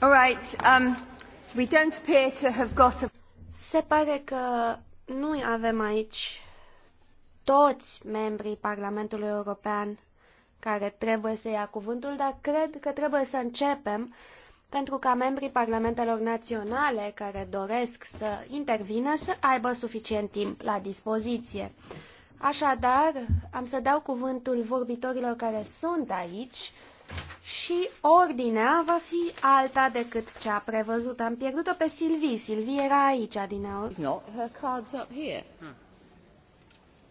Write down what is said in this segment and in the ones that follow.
All right, um, we don't appear to have got a... Se pare că nu avem aici toți membrii Parlamentului European care trebuie să ia cuvântul, dar cred că trebuie să începem pentru ca membrii parlamentelor naționale care doresc să intervină să aibă suficient timp la dispoziție. Așadar, am să dau cuvântul vorbitorilor care sunt aici și ordinea va fi alta decât cea prevăzută. Am pierdut-o pe Silvi. Silvi era aici din nou. No, her card's up here.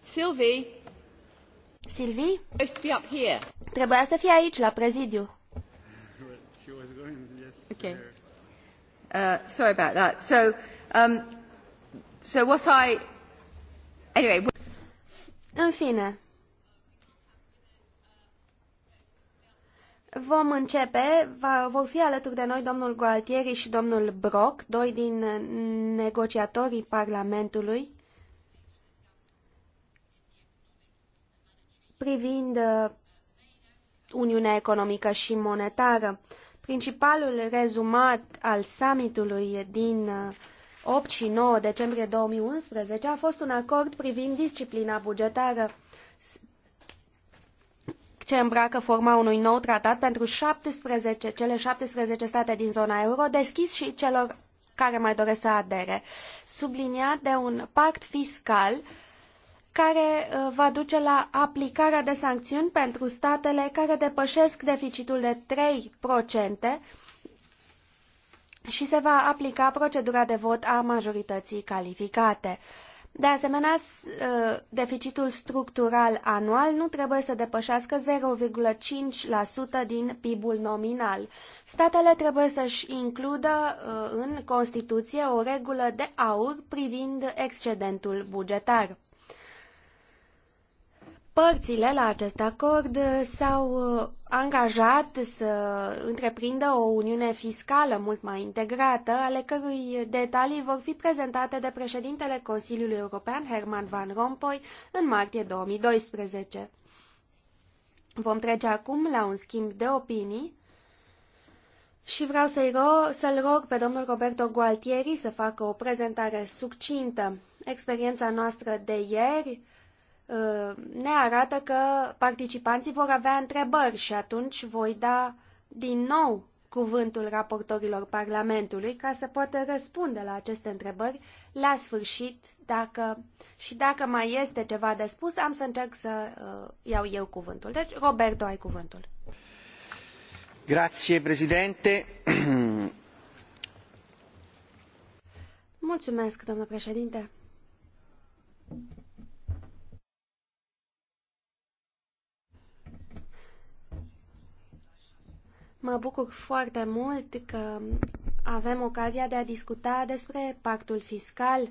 Silvi? Silvi? be up here. Trebuia să fie aici, la prezidiu. okay. Uh, sorry about that. So, um, so what I... Anyway... What... În fine, Vom începe, va, vor fi alături de noi domnul Gualtieri și domnul Brock, doi din negociatorii Parlamentului, privind uh, Uniunea Economică și Monetară. Principalul rezumat al summitului din 8 uh, și 9 decembrie 2011 a fost un acord privind disciplina bugetară ce îmbracă forma unui nou tratat pentru 17, cele 17 state din zona euro, deschis și celor care mai doresc să adere, subliniat de un pact fiscal care uh, va duce la aplicarea de sancțiuni pentru statele care depășesc deficitul de 3% și se va aplica procedura de vot a majorității calificate. De asemenea, ă, deficitul structural anual nu trebuie să depășească 0,5% din PIB-ul nominal. Statele trebuie să-și includă ă, în Constituție o regulă de aur privind excedentul bugetar. Părțile la acest acord s-au ă, angajat să întreprindă o uniune fiscală mult mai integrată, ale cărui detalii vor fi prezentate de președintele Consiliului European Herman Van Rompuy în martie 2012. Vom trece acum la un schimb de opinii și vreau să l ro- să-l rog pe domnul Roberto Gualtieri să facă o prezentare succintă. Experiența noastră de ieri Uh, ne arată că participanții vor avea întrebări și atunci voi da din nou cuvântul raportorilor Parlamentului ca să poată răspunde la aceste întrebări la sfârșit dacă, și dacă mai este ceva de spus, am să încerc să uh, iau eu cuvântul. Deci, Roberto, ai cuvântul. Grazie, președinte. Mulțumesc, domnule președinte. Mă bucur foarte mult că avem ocazia de a discuta despre pactul fiscal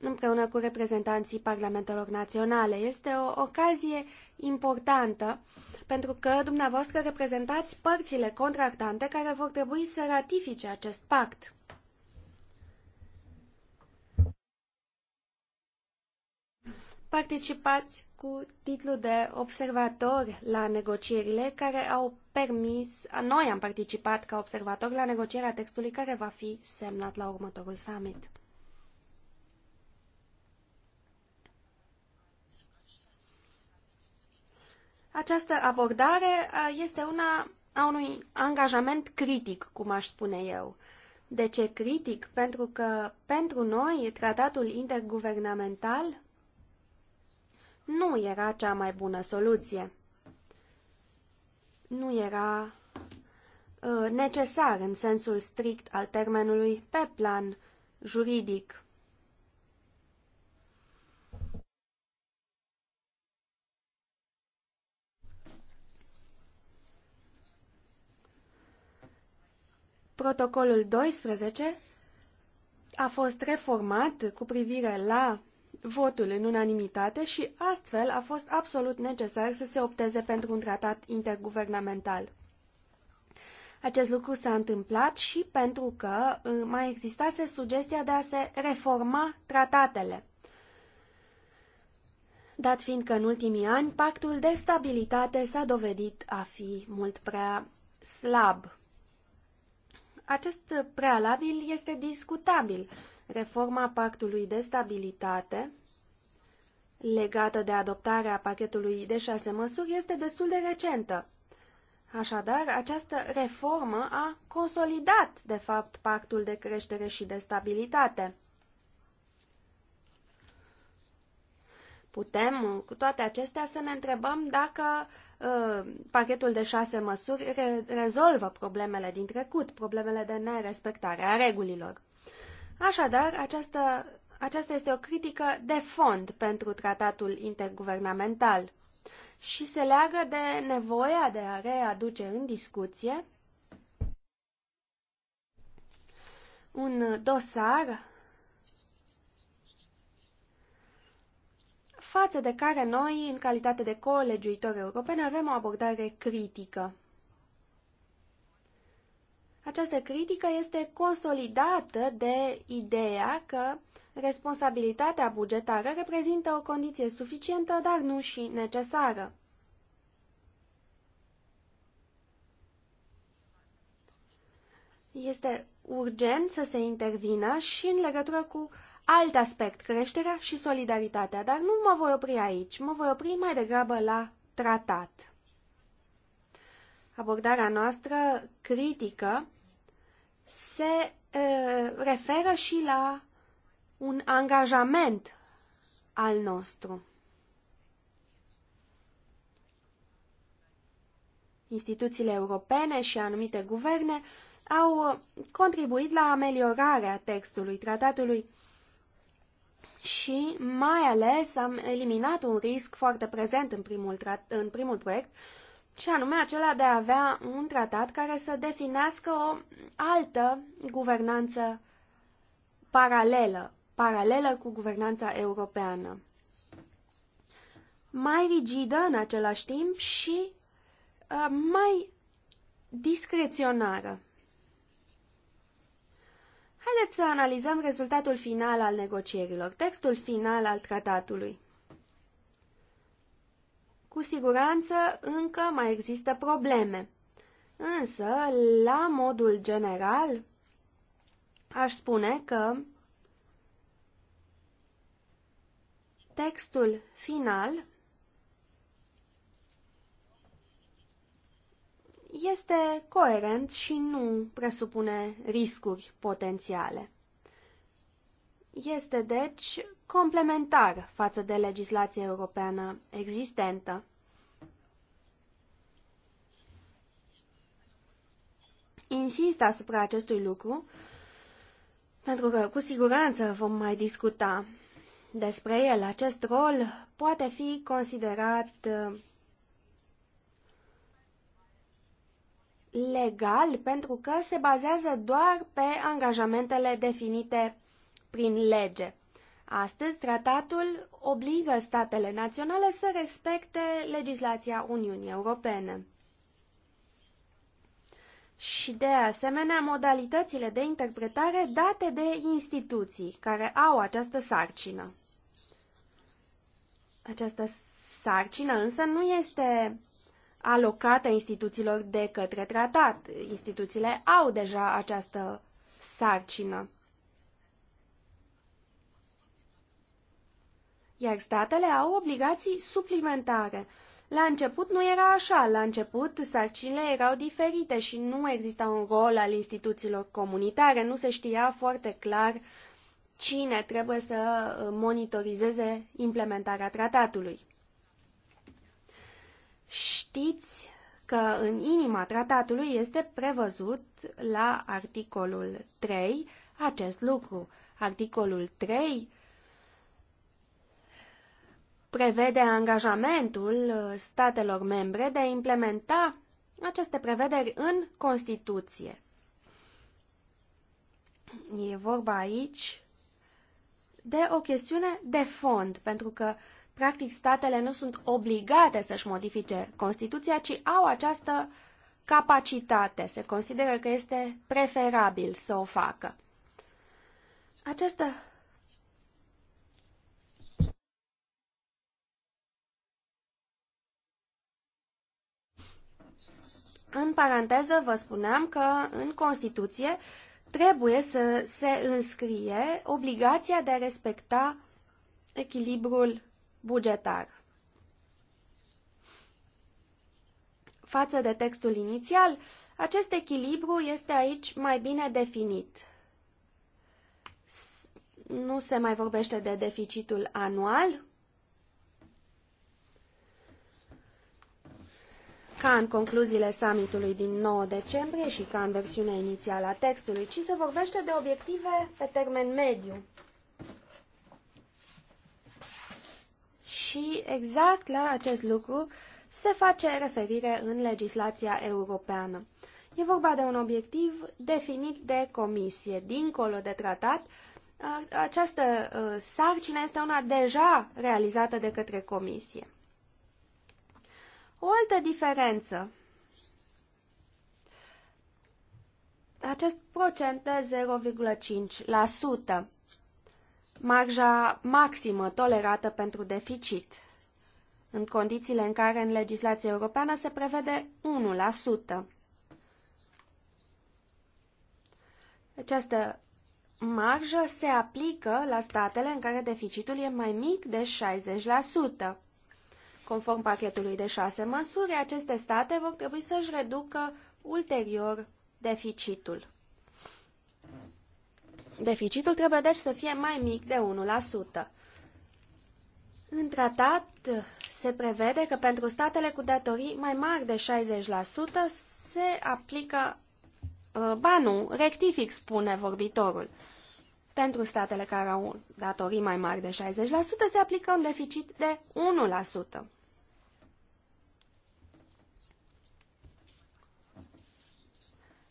împreună cu reprezentanții parlamentelor naționale. Este o ocazie importantă pentru că dumneavoastră reprezentați părțile contractante care vor trebui să ratifice acest pact. Participați cu titlu de observator la negocierile care au permis, noi am participat ca observator la negocierea textului care va fi semnat la următorul summit. Această abordare uh, este una a unui angajament critic, cum aș spune eu. De ce critic? Pentru că, pentru noi, tratatul interguvernamental nu era cea mai bună soluție. Nu era uh, necesar în sensul strict al termenului pe plan juridic. Protocolul 12 a fost reformat cu privire la votul în unanimitate și astfel a fost absolut necesar să se opteze pentru un tratat interguvernamental. Acest lucru s-a întâmplat și pentru că uh, mai existase sugestia de a se reforma tratatele. Dat fiind că în ultimii ani pactul de stabilitate s-a dovedit a fi mult prea slab. Acest prealabil este discutabil reforma Pactului de Stabilitate legată de adoptarea pachetului de șase măsuri este destul de recentă. Așadar, această reformă a consolidat, de fapt, pactul de creștere și de stabilitate. Putem, cu toate acestea, să ne întrebăm dacă uh, pachetul de șase măsuri re rezolvă problemele din trecut, problemele de nerespectare a regulilor. Așadar, această, aceasta este o critică de fond pentru tratatul interguvernamental și se leagă de nevoia de a readuce în discuție un dosar față de care noi, în calitate de colegiuitori europeni, avem o abordare critică. Această critică este consolidată de ideea că responsabilitatea bugetară reprezintă o condiție suficientă, dar nu și necesară. Este urgent să se intervină și în legătură cu alt aspect, creșterea și solidaritatea, dar nu mă voi opri aici, mă voi opri mai degrabă la tratat. Abordarea noastră critică se uh, referă și la un angajament al nostru. Instituțiile europene și anumite guverne au contribuit la ameliorarea textului tratatului și mai ales am eliminat un risc foarte prezent în primul, în primul proiect, și anume acela de a avea un tratat care să definească o altă guvernanță paralelă, paralelă cu guvernanța europeană. Mai rigidă în același timp și uh, mai discreționară. Haideți să analizăm rezultatul final al negocierilor, textul final al tratatului. Cu siguranță încă mai există probleme, însă, la modul general, aș spune că textul final este coerent și nu presupune riscuri potențiale. Este, deci, complementar față de legislația europeană existentă. Insist asupra acestui lucru, pentru că cu siguranță vom mai discuta despre el. Acest rol poate fi considerat uh, legal pentru că se bazează doar pe angajamentele definite prin lege. Astăzi, tratatul obligă statele naționale să respecte legislația Uniunii Europene. Și de asemenea, modalitățile de interpretare date de instituții care au această sarcină. Această sarcină însă nu este alocată instituțiilor de către tratat. Instituțiile au deja această sarcină. iar statele au obligații suplimentare. La început nu era așa, la început sarcinile erau diferite și nu exista un rol al instituțiilor comunitare, nu se știa foarte clar cine trebuie să monitorizeze implementarea tratatului. Știți că în inima tratatului este prevăzut la articolul 3 acest lucru. Articolul 3 prevede angajamentul uh, statelor membre de a implementa aceste prevederi în Constituție. E vorba aici de o chestiune de fond, pentru că, practic, statele nu sunt obligate să-și modifice Constituția, ci au această capacitate. Se consideră că este preferabil să o facă. Această În paranteză, vă spuneam că în Constituție trebuie să se înscrie obligația de a respecta echilibrul bugetar. Față de textul inițial, acest echilibru este aici mai bine definit. Nu se mai vorbește de deficitul anual, ca în concluziile summitului din 9 decembrie și ca în versiunea inițială a textului, ci se vorbește de obiective pe termen mediu. Și exact la acest lucru se face referire în legislația europeană. E vorba de un obiectiv definit de comisie, dincolo de tratat. Această ă, sarcină este una deja realizată de către comisie. O altă diferență. Acest procent de 0,5%, marja maximă tolerată pentru deficit, în condițiile în care în legislația europeană se prevede 1%. Această marjă se aplică la statele în care deficitul e mai mic de 60%. Conform pachetului de șase măsuri, aceste state vor trebui să-și reducă ulterior deficitul. Deficitul trebuie deci să fie mai mic de 1%. În tratat se prevede că pentru statele cu datorii mai mari de 60% se aplică ă, banul rectific spune vorbitorul. Pentru statele care au datorii mai mari de 60% se aplică un deficit de 1%.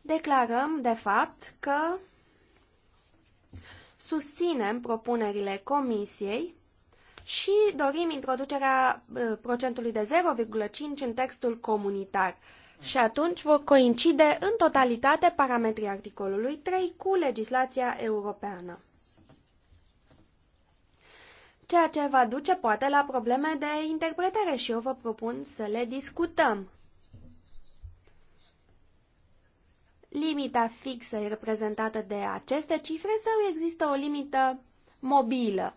declarăm, de fapt, că susținem propunerile Comisiei și dorim introducerea procentului de 0,5 în textul comunitar. Și atunci vor coincide în totalitate parametrii articolului 3 cu legislația europeană. Ceea ce va duce poate la probleme de interpretare și eu vă propun să le discutăm. limita fixă reprezentată de aceste cifre sau există o limită mobilă?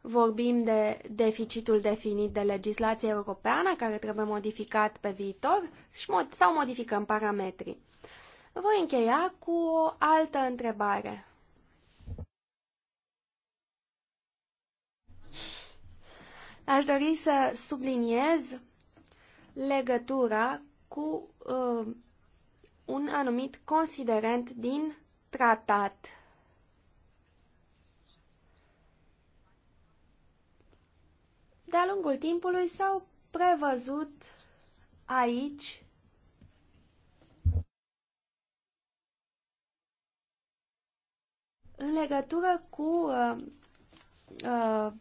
Vorbim de deficitul definit de legislația europeană care trebuie modificat pe viitor și mod, sau modificăm parametrii. Voi încheia cu o altă întrebare. Aș dori să subliniez legătura cu uh, un anumit considerent din tratat. De-a lungul timpului s-au prevăzut aici în legătură cu uh, uh,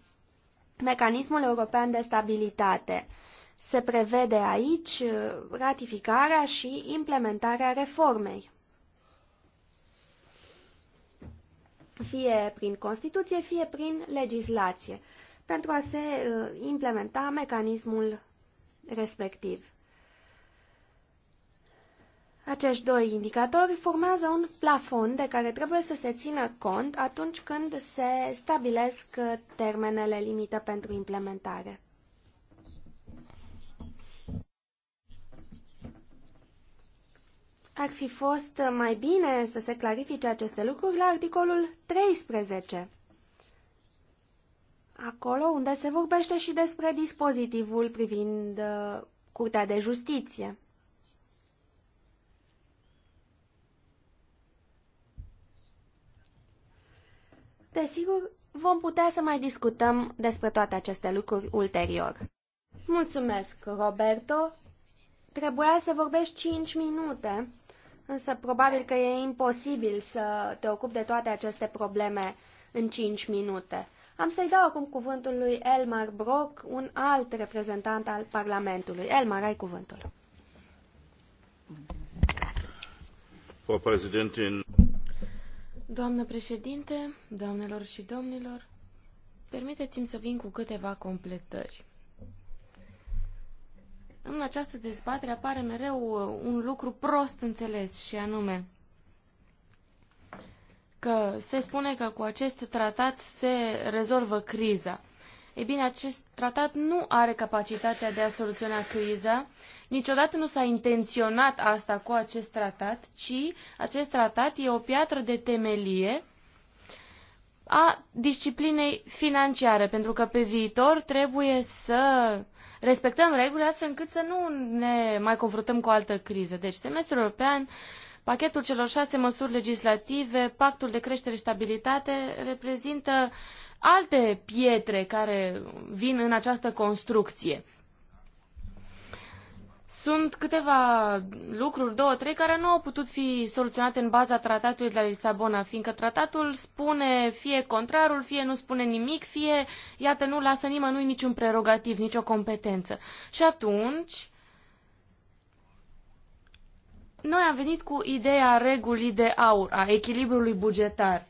mecanismul european de stabilitate. Se prevede aici uh, ratificarea și implementarea reformei. fie prin Constituție, fie prin legislație, pentru a se uh, implementa mecanismul respectiv. Acești doi indicatori formează un plafon de care trebuie să se țină cont atunci când se stabilesc uh, termenele limită pentru implementare. ar fi fost mai bine să se clarifice aceste lucruri la articolul 13, acolo unde se vorbește și despre dispozitivul privind uh, Curtea de Justiție. Desigur, vom putea să mai discutăm despre toate aceste lucruri ulterior. Mulțumesc, Roberto. Trebuia să vorbești 5 minute, însă probabil că e imposibil să te ocupi de toate aceste probleme în 5 minute. Am să-i dau acum cuvântul lui Elmar Brock, un alt reprezentant al Parlamentului. Elmar, ai cuvântul. Doamnă președinte, doamnelor și domnilor, permiteți-mi să vin cu câteva completări. În această dezbatere apare mereu uh, un lucru prost înțeles și anume că se spune că cu acest tratat se rezolvă criza. Ei bine, acest tratat nu are capacitatea de a soluționa criza. Niciodată nu s-a intenționat asta cu acest tratat, ci acest tratat e o piatră de temelie a disciplinei financiare, pentru că pe viitor trebuie să respectăm regulile astfel încât să nu ne mai confruntăm cu o altă criză. Deci semestrul european, pachetul celor șase măsuri legislative, pactul de creștere și stabilitate reprezintă alte pietre care vin în această construcție. Sunt câteva lucruri, două, trei, care nu au putut fi soluționate în baza tratatului de la Lisabona, fiindcă tratatul spune fie contrarul, fie nu spune nimic, fie, iată, nu lasă nimănui niciun prerogativ, nicio competență. Și atunci, noi am venit cu ideea regulii de aur, a echilibrului bugetar.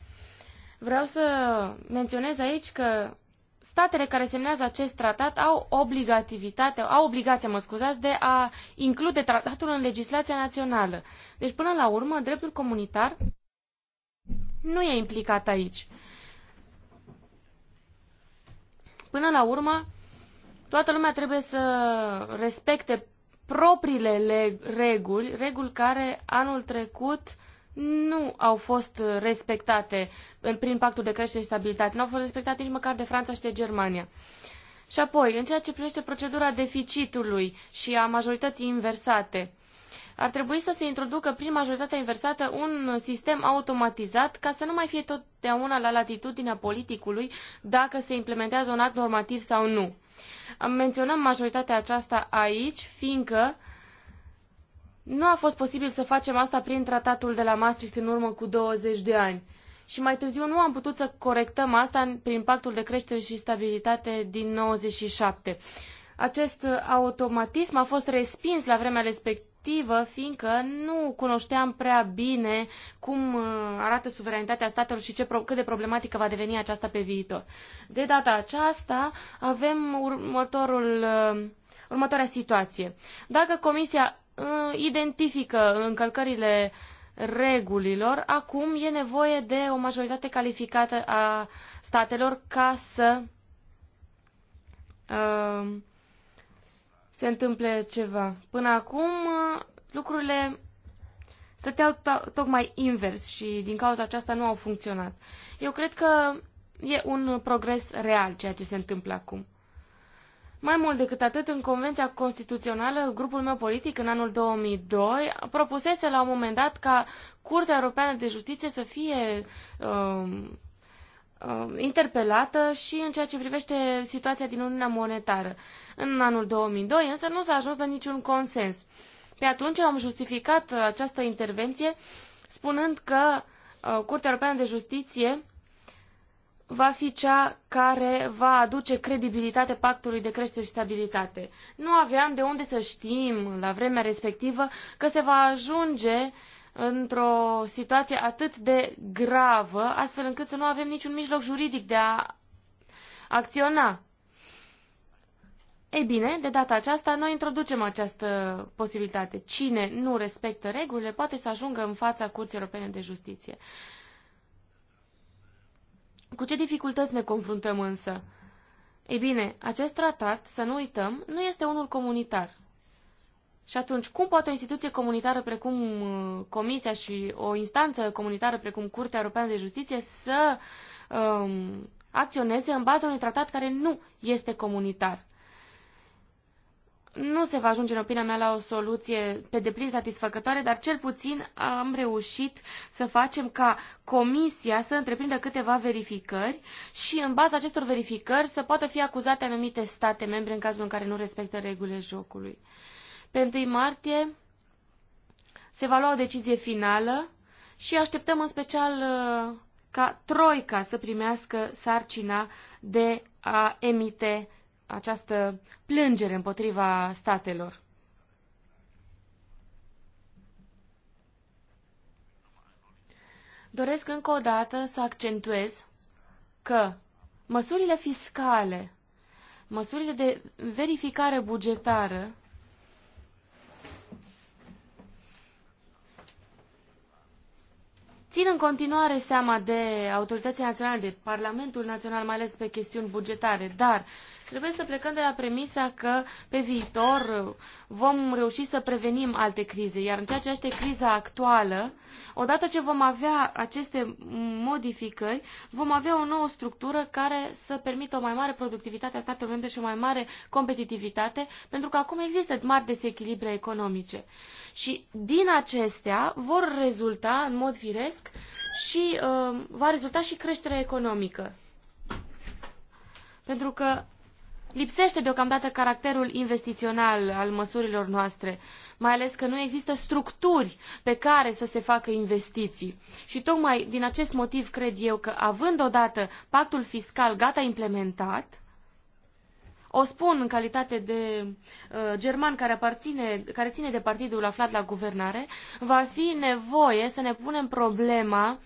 Vreau să menționez aici că statele care semnează acest tratat au obligativitate, au obligația, mă scuzați, de a include tratatul în legislația națională. Deci, până la urmă, dreptul comunitar nu e implicat aici. Până la urmă, toată lumea trebuie să respecte propriile reguli, reguli care anul trecut nu au fost respectate prin pactul de creștere și stabilitate. Nu au fost respectate nici măcar de Franța și de Germania. Și apoi, în ceea ce privește procedura deficitului și a majorității inversate, ar trebui să se introducă prin majoritatea inversată un sistem automatizat ca să nu mai fie totdeauna la latitudinea politicului dacă se implementează un act normativ sau nu. Menționăm majoritatea aceasta aici, fiindcă uh, nu a fost posibil să facem asta prin tratatul de la Maastricht în urmă cu 20 de ani. Și mai târziu nu am putut să corectăm asta prin pactul de creștere și stabilitate din 97. Acest automatism a fost respins la vremea respectivă, fiindcă nu cunoșteam prea bine cum uh, arată suveranitatea statelor și ce, cât de problematică va deveni aceasta pe viitor. De data aceasta avem următorul uh, următoarea situație. Dacă Comisia Uh, identifică încălcările regulilor, acum e nevoie de o majoritate calificată a statelor ca să uh, se întâmple ceva. Până acum uh, lucrurile stăteau tocmai invers și din cauza aceasta nu au funcționat. Eu cred că e un progres real ceea ce se întâmplă acum. Mai mult decât atât, în Convenția Constituțională, grupul meu politic în anul 2002 propusese la un moment dat ca Curtea Europeană de Justiție să fie uh, uh, interpelată și în ceea ce privește situația din Uniunea Monetară. În anul 2002 însă nu s-a ajuns la niciun consens. Pe atunci am justificat această intervenție spunând că uh, Curtea Europeană de Justiție va fi cea care va aduce credibilitate pactului de creștere și stabilitate. Nu aveam de unde să știm la vremea respectivă că se va ajunge într-o situație atât de gravă, astfel încât să nu avem niciun mijloc juridic de a acționa. Ei bine, de data aceasta, noi introducem această posibilitate. Cine nu respectă regulile poate să ajungă în fața Curții Europene de Justiție. Cu ce dificultăți ne confruntăm însă? Ei bine, acest tratat, să nu uităm, nu este unul comunitar. Și atunci, cum poate o instituție comunitară precum uh, Comisia și o instanță comunitară precum Curtea Europeană de Justiție să um, acționeze în baza unui tratat care nu este comunitar? nu se va ajunge, în opinia mea, la o soluție pe deplin satisfăcătoare, dar cel puțin am reușit să facem ca comisia să întreprindă câteva verificări și în baza acestor verificări să poată fi acuzate anumite state membre în cazul în care nu respectă regulile jocului. Pe 1 martie se va lua o decizie finală și așteptăm în special uh, ca Troica să primească sarcina de a emite această plângere împotriva statelor. Doresc încă o dată să accentuez că măsurile fiscale, măsurile de verificare bugetară țin în continuare seama de autoritățile naționale, de Parlamentul Național, mai ales pe chestiuni bugetare, dar Trebuie să plecăm de la premisa că pe viitor vom reuși să prevenim alte crize, iar în ceea ce este criza actuală, odată ce vom avea aceste modificări, vom avea o nouă structură care să permită o mai mare productivitate a statelor membre și o mai mare competitivitate, pentru că acum există mari desechilibre economice. Și din acestea vor rezulta, în mod firesc, și uh, va rezulta și creșterea economică. Pentru că Lipsește deocamdată caracterul investițional al măsurilor noastre, mai ales că nu există structuri pe care să se facă investiții. Și tocmai din acest motiv cred eu că, având odată pactul fiscal gata implementat, o spun în calitate de uh, german care, aparține, care ține de partidul aflat la guvernare, va fi nevoie să ne punem problema uh,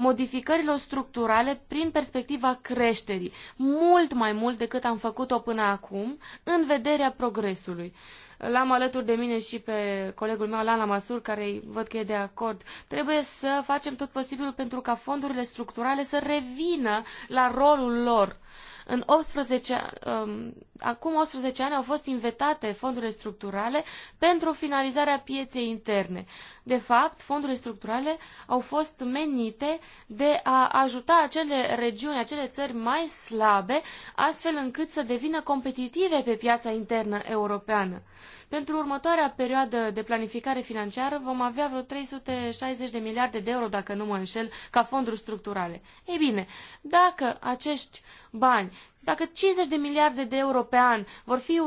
modificărilor structurale prin perspectiva creșterii, mult mai mult decât am făcut-o până acum, în vederea progresului. L-am alături de mine și pe colegul meu, Lana Masur, care văd că e de acord. Trebuie să facem tot posibilul pentru ca fondurile structurale să revină la rolul lor. Uh, în 18, um, acum 18 ani au fost invetate fondurile structurale pentru finalizarea pieței interne. De fapt, fondurile structurale au fost menite de a ajuta acele regiuni, acele țări mai slabe, astfel încât să devină competitive pe piața internă europeană. Pentru următoarea perioadă de planificare financiară vom avea vreo 360 de miliarde de euro, dacă nu mă înșel, ca fonduri structurale. Ei bine, dacă acești bani. Dacă 50 de miliarde de euro pe an vor fi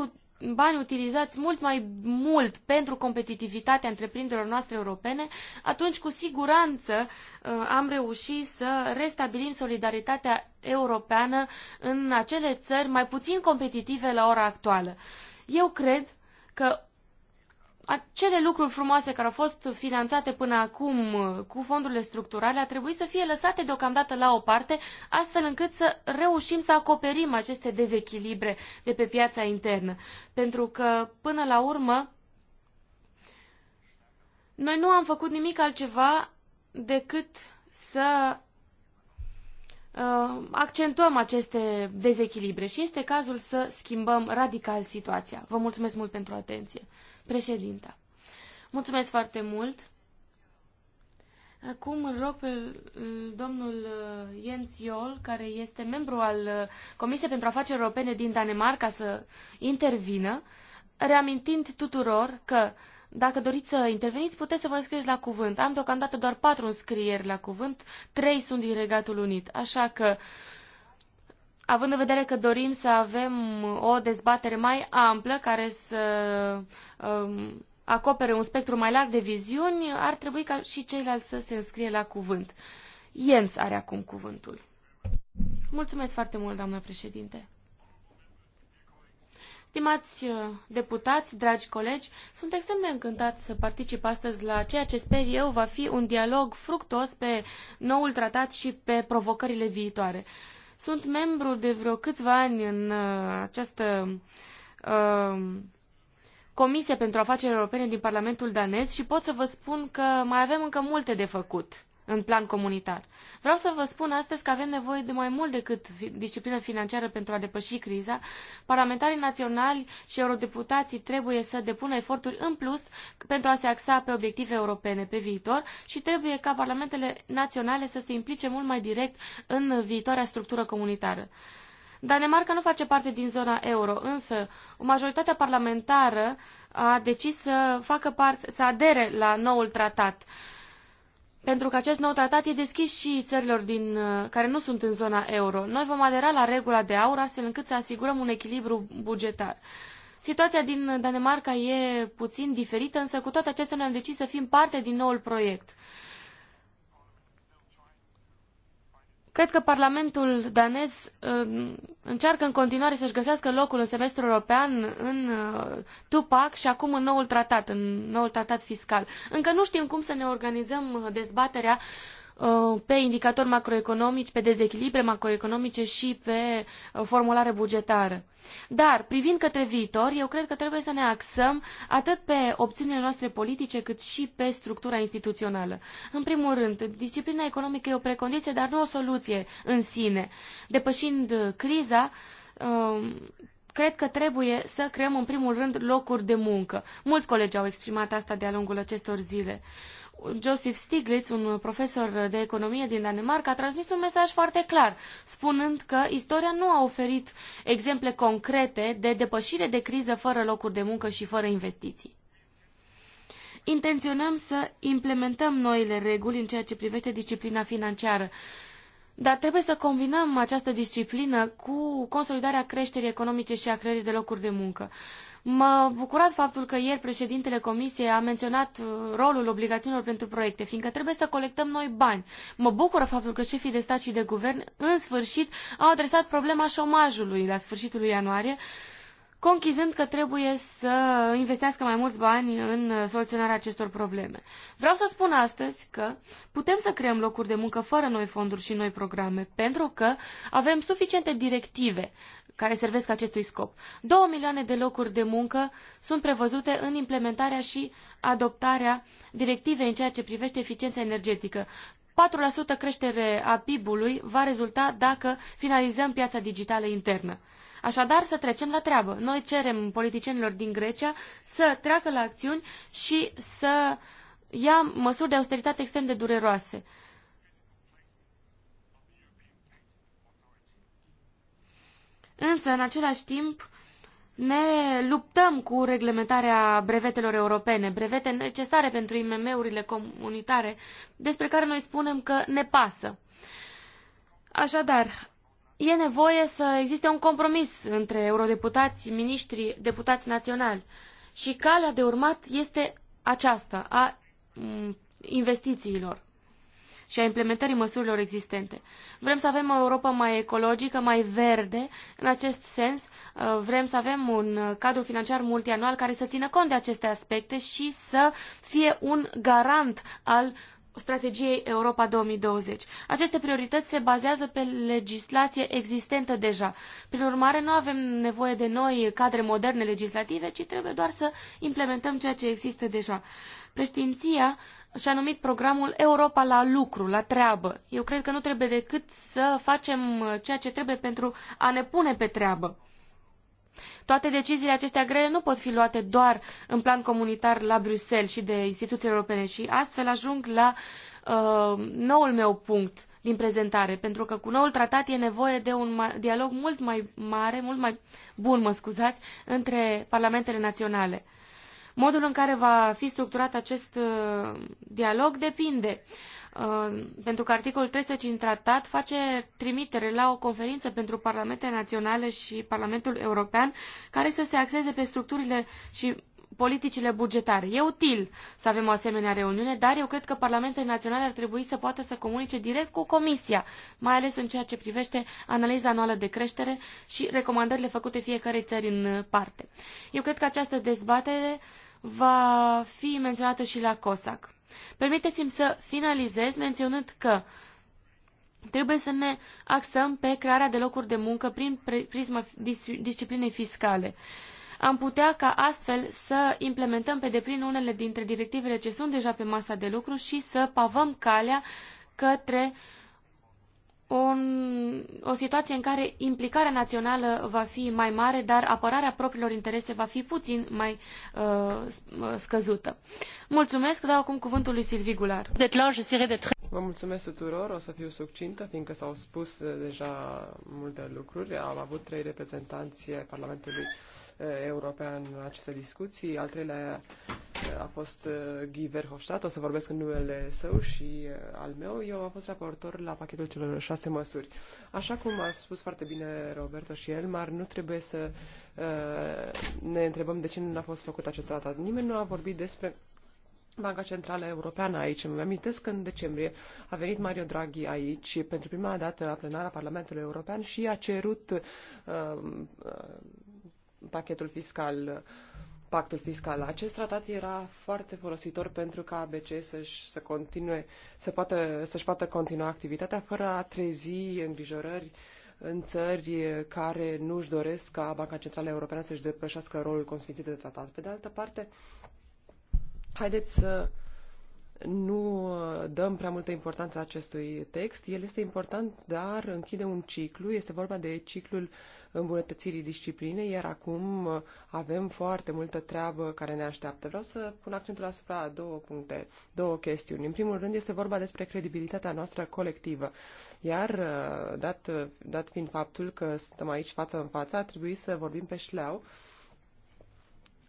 bani utilizați mult mai mult pentru competitivitatea întreprinderilor noastre europene, atunci cu siguranță uh, am reușit să restabilim solidaritatea europeană în acele țări mai puțin competitive la ora actuală. Eu cred că acele lucruri frumoase care au fost finanțate până acum uh, cu fondurile structurale ar trebui să fie lăsate deocamdată la o parte, astfel încât să reușim să acoperim aceste dezechilibre de pe piața internă. Pentru că, până la urmă, noi nu am făcut nimic altceva decât să uh, accentuăm aceste dezechilibre și este cazul să schimbăm radical situația. Vă mulțumesc mult pentru atenție. Președinta. Mulțumesc foarte mult. Acum îl rog pe domnul uh, Jens Jol, care este membru al uh, Comisiei pentru Afaceri Europene din Danemarca, să intervină, reamintind tuturor că dacă doriți să interveniți, puteți să vă înscrieți la cuvânt. Am deocamdată doar patru înscrieri la cuvânt, trei sunt din Regatul Unit, așa că având în vedere că dorim să avem o dezbatere mai amplă care să um, acopere un spectru mai larg de viziuni, ar trebui ca și ceilalți să se înscrie la cuvânt. Jens are acum cuvântul. Mulțumesc foarte mult, doamnă președinte. Stimați uh, deputați, dragi colegi, sunt extrem de încântat să particip astăzi la ceea ce sper eu va fi un dialog fructos pe noul tratat și pe provocările viitoare. Sunt membru de vreo câțiva ani în uh, această uh, Comisie pentru Afaceri Europene din Parlamentul danez și pot să vă spun că mai avem încă multe de făcut în plan comunitar. Vreau să vă spun astăzi că avem nevoie de mai mult decât disciplină financiară pentru a depăși criza. Parlamentarii naționali și eurodeputații trebuie să depună eforturi în plus pentru a se axa pe obiective europene pe viitor și trebuie ca parlamentele naționale să se implice mult mai direct în viitoarea structură comunitară. Danemarca nu face parte din zona euro, însă o majoritate parlamentară a decis să facă parte, să adere la noul tratat. Uh, pentru că acest nou tratat e deschis și țărilor din, uh, care nu sunt în zona euro. Noi vom adera la regula de aur astfel încât să asigurăm un echilibru bugetar. Situația din Danemarca e puțin diferită, însă cu toate acestea ne-am decis să fim parte din noul proiect. Cred că Parlamentul danez um, încearcă în continuare să-și găsească locul în semestrul european, în uh, Tupac și acum în noul tratat, în noul tratat fiscal. Încă nu știm cum să ne organizăm uh, dezbaterea Uh, pe indicatori macroeconomici, pe dezechilibre macroeconomice și pe uh, formulare bugetară. Dar, privind către viitor, eu cred că trebuie să ne axăm atât pe opțiunile noastre politice, cât și pe structura instituțională. În primul rând, disciplina economică e o precondiție, dar nu o soluție în sine. Depășind uh, criza, um, cred că trebuie să creăm în primul rând locuri de muncă. Mulți colegi au exprimat asta de-a lungul acestor zile. Joseph Stiglitz, un profesor de economie din Danemarca, a transmis un mesaj foarte clar, spunând că istoria nu a oferit exemple concrete de depășire de criză fără locuri de muncă și fără investiții. Intenționăm să implementăm noile reguli în ceea ce privește disciplina financiară, dar trebuie să combinăm această disciplină cu consolidarea creșterii economice și a creării de locuri de muncă. M-a bucurat faptul că ieri președintele Comisiei a menționat uh, rolul obligațiunilor pentru proiecte, fiindcă trebuie să colectăm noi bani. Mă bucură faptul că șefii de stat și de guvern, în sfârșit, au adresat problema șomajului la sfârșitul lui ianuarie, conchizând că trebuie să investească mai mulți bani în uh, soluționarea acestor probleme. Vreau să spun astăzi că putem să creăm locuri de muncă fără noi fonduri și noi programe, pentru că avem suficiente directive care servesc acestui scop. Două milioane de locuri de muncă sunt prevăzute în implementarea și adoptarea directivei în ceea ce privește eficiența energetică. 4% creștere a PIB-ului va rezulta dacă finalizăm piața digitală internă. Așadar, să trecem la treabă. Noi cerem politicienilor din Grecia să treacă la acțiuni și să ia măsuri de austeritate extrem de dureroase. Însă, în același timp, ne luptăm cu reglementarea brevetelor europene, brevete necesare pentru IMM-urile comunitare, despre care noi spunem că ne pasă. Așadar, e nevoie să existe un compromis între eurodeputați, miniștri, deputați naționali. Și calea de urmat este aceasta, a mm, investițiilor și a implementării măsurilor existente. Vrem să avem o Europa mai ecologică, mai verde. În acest sens, uh, vrem să avem un uh, cadru financiar multianual care să țină cont de aceste aspecte și să fie un garant al strategiei Europa 2020. Aceste priorități se bazează pe legislație existentă deja. Prin urmare, nu avem nevoie de noi cadre moderne legislative, ci trebuie doar să implementăm ceea ce există deja. Preștiinția și-a numit programul Europa la lucru, la treabă. Eu cred că nu trebuie decât să facem uh, ceea ce trebuie pentru a ne pune pe treabă. Toate deciziile acestea grele nu pot fi luate doar în plan comunitar la Bruxelles și de instituțiile europene și astfel ajung la uh, noul meu punct din prezentare, pentru că cu noul tratat e nevoie de un dialog mult mai mare, mult mai bun, mă scuzați, între parlamentele naționale. Modul în care va fi structurat acest uh, dialog depinde, uh, pentru că articolul 305 din tratat face trimitere la o conferință pentru parlamente naționale și Parlamentul European care să se axeze pe structurile și politicile bugetare. E util să avem o asemenea reuniune, dar eu cred că Parlamentele Naționale ar trebui să poată să comunice direct cu Comisia, mai ales în ceea ce privește analiza anuală de creștere și recomandările făcute fiecare țări în parte. Eu cred că această dezbatere va fi menționată și la COSAC. Permiteți-mi să finalizez menționând că trebuie să ne axăm pe crearea de locuri de muncă prin prisma disciplinei fiscale. Am putea ca astfel să implementăm pe deplin unele dintre directivele ce sunt deja pe masa de lucru și să pavăm calea către uh, un, o situație în care implicarea națională va fi mai mare, dar apărarea propriilor interese va fi puțin mai uh, scăzută. Mulțumesc, dau acum cuvântul lui Silvi Gular. Vă mulțumesc tuturor, o să fiu succintă, fiindcă s-au spus uh, deja multe lucruri. Am avut trei reprezentanți ai Parlamentului uh, European în aceste discuții. Al treilea a fost uh, Guy Verhofstadt, o să vorbesc în numele său și uh, al meu. Eu am fost raportor la pachetul celor șase măsuri. Așa cum a spus foarte bine Roberto și Elmar, nu trebuie să uh, ne întrebăm de ce nu a fost făcut acest tratat. Nimeni nu a vorbit despre Banca Centrală Europeană aici. Îmi amintesc că în decembrie a venit Mario Draghi aici pentru prima dată la plenara Parlamentului European și a cerut uh, uh, pachetul fiscal uh, pactul fiscal. Acest tratat era foarte folositor pentru ca ABC să-și să continue, să poată, să-și poată continua activitatea fără a trezi îngrijorări în țări care nu își doresc ca Banca Centrală Europeană să-și depășească rolul consfințit de tratat. Pe de altă parte, haideți să nu dăm prea multă importanță acestui text. El este important, dar închide un ciclu. Este vorba de ciclul uh, îmbunătățirii disciplinei, iar acum uh, avem foarte multă treabă care ne așteaptă. Vreau să pun accentul asupra două puncte, două chestiuni. În primul rând este vorba despre credibilitatea noastră colectivă, iar uh, dat, dat fiind faptul că suntem aici față în față, a trebuit să vorbim pe șleau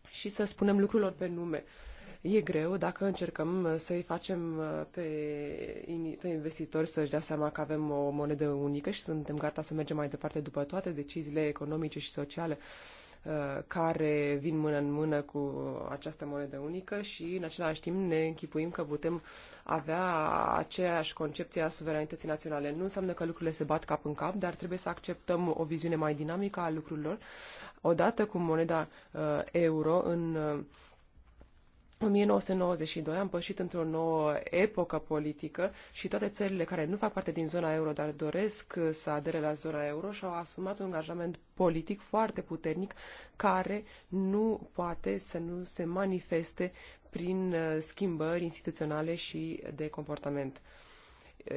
și să spunem lucrurilor pe nume. Uh, E greu dacă încercăm uh, să-i facem uh, pe, pe investitori să-și dea seama că avem o monedă unică și suntem gata să mergem mai departe după toate deciziile economice și sociale uh, care vin mână în mână cu această monedă unică și în același timp ne închipuim că putem avea aceeași concepție a suveranității naționale. Nu înseamnă că lucrurile se bat cap în cap, dar trebuie să acceptăm o viziune mai dinamică a lucrurilor. Odată cu moneda euro în 1992 am pășit într-o nouă epocă politică și toate țările care nu fac parte din zona euro, dar doresc să adere la zona euro, și-au asumat un angajament politic foarte puternic care nu poate să nu se manifeste prin uh, schimbări instituționale și de comportament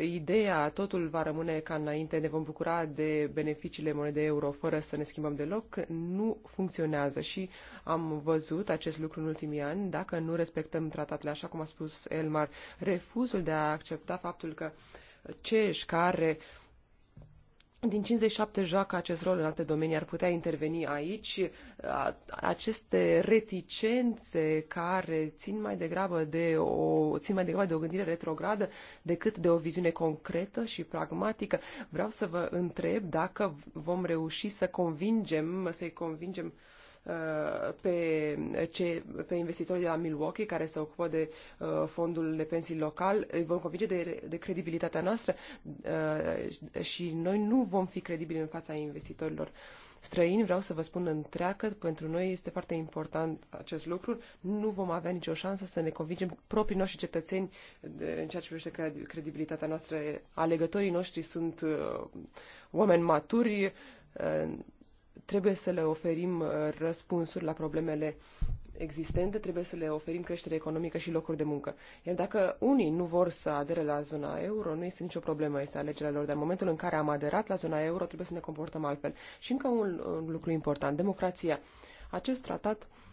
ideea totul va rămâne ca înainte, ne vom bucura de beneficiile monedei euro fără să ne schimbăm deloc, nu funcționează și am văzut acest lucru în ultimii ani. Dacă nu respectăm tratatele, așa cum a spus Elmar, refuzul de a accepta faptul că ceși care uh, din 57 joacă acest rol în alte domenii, ar putea interveni aici aceste reticențe care țin mai degrabă de o, țin mai degrabă de o gândire retrogradă decât de o viziune concretă și pragmatică. Vreau să vă întreb dacă vom reuși să convingem, să-i convingem uh, Uh, pe, ce, pe investitorii de la Milwaukee care se ocupă de uh, fondul de pensii local, îi vom convinge de, de credibilitatea noastră uh, și noi nu vom fi credibili în fața investitorilor străini, vreau să vă spun întreagă, pentru noi este foarte important acest lucru, nu vom avea nicio șansă să ne convingem proprii noștri cetățeni de, în ceea ce privește credibilitatea noastră. Alegătorii noștri sunt uh, oameni maturi, uh, trebuie să le oferim uh, răspunsuri la problemele existente, trebuie să le oferim creștere economică și locuri de muncă. Iar dacă unii nu vor să adere la zona euro, nu este nicio problemă, este alegerea lor. Dar în momentul în care am aderat la zona euro, trebuie să ne comportăm altfel. Și încă un, lucru important, democrația. Acest tratat uh,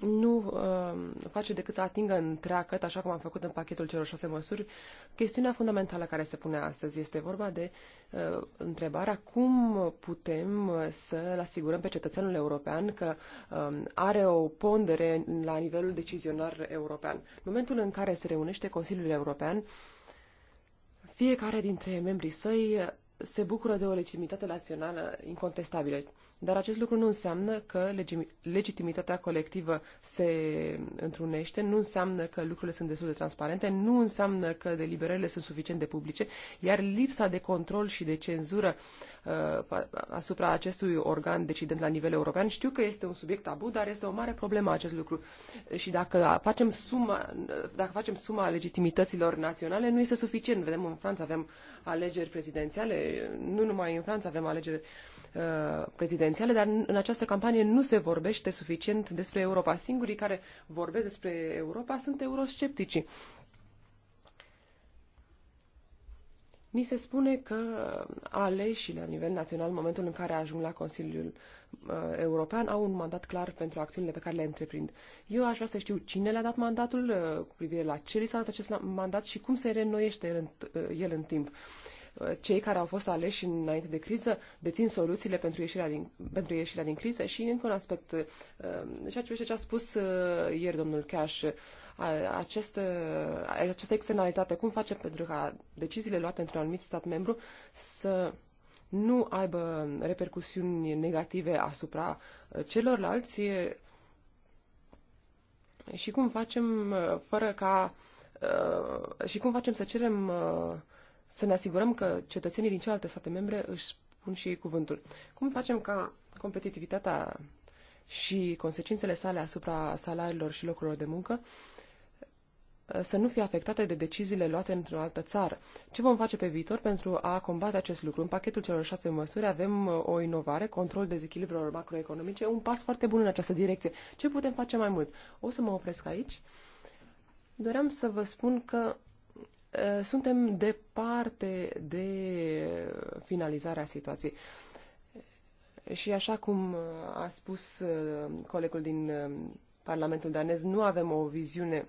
nu uh, face decât să atingă întreagăt, așa cum am făcut în pachetul celor șase măsuri, chestiunea fundamentală care se pune astăzi. Este vorba de uh, întrebarea cum putem uh, să-l asigurăm pe cetățenul european că uh, are o pondere la nivelul decizionar european. În momentul în care se reunește Consiliul European, fiecare dintre membrii săi se bucură de o legitimitate națională incontestabilă. Dar acest lucru nu înseamnă că legi- legitimitatea colectivă se întrunește, nu înseamnă că lucrurile sunt destul de transparente, nu înseamnă că deliberările sunt suficient de publice, iar lipsa de control și de cenzură Uh, asupra acestui organ decident la nivel european. Știu că este un subiect tabu, dar este o mare problemă acest lucru. Și dacă facem suma, dacă facem suma legitimităților naționale, nu este suficient. Vedem în Franța avem alegeri prezidențiale, nu numai în Franța avem alegeri uh, prezidențiale, dar în această campanie nu se vorbește suficient despre Europa. Singurii care vorbesc despre Europa sunt eurosceptici. Ni se spune că aleșii la nivel național, în momentul în care ajung la Consiliul uh, European, au un mandat clar pentru acțiunile pe care le întreprind. Eu aș vrea să știu cine le-a dat mandatul, uh, cu privire la ce li s-a dat acest mandat și cum se reînnoiește el în, uh, el în timp. Uh, cei care au fost aleși înainte de criză dețin soluțiile pentru ieșirea din, pentru ieșirea din criză și încă un aspect, uh, ceea ce a spus uh, ieri domnul Cash, acest, această externalitate, cum facem pentru ca deciziile luate într-un anumit stat membru să nu aibă repercusiuni negative asupra celorlalți și cum facem fără ca și cum facem să cerem să ne asigurăm că cetățenii din celelalte state membre își spun și cuvântul. Cum facem ca competitivitatea și consecințele sale asupra salariilor și locurilor de muncă Uh, să nu fie afectate de deciziile luate într-o altă țară. Ce vom face pe viitor pentru a combate acest lucru? În pachetul celor șase măsuri avem uh, o inovare, control dezechilibrelor macroeconomice, un pas foarte bun în această direcție. Ce putem face mai mult? O să mă opresc aici. Doream să vă spun că uh, suntem departe de finalizarea situației. Și așa cum uh, a spus uh, colegul din uh, Parlamentul danez, nu avem o viziune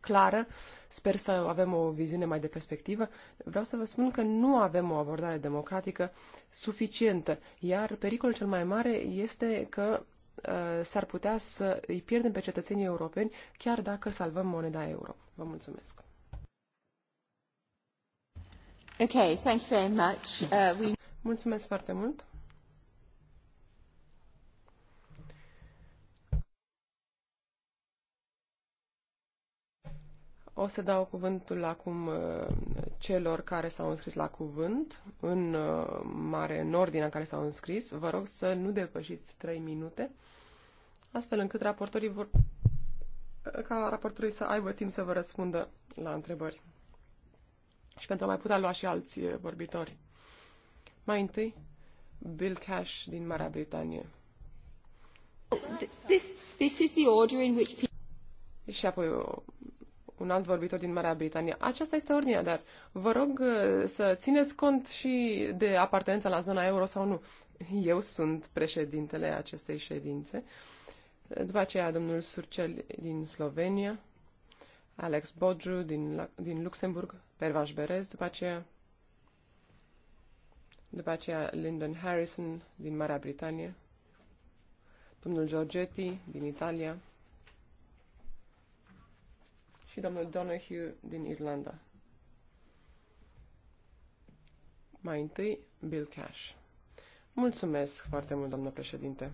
clară. Sper să avem o viziune mai de perspectivă. Vreau să vă spun că nu avem o abordare democratică suficientă, iar pericolul cel mai mare este că uh, s-ar putea să îi pierdem pe cetățenii europeni chiar dacă salvăm moneda euro. Vă mulțumesc. Okay, thank you very much. Uh, we... Mulțumesc foarte mult. O să dau cuvântul acum uh, celor care s-au înscris la cuvânt, în uh, mare, în ordinea în care s-au înscris. Vă rog să nu depășiți 3 minute, astfel încât raportorii vor ca raportorii să aibă timp să vă răspundă la întrebări și pentru a mai putea lua și alți uh, vorbitori. Mai întâi, Bill Cash din Marea Britanie. This, this is the order in which people... Și apoi un alt vorbitor din Marea Britanie. Aceasta este ordinea, dar vă rog uh, să țineți cont și de apartenența la zona euro sau nu. Eu sunt președintele acestei ședințe. După aceea, domnul Surcel din Slovenia, Alex Bodru din, din Luxemburg, Pervaș Berez, după aceea, după aceea Lyndon Harrison din Marea Britanie, domnul Giorgetti din Italia, și domnul Donahue din Irlanda. Mai întâi, Bill Cash. Mulțumesc foarte mult, doamnă președinte.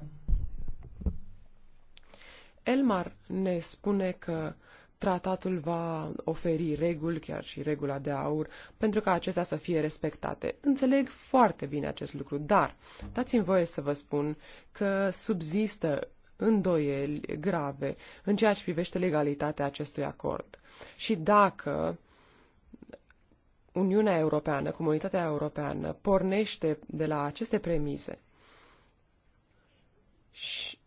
Elmar ne spune că tratatul va oferi reguli, chiar și regula de aur, pentru ca acestea să fie respectate. Înțeleg foarte bine acest lucru, dar dați-mi voie să vă spun că subzistă îndoieli grave în ceea ce privește legalitatea acestui acord. Și dacă Uniunea Europeană, comunitatea europeană, pornește de la aceste premise și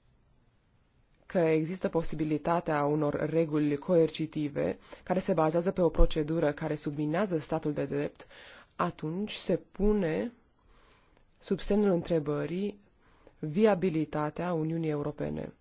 că există posibilitatea unor reguli coercitive care se bazează pe o procedură care subminează statul de drept, atunci se pune sub semnul întrebării viabilitatea Uniunii Europene.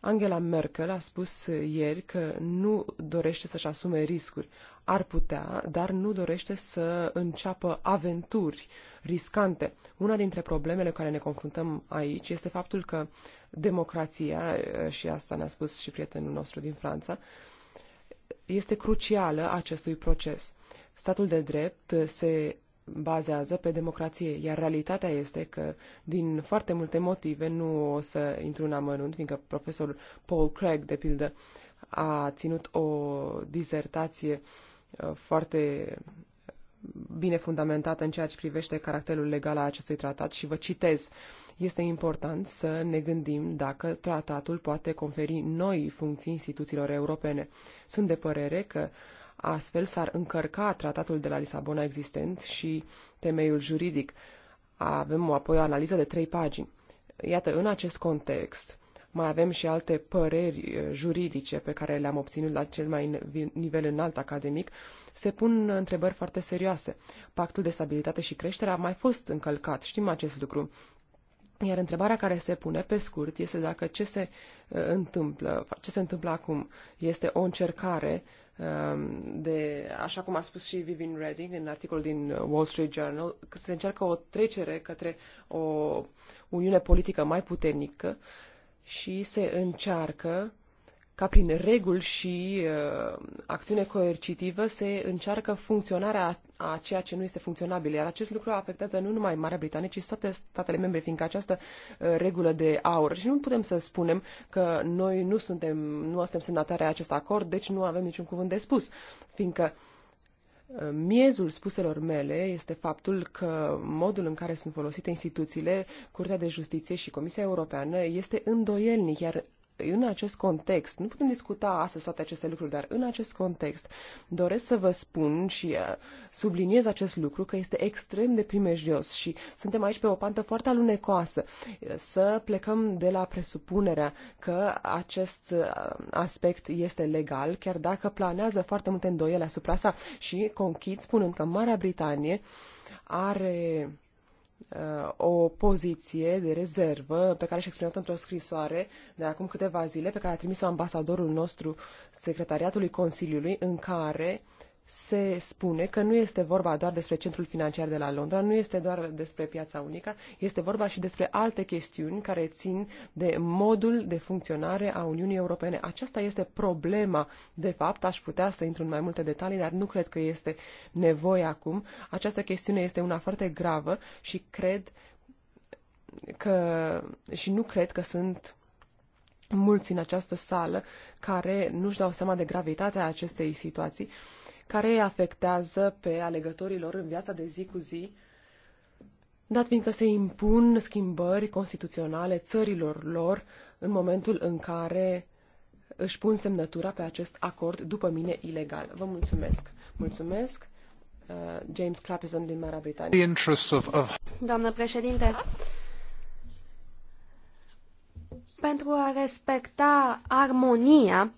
Angela Merkel a spus ieri că nu dorește să-și asume riscuri. Ar putea, dar nu dorește să înceapă aventuri riscante. Una dintre problemele cu care ne confruntăm aici este faptul că democrația, și asta ne-a spus și prietenul nostru din Franța, este crucială acestui proces. Statul de drept se bazează pe democrație, iar realitatea este că, din foarte multe motive, nu o să intru în amănunt, fiindcă profesorul Paul Craig, de pildă, a ținut o disertație uh, foarte bine fundamentată în ceea ce privește caracterul legal al acestui tratat și vă citez. Este important să ne gândim dacă tratatul poate conferi noi funcții instituțiilor europene. Sunt de părere că uh, Astfel s-ar încărca tratatul de la Lisabona existent și temeiul juridic. Avem apoi o analiză de trei pagini. Iată, în acest context, mai avem și alte păreri eh, juridice pe care le-am obținut la cel mai nivel înalt academic, se pun întrebări foarte serioase. Pactul de stabilitate și creștere a mai fost încălcat, știm acest lucru. Iar întrebarea care se pune pe scurt este dacă ce se eh, întâmplă, ce se întâmplă acum este o încercare uh, Um, de, așa cum a spus și Vivian Redding în articolul din Wall Street Journal, că se încearcă o trecere către o uniune politică mai puternică și se încearcă ca prin reguli și uh, acțiune coercitivă se încearcă funcționarea a, ceea ce nu este funcționabil. Iar acest lucru afectează nu numai Marea Britanie, ci toate statele membre, fiindcă această uh, regulă de aur. Și nu putem să spunem că noi nu suntem, nu suntem semnatare acest acord, deci nu avem niciun cuvânt de spus, fiindcă uh, Miezul spuselor mele este faptul că modul în care sunt folosite instituțiile, Curtea de Justiție și Comisia Europeană este îndoielnic, iar în acest context, nu putem discuta astăzi toate aceste lucruri, dar în acest context doresc să vă spun și uh, subliniez acest lucru că este extrem de primejdios și suntem aici pe o pantă foarte alunecoasă. Uh, să plecăm de la presupunerea că acest uh, aspect este legal, chiar dacă planează foarte multe îndoiele asupra sa și conchid spunând că Marea Britanie are Uh, o poziție de rezervă pe care și-a exprimat-o într-o scrisoare de acum câteva zile pe care a trimis-o ambasadorul nostru secretariatului Consiliului în care se spune că nu este vorba doar despre centrul financiar de la Londra, nu este doar despre piața unică, este vorba și despre alte chestiuni care țin de modul de funcționare a Uniunii Europene. Aceasta este problema, de fapt, aș putea să intru în mai multe detalii, dar nu cred că este nevoie acum. Această chestiune este una foarte gravă și cred că și nu cred că sunt mulți în această sală care nu-și dau seama de gravitatea acestei situații. Uh, care îi afectează pe alegătorii lor în viața de zi cu zi, dat fiindcă se impun schimbări constituționale țărilor lor în momentul în care își pun semnătura pe acest acord, după mine, ilegal. Vă mulțumesc. Mulțumesc. Uh, James Clapison din Marea Britanie. Doamnă președinte, pentru a respecta armonia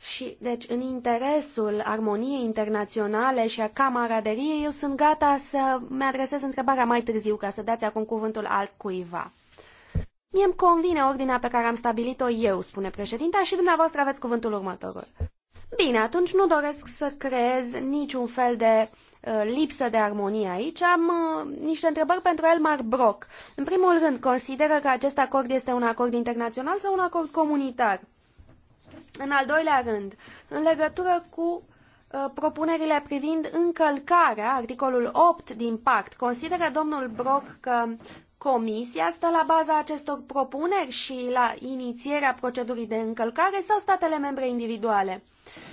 și, deci, în interesul armoniei internaționale și a camaraderiei, eu sunt gata să mi-adresez întrebarea mai târziu, ca să dați acum cuvântul altcuiva. Mie îmi convine ordinea pe care am stabilit-o eu, spune președinta, și dumneavoastră aveți cuvântul următorul. Bine, atunci nu doresc să creez niciun fel de uh, lipsă de armonie aici. Am uh, niște întrebări pentru Elmar Brock. În primul rând, consideră că acest acord este un acord internațional sau un acord comunitar? În al doilea rând, în legătură cu uh, propunerile privind încălcarea, articolul 8 din pact, consideră domnul Brock că Comisia stă la baza acestor propuneri și la inițierea procedurii de încălcare sau statele membre individuale?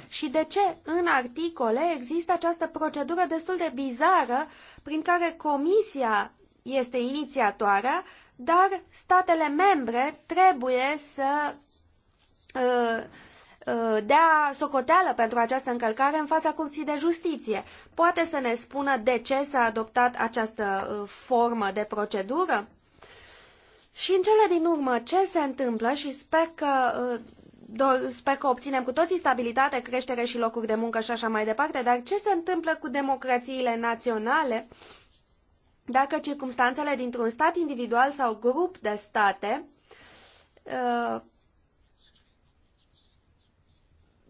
Și de ce în articole există această procedură destul de bizară prin care Comisia este inițiatoarea, dar statele membre trebuie să Uh, uh, dea socoteală pentru această încălcare în fața Curții de Justiție. Poate să ne spună de ce s-a adoptat această uh, formă de procedură? Și în cele din urmă, ce se întâmplă și sper că sper că obținem cu toții stabilitate, creștere și locuri de muncă și așa mai departe, dar ce se întâmplă cu democrațiile naționale dacă circumstanțele dintr-un stat individual sau grup de state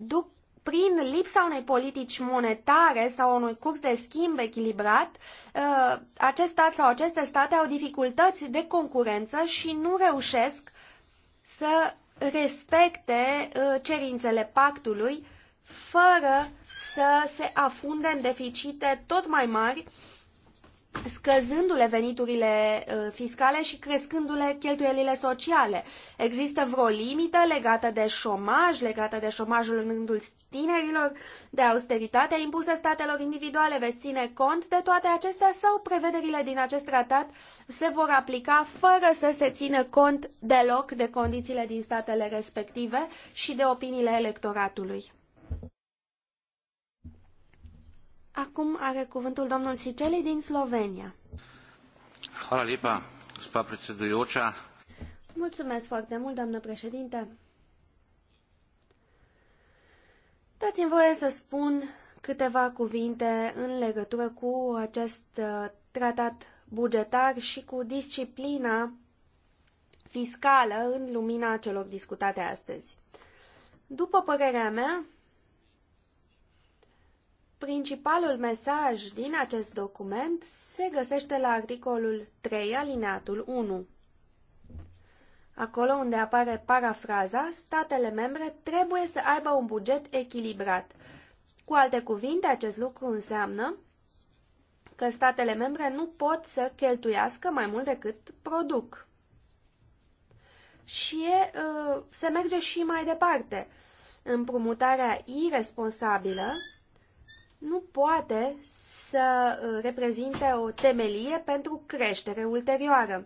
duc prin lipsa unei politici monetare sau unui curs de schimb echilibrat, uh, acest stat sau aceste state au dificultăți de concurență și nu reușesc să respecte uh, cerințele pactului fără să se afunde în deficite tot mai mari scăzându-le veniturile uh, fiscale și crescându-le cheltuielile sociale. Există vreo limită legată de șomaj, legată de șomajul în rândul tinerilor, de austeritatea impusă statelor individuale, veți ține cont de toate acestea sau prevederile din acest tratat se vor aplica fără să se țină cont deloc de condițiile din statele respective și de opiniile electoratului? Acum are cuvântul domnul Siceli din Slovenia. Hvala lepa, gospa predsedujoča. Mulțumesc foarte mult, doamnă președinte. Dați-mi voie să spun câteva cuvinte în legătură cu acest uh, tratat bugetar și cu disciplina fiscală în lumina celor discutate astăzi. După părerea mea, Principalul mesaj din acest document se găsește la articolul 3, alineatul 1. Acolo unde apare parafraza, statele membre trebuie să aibă un buget echilibrat. Cu alte cuvinte, acest lucru înseamnă că statele membre nu pot să cheltuiască mai mult decât produc. Și e, uh, se merge și mai departe. Împrumutarea irresponsabilă nu poate să uh, reprezinte o temelie pentru creștere ulterioară.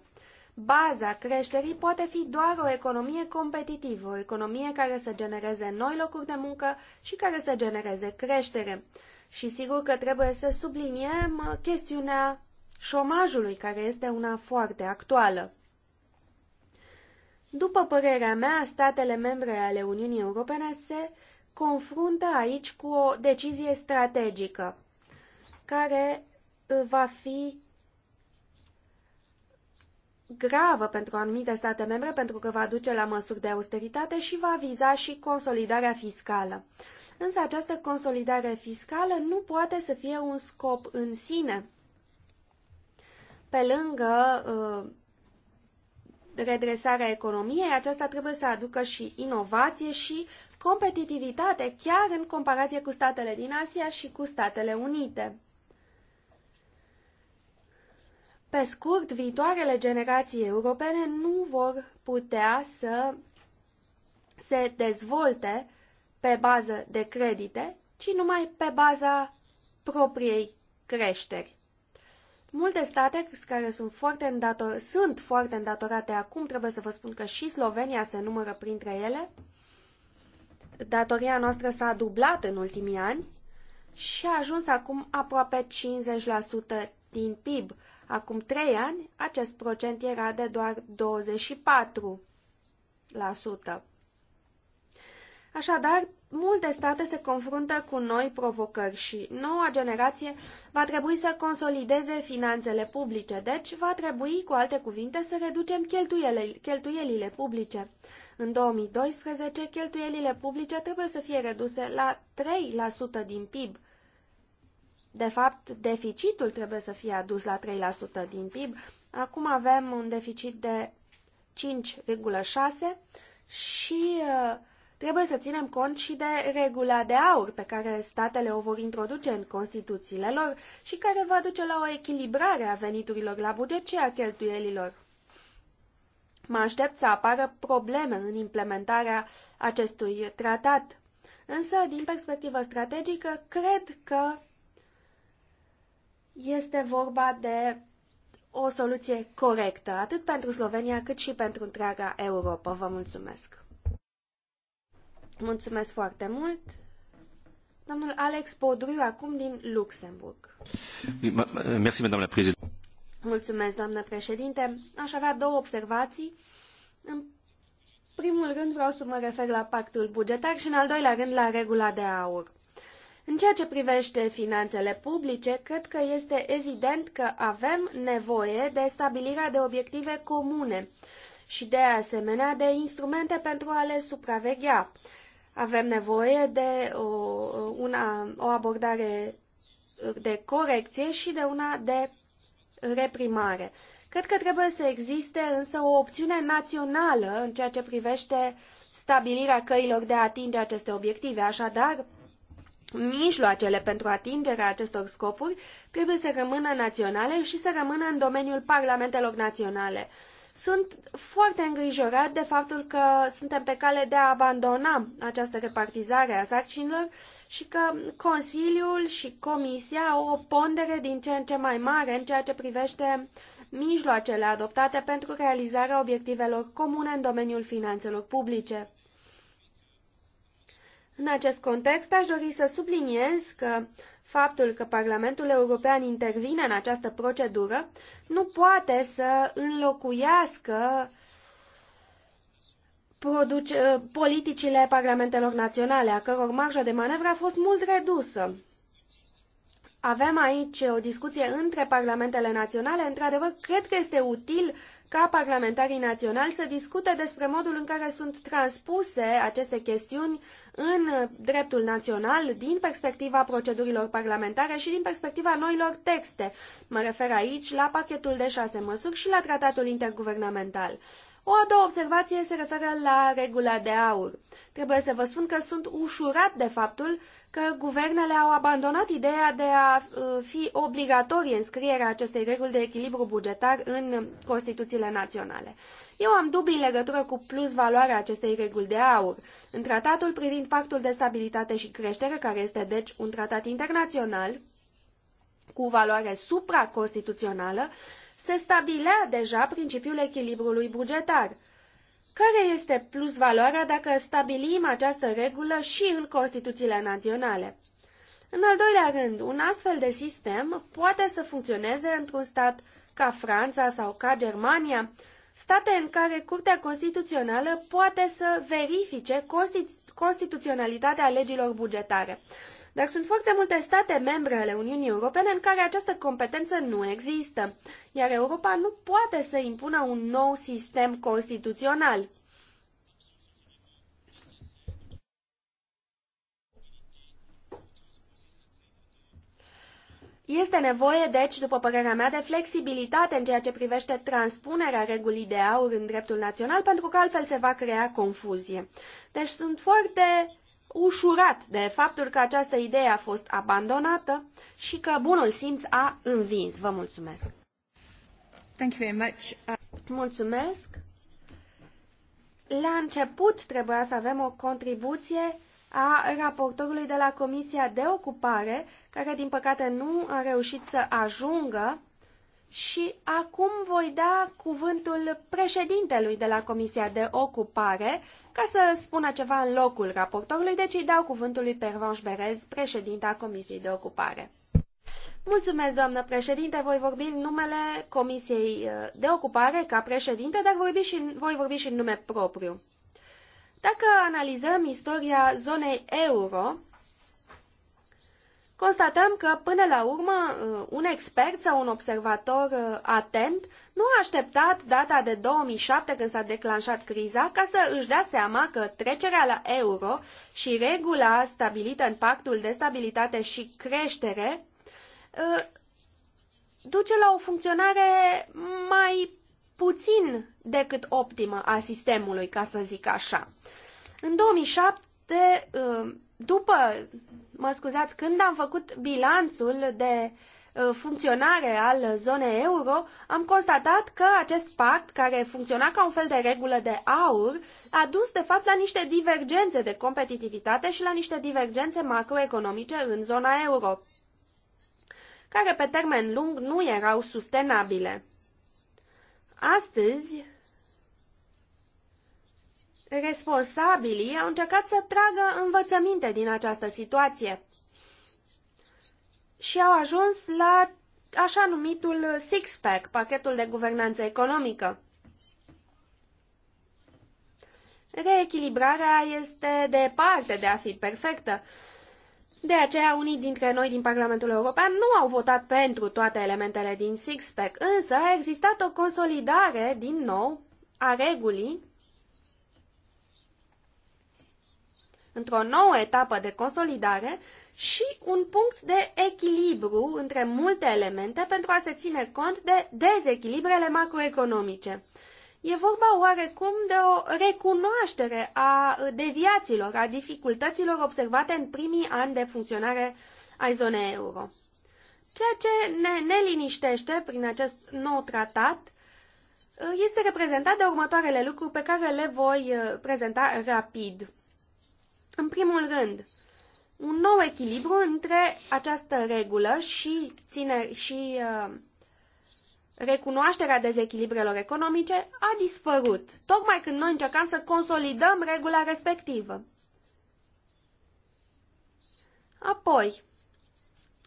Baza creșterii poate fi doar o economie competitivă, o economie care să genereze noi locuri de muncă și care să genereze creștere. Și sigur că trebuie să subliniem uh, chestiunea șomajului, care este una foarte actuală. După părerea mea, statele membre ale Uniunii Europene se confruntă aici cu o decizie strategică care va fi gravă pentru anumite state membre pentru că va duce la măsuri de austeritate și va viza și consolidarea fiscală. Însă această consolidare fiscală nu poate să fie un scop în sine. Pe lângă uh, redresarea economiei, aceasta trebuie să aducă și inovație și competitivitate chiar în comparație cu statele din Asia și cu Statele Unite. Pe scurt, viitoarele generații europene nu vor putea să se dezvolte pe bază de credite, ci numai pe baza propriei creșteri. Multe state care sunt foarte, îndator- sunt foarte îndatorate acum, trebuie să vă spun că și Slovenia se numără printre ele, Datoria noastră s-a dublat în ultimii ani și a ajuns acum aproape 50% din PIB. Acum 3 ani, acest procent era de doar 24%. Așadar, multe state se confruntă cu noi provocări și noua generație va trebui să consolideze finanțele publice, deci va trebui, cu alte cuvinte, să reducem cheltuielile publice. În 2012, cheltuielile publice trebuie să fie reduse la 3% din PIB. De fapt, deficitul trebuie să fie adus la 3% din PIB. Acum avem un deficit de 5,6% și uh, trebuie să ținem cont și de regula de aur pe care statele o vor introduce în Constituțiile lor și care va duce la o echilibrare a veniturilor la buget și a cheltuielilor. Mă aștept să apară probleme în implementarea acestui tratat. Însă, din perspectivă strategică, cred că este vorba de o soluție corectă, atât pentru Slovenia, cât și pentru întreaga Europa. Vă mulțumesc! Mulțumesc foarte mult! Domnul Alex Podriu, acum din Luxemburg. Mersi, doamnă președinte. Mulțumesc, doamnă președinte. Aș avea două observații. În primul rând vreau să mă refer la pactul bugetar și în al doilea rând la regula de aur. În ceea ce privește finanțele publice, cred că este evident că avem nevoie de stabilirea de obiective comune și de asemenea de instrumente pentru a le supraveghea. Avem nevoie de o, una, o abordare de corecție și de una de reprimare. Cred că trebuie să existe însă o opțiune națională în ceea ce privește stabilirea căilor de a atinge aceste obiective. Așadar, mijloacele pentru atingerea acestor scopuri trebuie să rămână naționale și să rămână în domeniul parlamentelor naționale. Sunt foarte îngrijorat de faptul că suntem pe cale de a abandona această repartizare a sarcinilor și că Consiliul și Comisia au o pondere din ce în ce mai mare în ceea ce privește mijloacele adoptate pentru realizarea obiectivelor comune în domeniul finanțelor publice. În acest context, aș dori să subliniez că faptul că Parlamentul European intervine în această procedură nu poate să înlocuiască produce, politicile parlamentelor naționale, a căror marjă de manevră a fost mult redusă. Avem aici o discuție între parlamentele naționale. Într-adevăr, cred că este util ca parlamentarii naționali să discute despre modul în care sunt transpuse aceste chestiuni în dreptul național din perspectiva procedurilor parlamentare și din perspectiva noilor texte. Mă refer aici la pachetul de șase măsuri și la tratatul interguvernamental. O a doua observație se referă la regula de aur. Trebuie să vă spun că sunt ușurat de faptul că guvernele au abandonat ideea de a uh, fi obligatorie înscrierea acestei reguli de echilibru bugetar în Constituțiile naționale. Eu am dubii în legătură cu plus valoarea acestei reguli de aur. În tratatul privind Pactul de Stabilitate și Creștere, care este deci un tratat internațional cu valoare supraconstituțională, se stabilea deja principiul echilibrului bugetar. Care este plus valoarea dacă stabilim această regulă și în Constituțiile naționale? În al doilea rând, un astfel de sistem poate să funcționeze într-un stat ca Franța sau ca Germania, state în care Curtea Constituțională poate să verifice constituționalitatea legilor bugetare. Dar sunt foarte multe state membre ale Uniunii Europene în care această competență nu există, iar Europa nu poate să impună un nou sistem constituțional. Este nevoie, deci, după părerea mea, de flexibilitate în ceea ce privește transpunerea regulii de aur în dreptul național, pentru că altfel se va crea confuzie. Deci sunt foarte ușurat de faptul că această idee a fost abandonată și că bunul simț a învins. Vă mulțumesc! Thank you very much. Uh, mulțumesc! La început trebuia să avem o contribuție a raportorului de la Comisia de Ocupare, care din păcate nu a reușit să ajungă și acum voi da cuvântul președintelui de la Comisia de Ocupare ca să spună ceva în locul raportorului, deci îi dau cuvântul lui Pervanș Berez, președinta Comisiei de Ocupare. Mulțumesc, doamnă președinte, voi vorbi în numele Comisiei uh, de Ocupare ca președinte, dar vorbi și, voi vorbi și în nume propriu. Dacă analizăm istoria zonei euro, constatăm că, până la urmă, uh, un expert sau un observator uh, atent nu a așteptat data de 2007 când s-a declanșat criza ca să își dea seama că trecerea la euro și regula stabilită în pactul de stabilitate și creștere uh, duce la o funcționare mai puțin decât optimă a sistemului, ca să zic așa. În 2007, după mă scuzați, când am făcut bilanțul de uh, funcționare al zonei euro, am constatat că acest pact, care funcționa ca un fel de regulă de aur, a dus de fapt la niște divergențe de competitivitate și la niște divergențe macroeconomice în zona euro, care pe termen lung nu erau sustenabile. Astăzi, responsabilii au încercat să tragă învățăminte din această situație și au ajuns la așa numitul six-pack, pachetul de guvernanță economică. Reechilibrarea este departe de a fi perfectă. De aceea, unii dintre noi din Parlamentul European nu au votat pentru toate elementele din six-pack, însă a existat o consolidare, din nou, a regulii într-o nouă etapă de consolidare și un punct de echilibru între multe elemente pentru a se ține cont de dezechilibrele macroeconomice. E vorba oarecum de o recunoaștere a deviațiilor, a dificultăților observate în primii ani de funcționare ai zonei euro. Ceea ce ne neliniștește prin acest nou tratat este reprezentat de următoarele lucruri pe care le voi uh, prezenta rapid. În primul rând, un nou echilibru între această regulă și, ține, și uh, recunoașterea dezechilibrelor economice a dispărut, tocmai când noi încercam să consolidăm regula respectivă. Apoi,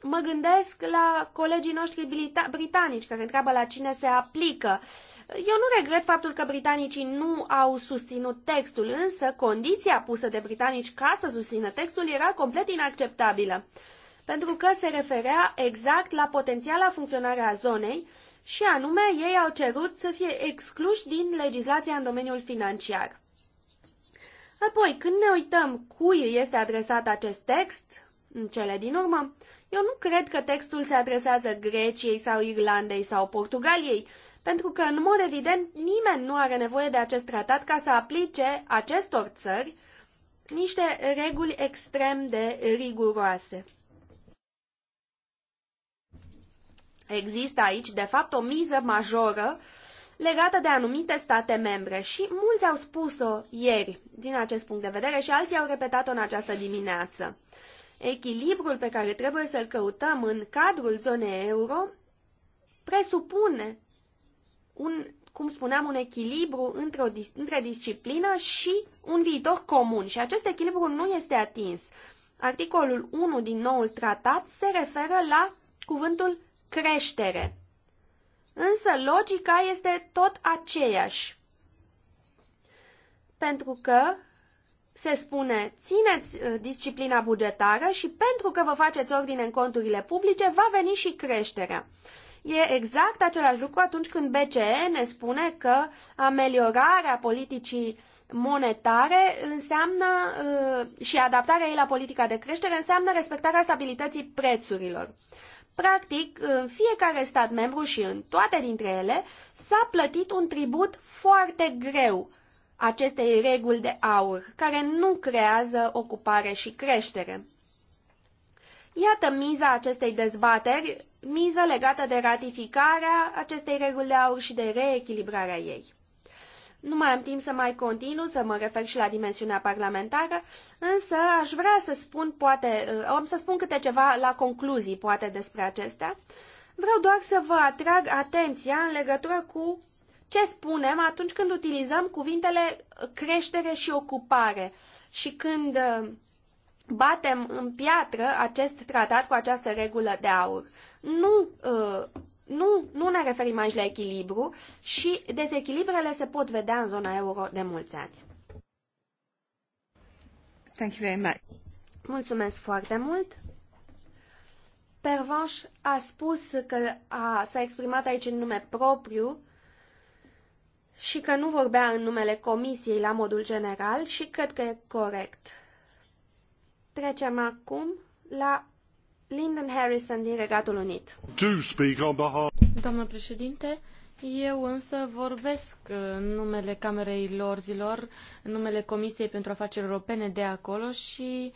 mă gândesc la colegii noștri britanici care întreabă la cine se aplică uh, eu nu regret faptul că britanicii nu au susținut textul, însă condiția pusă de britanici ca să susțină textul era complet inacceptabilă, pentru că se referea exact la potențiala funcționare a zonei și anume ei au cerut să fie excluși din legislația în domeniul financiar. Apoi, când ne uităm cui este adresat acest text, în cele din urmă, eu nu cred că textul se adresează Greciei sau Irlandei sau Portugaliei, pentru că, în mod evident, nimeni nu are nevoie de acest tratat ca să aplice acestor țări niște reguli extrem de riguroase. Există aici, de fapt, o miză majoră legată de anumite state membre și mulți au spus-o ieri din acest punct de vedere și alții au repetat-o în această dimineață. Echilibrul pe care trebuie să-l căutăm în cadrul zonei euro presupune un, cum spuneam, un echilibru între, o, între disciplină și un viitor comun. Și acest echilibru nu este atins. Articolul 1 din noul tratat se referă la cuvântul creștere. Însă logica este tot aceeași. Pentru că se spune, țineți uh, disciplina bugetară și pentru că vă faceți ordine în conturile publice, va veni și creșterea. E exact același lucru atunci când BCE ne spune că ameliorarea politicii monetare înseamnă uh, și adaptarea ei la politica de creștere înseamnă respectarea stabilității prețurilor. Practic, în fiecare stat membru și în toate dintre ele s-a plătit un tribut foarte greu acestei reguli de aur, care nu creează ocupare și creștere. Iată miza acestei dezbateri miză legată de ratificarea acestei reguli de aur și de reechilibrarea ei. Nu mai am timp să mai continu, să mă refer și la dimensiunea parlamentară, însă aș vrea să spun, poate, uh, am să spun câte ceva la concluzii, poate, despre acestea. Vreau doar să vă atrag atenția în legătură cu ce spunem atunci când utilizăm cuvintele creștere și ocupare și când uh, batem în piatră acest tratat cu această regulă de aur nu, uh, nu, nu ne referim aici la echilibru și dezechilibrele se pot vedea în zona euro de mulți ani. Thank you very much. Mulțumesc foarte mult. Pervanș a spus că a, s-a exprimat aici în nume propriu și că nu vorbea în numele comisiei la modul general și cred că e corect. Trecem acum la Lyndon Harrison din Regatul Unit. Doamnă președinte, eu însă vorbesc în numele Camerei Lorzilor, în numele Comisiei pentru Afaceri Europene de acolo și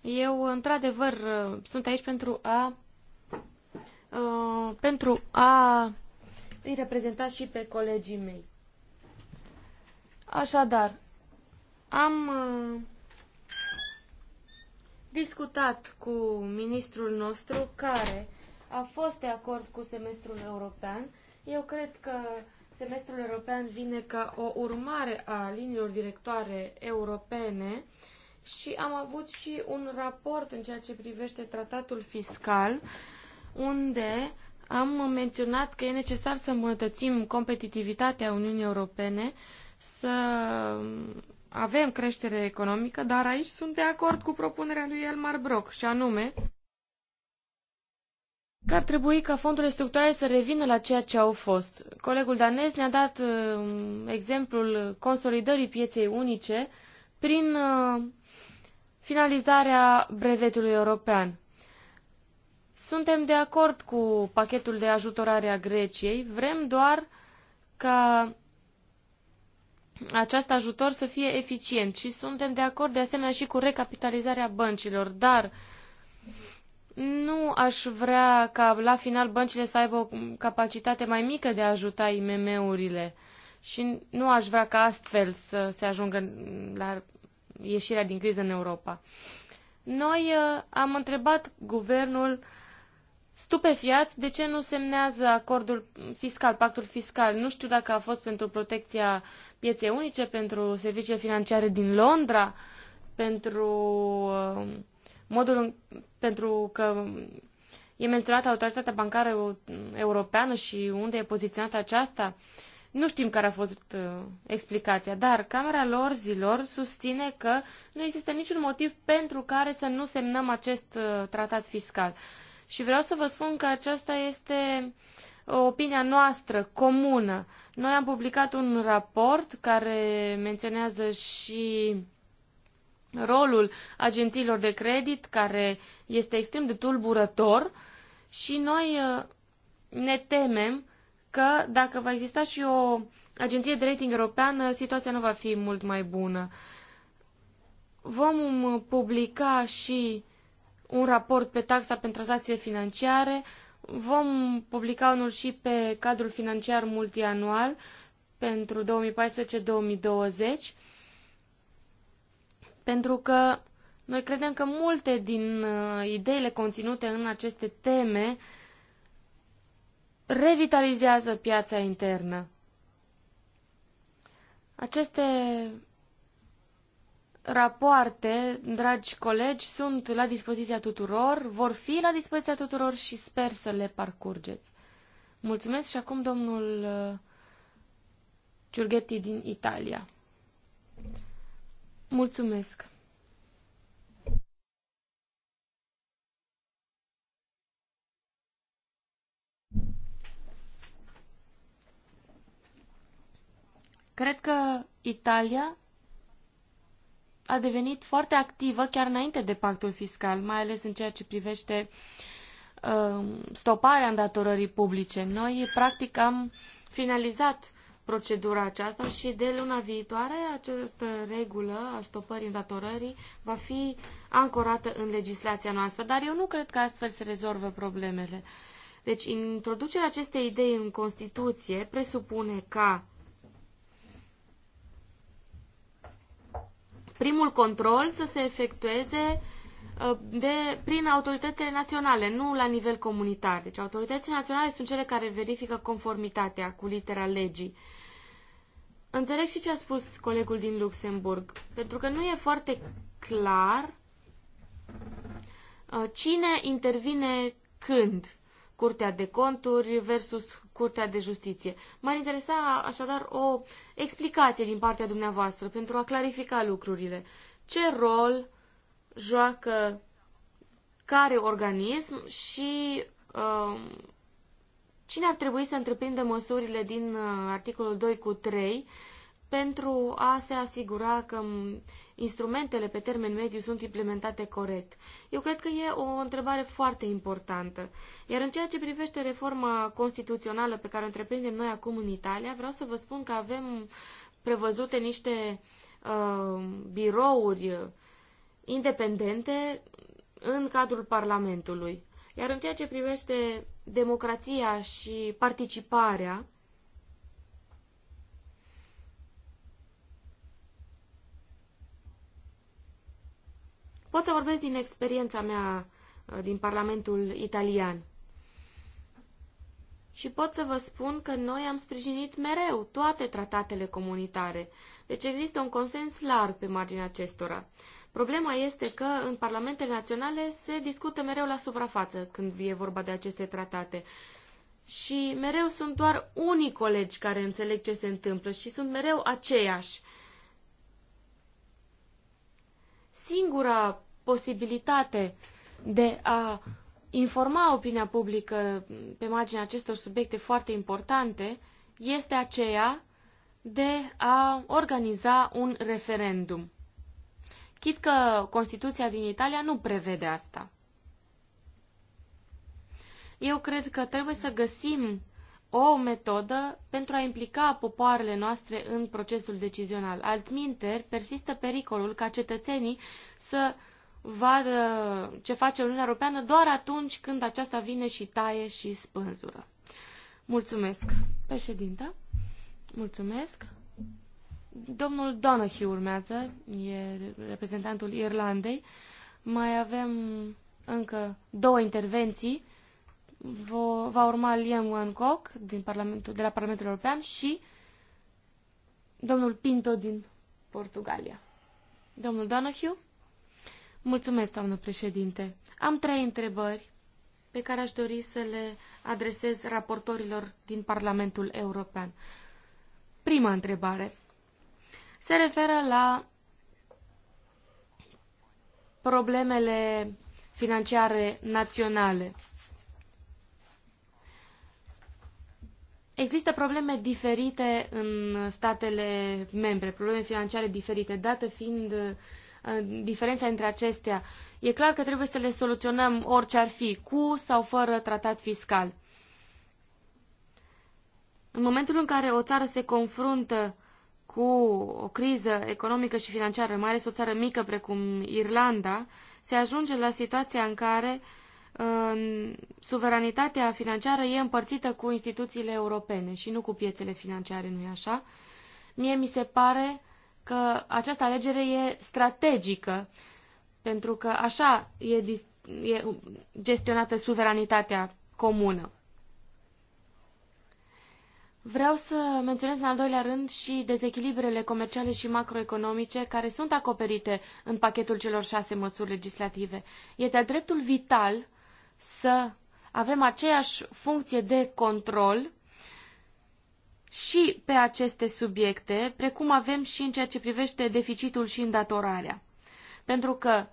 eu, într-adevăr, sunt aici pentru a, uh, pentru a îi reprezenta și pe colegii mei. Așadar, am uh, discutat cu ministrul nostru care a fost de acord cu semestrul european. Eu cred că semestrul european vine ca o urmare a liniilor directoare europene și am avut și un raport în ceea ce privește tratatul fiscal, unde am menționat că e necesar să îmbunătățim competitivitatea Uniunii Europene, să avem creștere economică, dar aici sunt de acord cu propunerea lui Elmar Brock, și anume că ar trebui ca fondurile structurale să revină la ceea ce au fost. Colegul danez ne-a dat uh, exemplul consolidării pieței unice prin uh, finalizarea brevetului european. Suntem de acord cu pachetul de ajutorare a Greciei, vrem doar ca acest ajutor să fie eficient și suntem de acord de asemenea și cu recapitalizarea băncilor, dar nu aș vrea ca la final băncile să aibă o capacitate mai mică de a ajuta IMM-urile și nu aș vrea ca astfel să se ajungă la ieșirea din criză în Europa. Noi uh, am întrebat guvernul stupefiați de ce nu semnează acordul fiscal, pactul fiscal. Nu știu dacă a fost pentru protecția piețe unice, pentru serviciile financiare din Londra, pentru uh, modul în, pentru că e menționată autoritatea bancară europeană și unde e poziționată aceasta. Nu știm care a fost uh, explicația, dar Camera lor zilor susține că nu există niciun motiv pentru care să nu semnăm acest uh, tratat fiscal. Și vreau să vă spun că aceasta este opinia noastră comună. Noi am publicat un raport care menționează și rolul agențiilor de credit, care este extrem de tulburător și noi uh, ne temem că dacă va exista și o agenție de rating europeană, situația nu va fi mult mai bună. Vom uh, publica și un raport pe taxa pentru tranzacțiile financiare, Vom publica unul și pe cadrul financiar multianual pentru 2014-2020, pentru că noi credem că multe din uh, ideile conținute în aceste teme revitalizează piața internă. Aceste rapoarte, dragi colegi, sunt la dispoziția tuturor, vor fi la dispoziția tuturor și sper să le parcurgeți. Mulțumesc și acum domnul uh, Ciurghetti din Italia. Mulțumesc. Cred că Italia a devenit foarte activă chiar înainte de pactul fiscal, mai ales în ceea ce privește uh, stoparea îndatorării publice. Noi, practic, am finalizat procedura aceasta și de luna viitoare această regulă a stopării îndatorării va fi ancorată în legislația noastră, dar eu nu cred că astfel se rezolvă problemele. Deci, introducerea acestei idei în Constituție presupune ca primul control să se efectueze uh, de, prin autoritățile naționale, nu la nivel comunitar. Deci autoritățile naționale sunt cele care verifică conformitatea cu litera legii. Înțeleg și ce a spus colegul din Luxemburg, pentru că nu e foarte clar uh, cine intervine când. Curtea de Conturi versus Curtea de Justiție. M-ar interesa așadar o explicație din partea dumneavoastră pentru a clarifica lucrurile. Ce rol joacă care organism și uh, cine ar trebui să întreprindă măsurile din uh, articolul 2 cu 3 pentru a se asigura că instrumentele pe termen mediu sunt implementate corect? Eu cred că e o întrebare foarte importantă. Iar în ceea ce privește reforma constituțională pe care o întreprindem noi acum în Italia, vreau să vă spun că avem prevăzute niște uh, birouri independente în cadrul Parlamentului. Iar în ceea ce privește democrația și participarea, Pot să vorbesc din experiența mea uh, din Parlamentul italian. Și pot să vă spun că noi am sprijinit mereu toate tratatele comunitare, deci există un consens larg pe marginea acestora. Problema este că în parlamentele naționale se discută mereu la suprafață când e vorba de aceste tratate. Și mereu sunt doar unii colegi care înțeleg ce se întâmplă și sunt mereu aceiași. singura posibilitate de a informa opinia publică pe marginea acestor subiecte foarte importante este aceea de a organiza un referendum. Chit că Constituția din Italia nu prevede asta. Eu cred că trebuie să găsim o metodă pentru a implica popoarele noastre în procesul decizional. Altminter, persistă pericolul ca cetățenii să vadă ce face Uniunea Europeană doar atunci când aceasta vine și taie și spânzură. Mulțumesc, președinte. Mulțumesc. Domnul Donahue urmează, e reprezentantul Irlandei. Mai avem încă două intervenții va urma Liam Wancock din Parlamentul, de la Parlamentul European și domnul Pinto din Portugalia. Domnul Donahue? Mulțumesc, doamnă președinte. Am trei întrebări pe care aș dori să le adresez raportorilor din Parlamentul European. Prima întrebare se referă la problemele financiare naționale. Există probleme diferite în statele membre, probleme financiare diferite, dată fiind uh, diferența între acestea. E clar că trebuie să le soluționăm orice ar fi, cu sau fără tratat fiscal. În momentul în care o țară se confruntă cu o criză economică și financiară, mai ales o țară mică precum Irlanda, se ajunge la situația în care uh, suveranitatea financiară e împărțită cu instituțiile europene și nu cu piețele financiare, nu-i așa? Mie mi se pare că această alegere e strategică, pentru că așa e, e gestionată suveranitatea comună. Vreau să menționez în al doilea rând și dezechilibrele comerciale și macroeconomice care sunt acoperite în pachetul celor șase măsuri legislative. E de-a dreptul vital să avem aceeași funcție de control și pe aceste subiecte, precum avem și în ceea ce privește deficitul și îndatorarea. Pentru că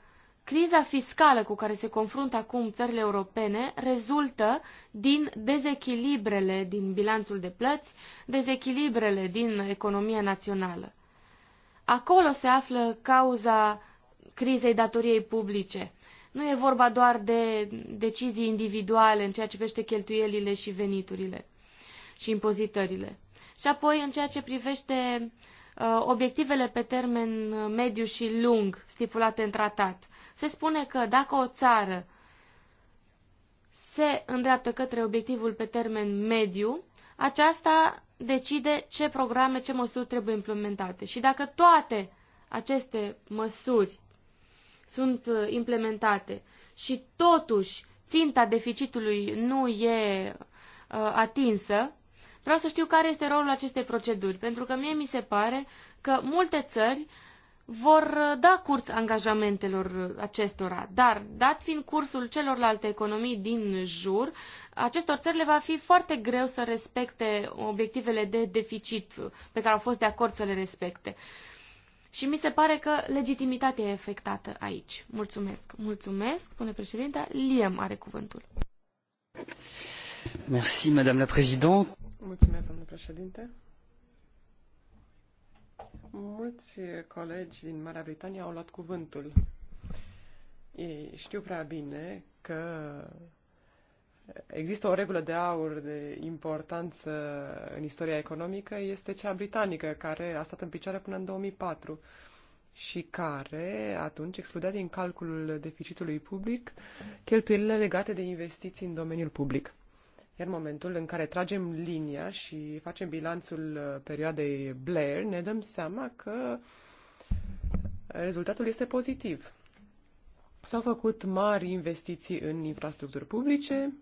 criza fiscală cu care se confruntă acum țările europene rezultă din dezechilibrele din bilanțul de plăți, dezechilibrele din economia națională. Acolo se află cauza crizei datoriei publice. Nu e vorba doar de decizii individuale în ceea ce privește cheltuielile și veniturile și impozitările. Și apoi, în ceea ce privește uh, obiectivele pe termen uh, mediu și lung stipulate în tratat, se spune că dacă o țară se îndreaptă către obiectivul pe termen mediu, aceasta decide ce programe, ce măsuri trebuie implementate. Și dacă toate aceste măsuri sunt uh, implementate și totuși ținta deficitului nu e uh, atinsă, vreau să știu care este rolul acestei proceduri, pentru că mie mi se pare că multe țări vor uh, da curs angajamentelor uh, acestora, dar dat fiind cursul celorlalte economii din jur, acestor țări le va fi foarte greu să respecte obiectivele de deficit pe care au fost de acord să le respecte. Uh, și mi se pare că legitimitatea e afectată aici. Mulțumesc. Mulțumesc, spune președinte. Liam are cuvântul. Merci, madame la présidente. Mulțumesc, domnule președinte. Mulți colegi din Marea Britanie au luat cuvântul. Ei știu prea bine că există o regulă de aur de importanță în istoria economică, este cea britanică, care a stat în picioare până în 2004 și care atunci excludea din calculul deficitului public cheltuielile legate de investiții în domeniul public. Iar în momentul în care tragem linia și facem bilanțul uh, perioadei Blair, ne dăm seama că rezultatul este pozitiv. S-au făcut mari investiții în infrastructuri publice,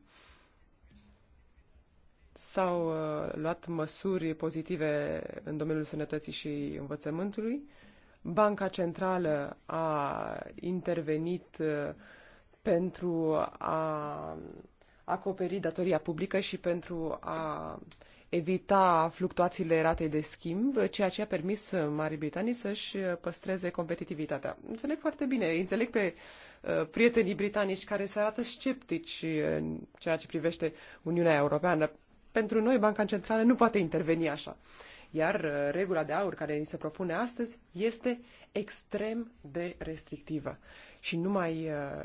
S-au uh, luat măsuri pozitive în domeniul sănătății și învățământului. Banca Centrală a intervenit uh, pentru a acoperi datoria publică și pentru a evita fluctuațiile ratei de schimb, ceea ce a permis Marii Britanii să-și păstreze competitivitatea. Înțeleg foarte bine, înțeleg pe uh, prietenii britanici care se arată sceptici în ceea ce privește Uniunea Europeană, pentru noi Banca Centrală nu poate interveni așa. Iar uh, regula de aur care ni se propune astăzi este extrem de restrictivă și numai uh,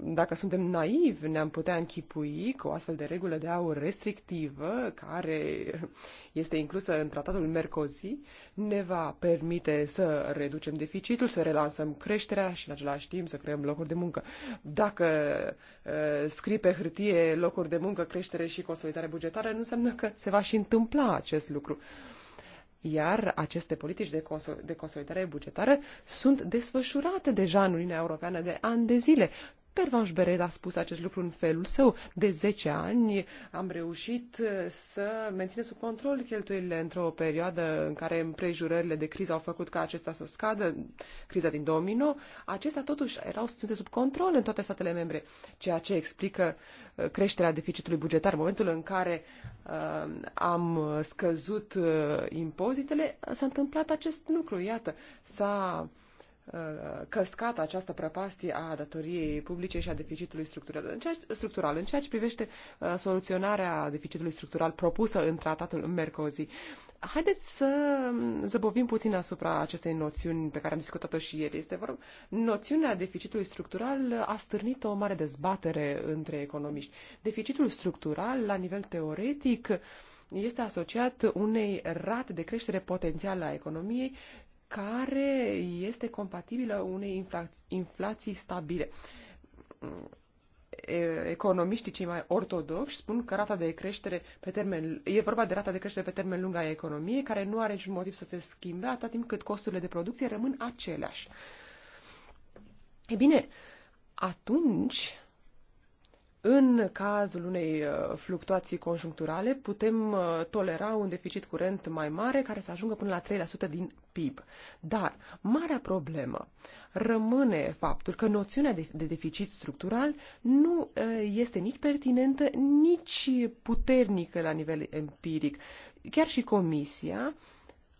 dacă suntem naivi, ne-am putea închipui că o astfel de regulă de aur restrictivă, care este inclusă în tratatul Mercosi, ne va permite să reducem deficitul, să relansăm creșterea și în același timp să creăm locuri de muncă. Dacă uh, scrie pe hârtie locuri de muncă, creștere și consolidare bugetară, nu înseamnă că se va și întâmpla acest lucru iar aceste politici de, consol- de consolidare bugetară sunt desfășurate deja în Uniunea Europeană de ani de zile. Pervanș Beret a spus acest lucru în felul său. De 10 ani am reușit uh, să menținem sub control cheltuielile într-o perioadă în care împrejurările de criză au făcut ca acesta să scadă, criza din 2009. Acestea totuși erau ținute sub control în toate statele membre, ceea ce explică uh, creșterea deficitului bugetar. În momentul în care uh, am scăzut uh, impozitele, s-a întâmplat acest lucru. Iată, s-a uh, Uh, căscat această prăpastie a datoriei publice și a deficitului structural. În ceea, structural, în ceea ce privește uh, soluționarea deficitului structural propusă în tratatul în Mercosi, haideți să zăbovim puțin asupra acestei noțiuni pe care am discutat-o și ieri. Este vorba, noțiunea deficitului structural a stârnit o mare dezbatere între economiști. Deficitul structural, la nivel teoretic, este asociat unei rate de creștere potențială a economiei care este compatibilă unei inflații, inflații stabile. Economiștii cei mai ortodoxi spun că rata de creștere pe termen, e vorba de rata de creștere pe termen lung a economiei, care nu are niciun motiv să se schimbe atât timp cât costurile de producție rămân aceleași. E bine, atunci în cazul unei uh, fluctuații conjuncturale putem uh, tolera un deficit curent mai mare care să ajungă până la 3% din PIB. Dar marea problemă rămâne faptul că noțiunea de deficit structural nu uh, este nici pertinentă, nici puternică la nivel empiric. Chiar și Comisia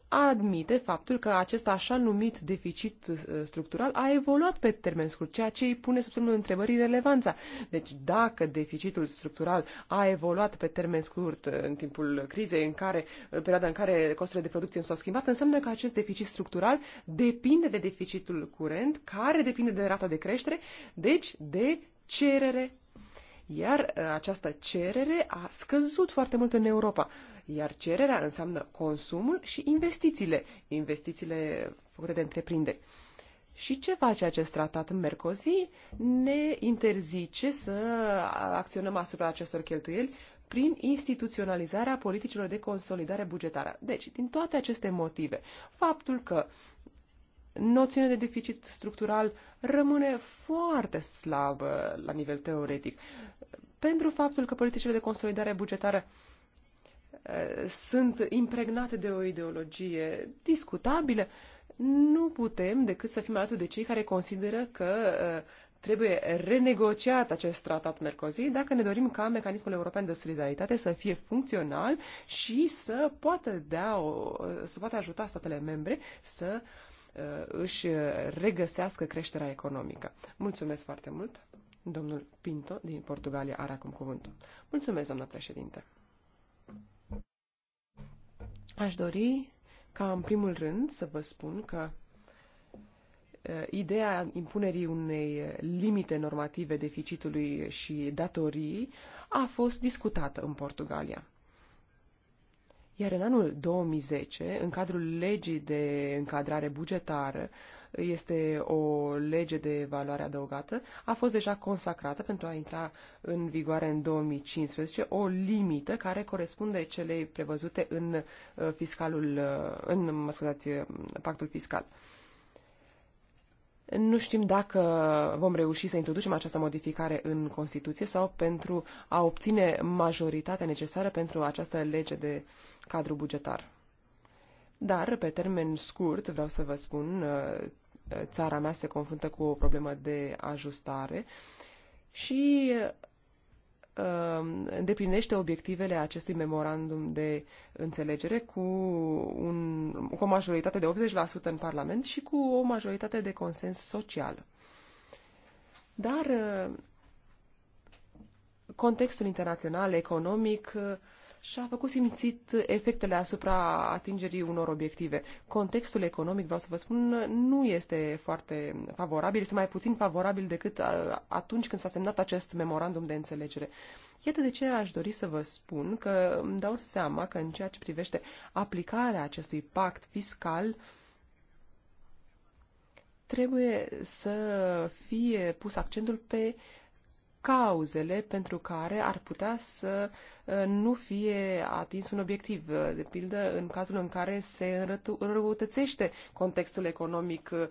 admite faptul că acest așa numit deficit uh, structural a evoluat pe termen scurt, ceea ce îi pune sub semnul întrebării relevanța. Deci dacă deficitul structural a evoluat pe termen scurt uh, în timpul crizei, în care, în uh, perioada în care costurile de producție s-au schimbat, înseamnă că acest deficit structural depinde de deficitul curent, care depinde de rata de creștere, deci de cerere iar uh, această cerere a scăzut foarte mult în Europa. Iar cererea înseamnă consumul și investițiile, investițiile făcute de întreprinderi. Și ce face acest tratat Mercosi? Ne interzice să acționăm asupra acestor cheltuieli prin instituționalizarea politicilor de consolidare bugetară. Deci, din toate aceste motive, faptul că noțiunea de deficit structural rămâne foarte slabă la nivel teoretic. Pentru faptul că politicile de consolidare bugetară eh, sunt impregnate de o ideologie discutabilă, nu putem decât să fim alături de cei care consideră că eh, trebuie renegociat acest tratat Mercosur dacă ne dorim ca mecanismul european de solidaritate să fie funcțional și să poată, dea o, să poată ajuta statele membre să Uh, își regăsească creșterea economică. Mulțumesc foarte mult. Domnul Pinto din Portugalia are acum cuvântul. Mulțumesc, doamnă președinte. Aș dori ca în primul rând să vă spun că uh, ideea impunerii unei limite normative deficitului și datorii a fost discutată în Portugalia. Iar în anul 2010, în cadrul legii de încadrare bugetară, este o lege de valoare adăugată, a fost deja consacrată pentru a intra în vigoare în 2015 o limită care corespunde celei prevăzute în uh, fiscalul, uh, în, mă scuzați, uh, pactul fiscal. Nu știm dacă vom reuși să introducem această modificare în Constituție sau pentru a obține majoritatea necesară pentru această lege de cadru bugetar. Dar, pe termen scurt, vreau să vă spun, uh, uh, țara mea se confruntă cu o problemă de ajustare și uh, Um, îndeplinește obiectivele acestui memorandum de înțelegere cu, un, cu o majoritate de 80% în Parlament și cu o majoritate de consens social. Dar uh, contextul internațional, economic, uh, și a făcut simțit efectele asupra atingerii unor obiective. Contextul economic, vreau să vă spun, nu este foarte favorabil, este mai puțin favorabil decât atunci când s-a semnat acest memorandum de înțelegere. Iată de ce aș dori să vă spun că îmi dau seama că în ceea ce privește aplicarea acestui pact fiscal, trebuie să fie pus accentul pe uh, cauzele pentru care ar putea să uh, nu fie atins un obiectiv. Uh, de pildă, în cazul în care se înrăutățește contextul economic uh,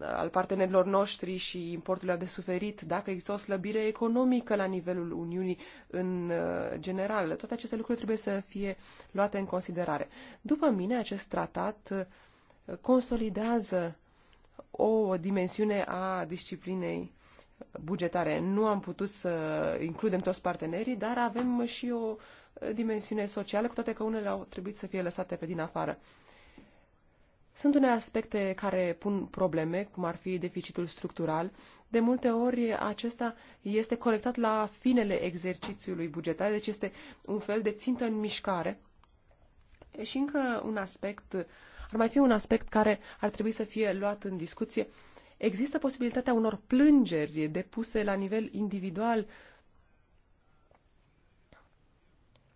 al partenerilor noștri și importul de suferit, dacă există o slăbire economică la nivelul Uniunii în general. Toate aceste lucruri trebuie să fie luate în considerare. După mine, acest tratat consolidează o dimensiune a disciplinei bugetare. Nu am putut să includem toți partenerii, dar avem și o uh, dimensiune socială, cu toate că unele au trebuit să fie lăsate pe din afară. Sunt unele aspecte care pun probleme, cum ar fi deficitul structural. De multe ori acesta este corectat la finele exercițiului bugetar, deci este un fel de țintă în mișcare. Și încă un aspect, ar mai fi un aspect care ar trebui să fie luat în discuție, Există posibilitatea unor plângeri depuse la nivel individual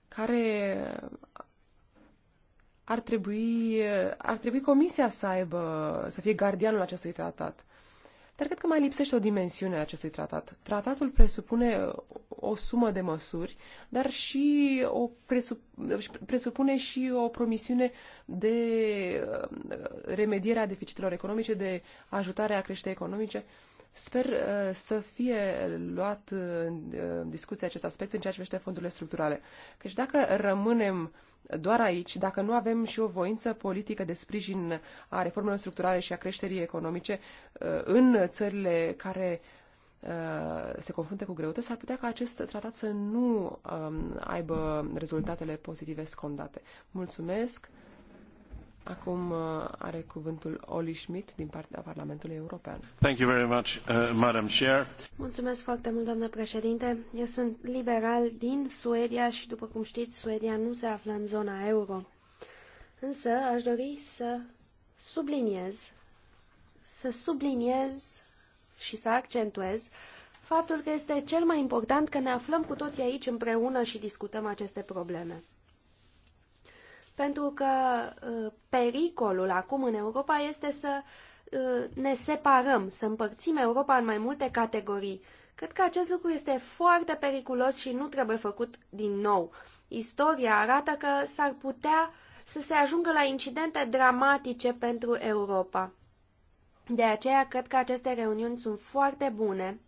care ar trebui, ar trebui comisia să aibă, să fie gardianul acestui tratat. Dar cred că mai lipsește o dimensiune a acestui tratat. Tratatul presupune uh, o sumă de măsuri, dar și o presupune și o promisiune de uh, remedierea deficitelor economice, de ajutare a creșterii economice. Sper uh, să fie luat uh, în uh, discuție acest aspect în ceea ce privește fondurile structurale. Căci dacă rămânem uh, doar aici, dacă nu avem și o voință politică de sprijin a reformelor structurale și a creșterii economice uh, în țările care uh, se confruntă cu greutăți, s-ar putea ca acest tratat să nu um, aibă rezultatele pozitive scondate. Mulțumesc! Acum uh, are cuvântul Oli Schmidt din partea Parlamentului European. Thank you very much, uh, Madam Chair. Mulțumesc foarte mult, doamnă președinte. Eu sunt liberal din Suedia și, după cum știți, Suedia nu se află în zona euro. Însă aș dori să subliniez, să subliniez și să accentuez faptul că este cel mai important că ne aflăm cu toții aici împreună și discutăm aceste probleme pentru că ă, pericolul acum în Europa este să ă, ne separăm, să împărțim Europa în mai multe categorii. Cred că acest lucru este foarte periculos și nu trebuie făcut din nou. Istoria arată că s-ar putea să se ajungă la incidente dramatice pentru Europa. De aceea, cred că aceste reuniuni sunt foarte bune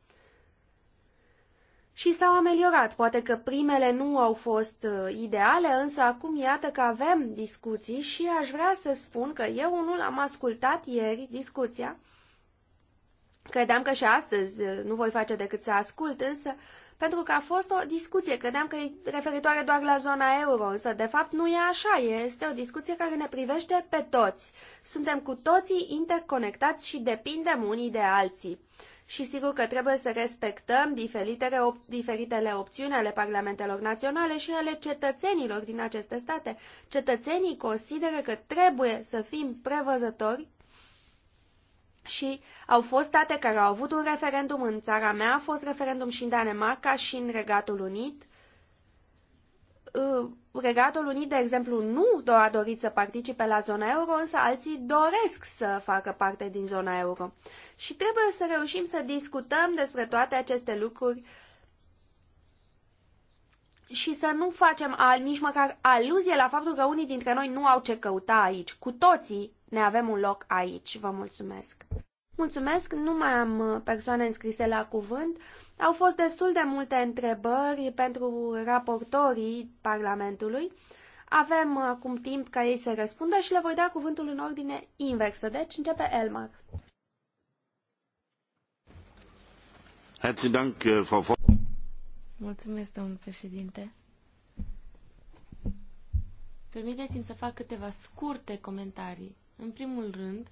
și s-au ameliorat. Poate că primele nu au fost uh, ideale, însă acum iată că avem discuții și aș vrea să spun că eu unul am ascultat ieri discuția. Credeam că și astăzi uh, nu voi face decât să ascult, însă pentru că a fost o discuție, credeam că e referitoare doar la zona euro, însă de fapt nu e așa, este o discuție care ne privește pe toți. Suntem cu toții interconectați și depindem unii de alții și sigur că trebuie să respectăm diferitele, op- diferitele opțiuni ale parlamentelor naționale și ale cetățenilor din aceste state. Cetățenii consideră că trebuie să fim prevăzători și au fost state care au avut un referendum în țara mea, a fost referendum și în Danemarca și în Regatul Unit Uh, Regatul Unit, de exemplu, nu a dorit să participe la zona euro, însă alții doresc să facă parte din zona euro. Și trebuie să reușim să discutăm despre toate aceste lucruri și să nu facem al, nici măcar aluzie la faptul că unii dintre noi nu au ce căuta aici. Cu toții ne avem un loc aici. Vă mulțumesc! Mulțumesc, nu mai am uh, persoane înscrise la cuvânt. Au fost destul de multe întrebări pentru raportorii Parlamentului. Avem uh, acum timp ca ei să răspundă și le voi da cuvântul în ordine inversă. Deci începe Elmar. Uh, Mulțumesc, domnul președinte. Permiteți-mi să fac câteva scurte comentarii. În primul rând,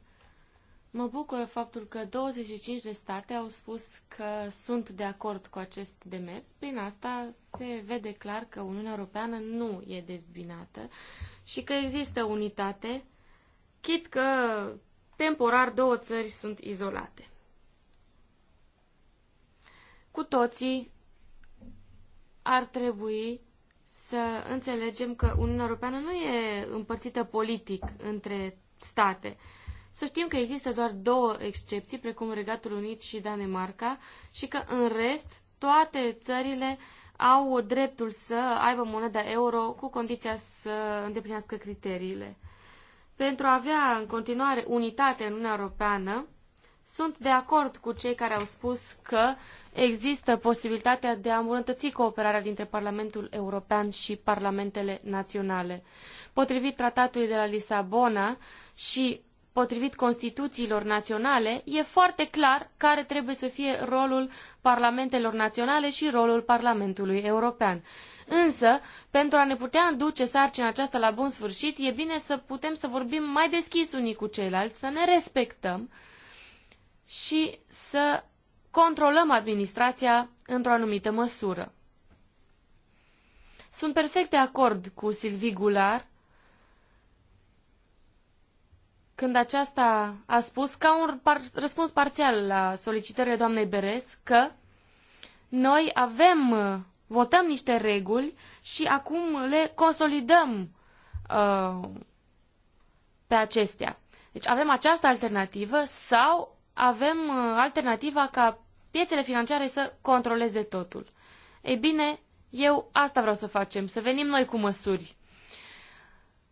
Mă bucură faptul că 25 de state au spus că sunt de acord cu acest demers. Prin asta se vede clar că Uniunea Europeană nu e dezbinată și că există unitate, chit că temporar două țări sunt izolate. Cu toții ar trebui să înțelegem că Uniunea Europeană nu e împărțită politic între state să știm că există doar două excepții, precum Regatul Unit și Danemarca, și că în rest toate țările au dreptul să aibă moneda euro cu condiția să îndeplinească criteriile. Pentru a avea în continuare unitate în Uniunea Europeană, sunt de acord cu cei care au spus că există posibilitatea de a îmbunătăți cooperarea dintre Parlamentul European și Parlamentele naționale. Potrivit tratatului de la Lisabona și potrivit Constituțiilor naționale, e foarte clar care trebuie să fie rolul parlamentelor naționale și rolul Parlamentului European. Însă, pentru a ne putea înduce sarcina aceasta la bun sfârșit, e bine să putem să vorbim mai deschis unii cu ceilalți, să ne respectăm și să controlăm administrația într-o anumită măsură. Sunt perfect de acord cu Sylvie Gular. când aceasta a spus, ca un par, răspuns parțial la solicitările doamnei Beres, că noi avem, uh, votăm niște reguli și acum le consolidăm uh, pe acestea. Deci avem această alternativă sau avem uh, alternativa ca piețele financiare să controleze totul. Ei bine, eu asta vreau să facem, să venim noi cu măsuri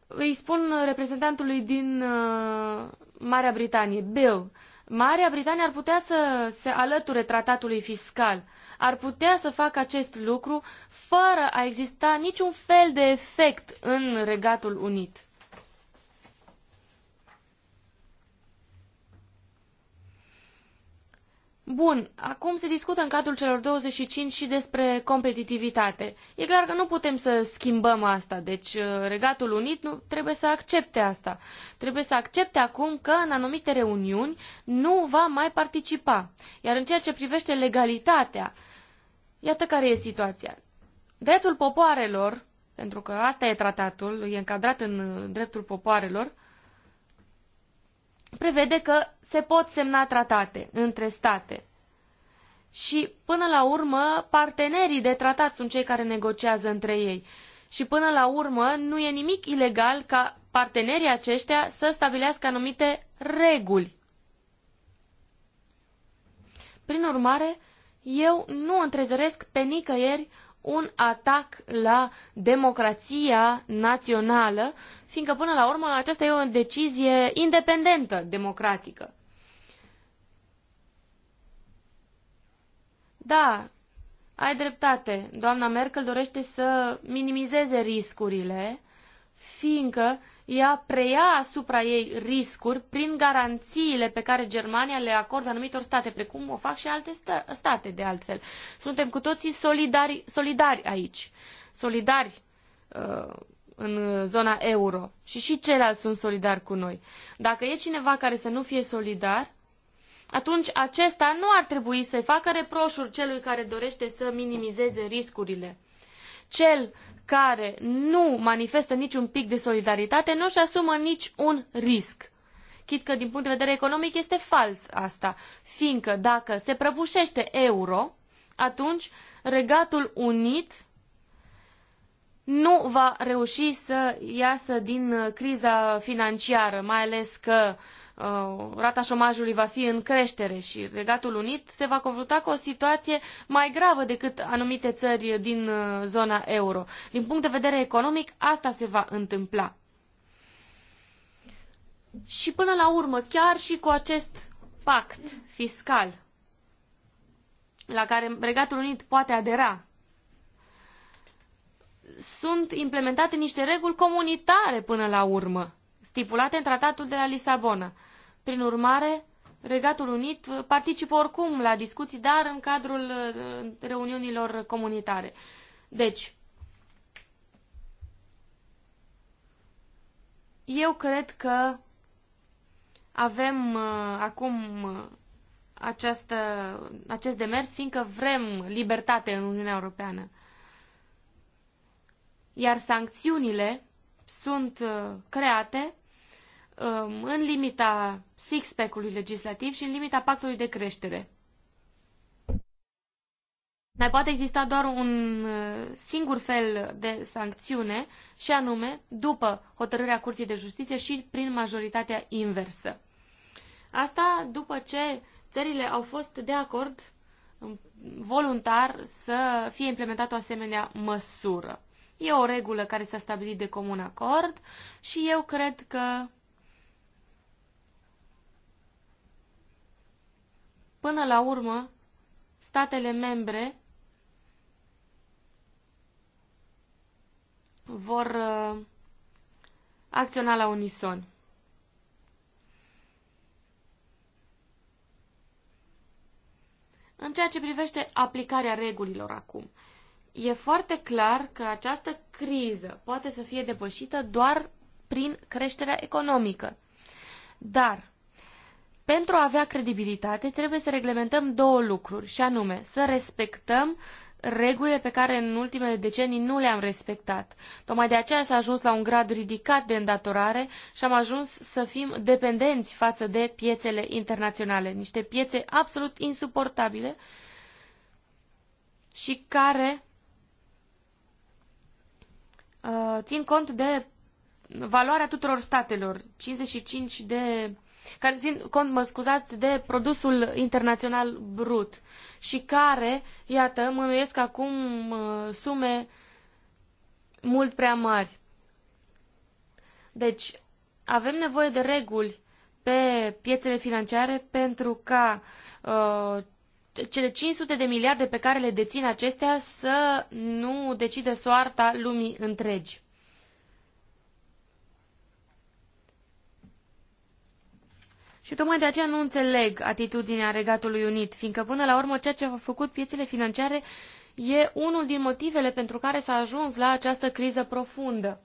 îi spun reprezentantului din uh, Marea Britanie, Bill, Marea Britanie ar putea să se alăture tratatului fiscal, ar putea să facă acest lucru fără a exista niciun fel de efect în Regatul Unit. Bun, acum se discută în cadrul celor 25 și despre competitivitate. E clar că nu putem să schimbăm asta, deci uh, Regatul Unit nu, trebuie să accepte asta. Trebuie să accepte acum că în anumite reuniuni nu va mai participa. Iar în ceea ce privește legalitatea, iată care e situația. Dreptul popoarelor, pentru că asta e tratatul, e încadrat în uh, dreptul popoarelor, prevede că se pot semna tratate între state. Și, până la urmă, partenerii de tratat sunt cei care negociază între ei. Și, până la urmă, nu e nimic ilegal ca partenerii aceștia să stabilească anumite reguli. Prin urmare, eu nu întrezăresc pe nicăieri un atac la democrația națională fiindcă până la urmă aceasta e o decizie independentă, democratică. Da, ai dreptate. Doamna Merkel dorește să minimizeze riscurile, fiindcă ea preia asupra ei riscuri prin garanțiile pe care Germania le acordă anumitor state, precum o fac și alte state, de altfel. Suntem cu toții solidari, solidari aici, solidari uh, în uh, zona euro și și ceilalți sunt solidari cu noi. Dacă e cineva care să nu fie solidar, atunci acesta nu ar trebui să-i facă reproșuri celui care dorește să minimizeze riscurile. Cel care nu manifestă niciun pic de solidaritate nu își asumă nici un risc. Chit că din punct de vedere economic este fals asta, fiindcă dacă se prăbușește euro, atunci Regatul Unit nu va reuși să iasă din uh, criza financiară, mai ales că uh, rata șomajului va fi în creștere și Regatul Unit se va confrunta cu o situație mai gravă decât anumite țări din uh, zona euro. Din punct de vedere economic, asta se va întâmpla. Și până la urmă, chiar și cu acest pact fiscal la care Regatul Unit poate adera sunt implementate niște reguli comunitare până la urmă, stipulate în tratatul de la Lisabona. Prin urmare, Regatul Unit participă oricum la discuții, dar în cadrul uh, reuniunilor comunitare. Deci, eu cred că avem uh, acum uh, această, acest demers, fiindcă vrem libertate în Uniunea Europeană iar sancțiunile sunt uh, create um, în limita six-pack-ului legislativ și în limita pactului de creștere. Mai poate exista doar un uh, singur fel de sancțiune și anume după hotărârea Curții de Justiție și prin majoritatea inversă. Asta după ce țările au fost de acord um, voluntar să fie implementată o asemenea măsură. E o regulă care s-a stabilit de comun acord și eu cred că până la urmă statele membre vor uh, acționa la unison. În ceea ce privește aplicarea regulilor acum, e foarte clar că această criză poate să fie depășită doar prin creșterea economică. Dar, pentru a avea credibilitate, trebuie să reglementăm două lucruri, și anume să respectăm regulile pe care în ultimele decenii nu le-am respectat. Tocmai de aceea s-a ajuns la un grad ridicat de îndatorare și am ajuns să fim dependenți față de piețele internaționale, niște piețe absolut insuportabile și care Uh, țin cont de valoarea tuturor statelor, 55 de care țin cont, mă scuzați, de produsul internațional brut și care, iată, mânuiesc acum uh, sume mult prea mari. Deci, avem nevoie de reguli pe piețele financiare pentru ca uh, cele 500 de miliarde pe care le dețin acestea să nu decide soarta lumii întregi. Și tocmai de aceea nu înțeleg atitudinea Regatului Unit, fiindcă până la urmă ceea ce au făcut piețele financiare e unul din motivele pentru care s-a ajuns la această criză profundă.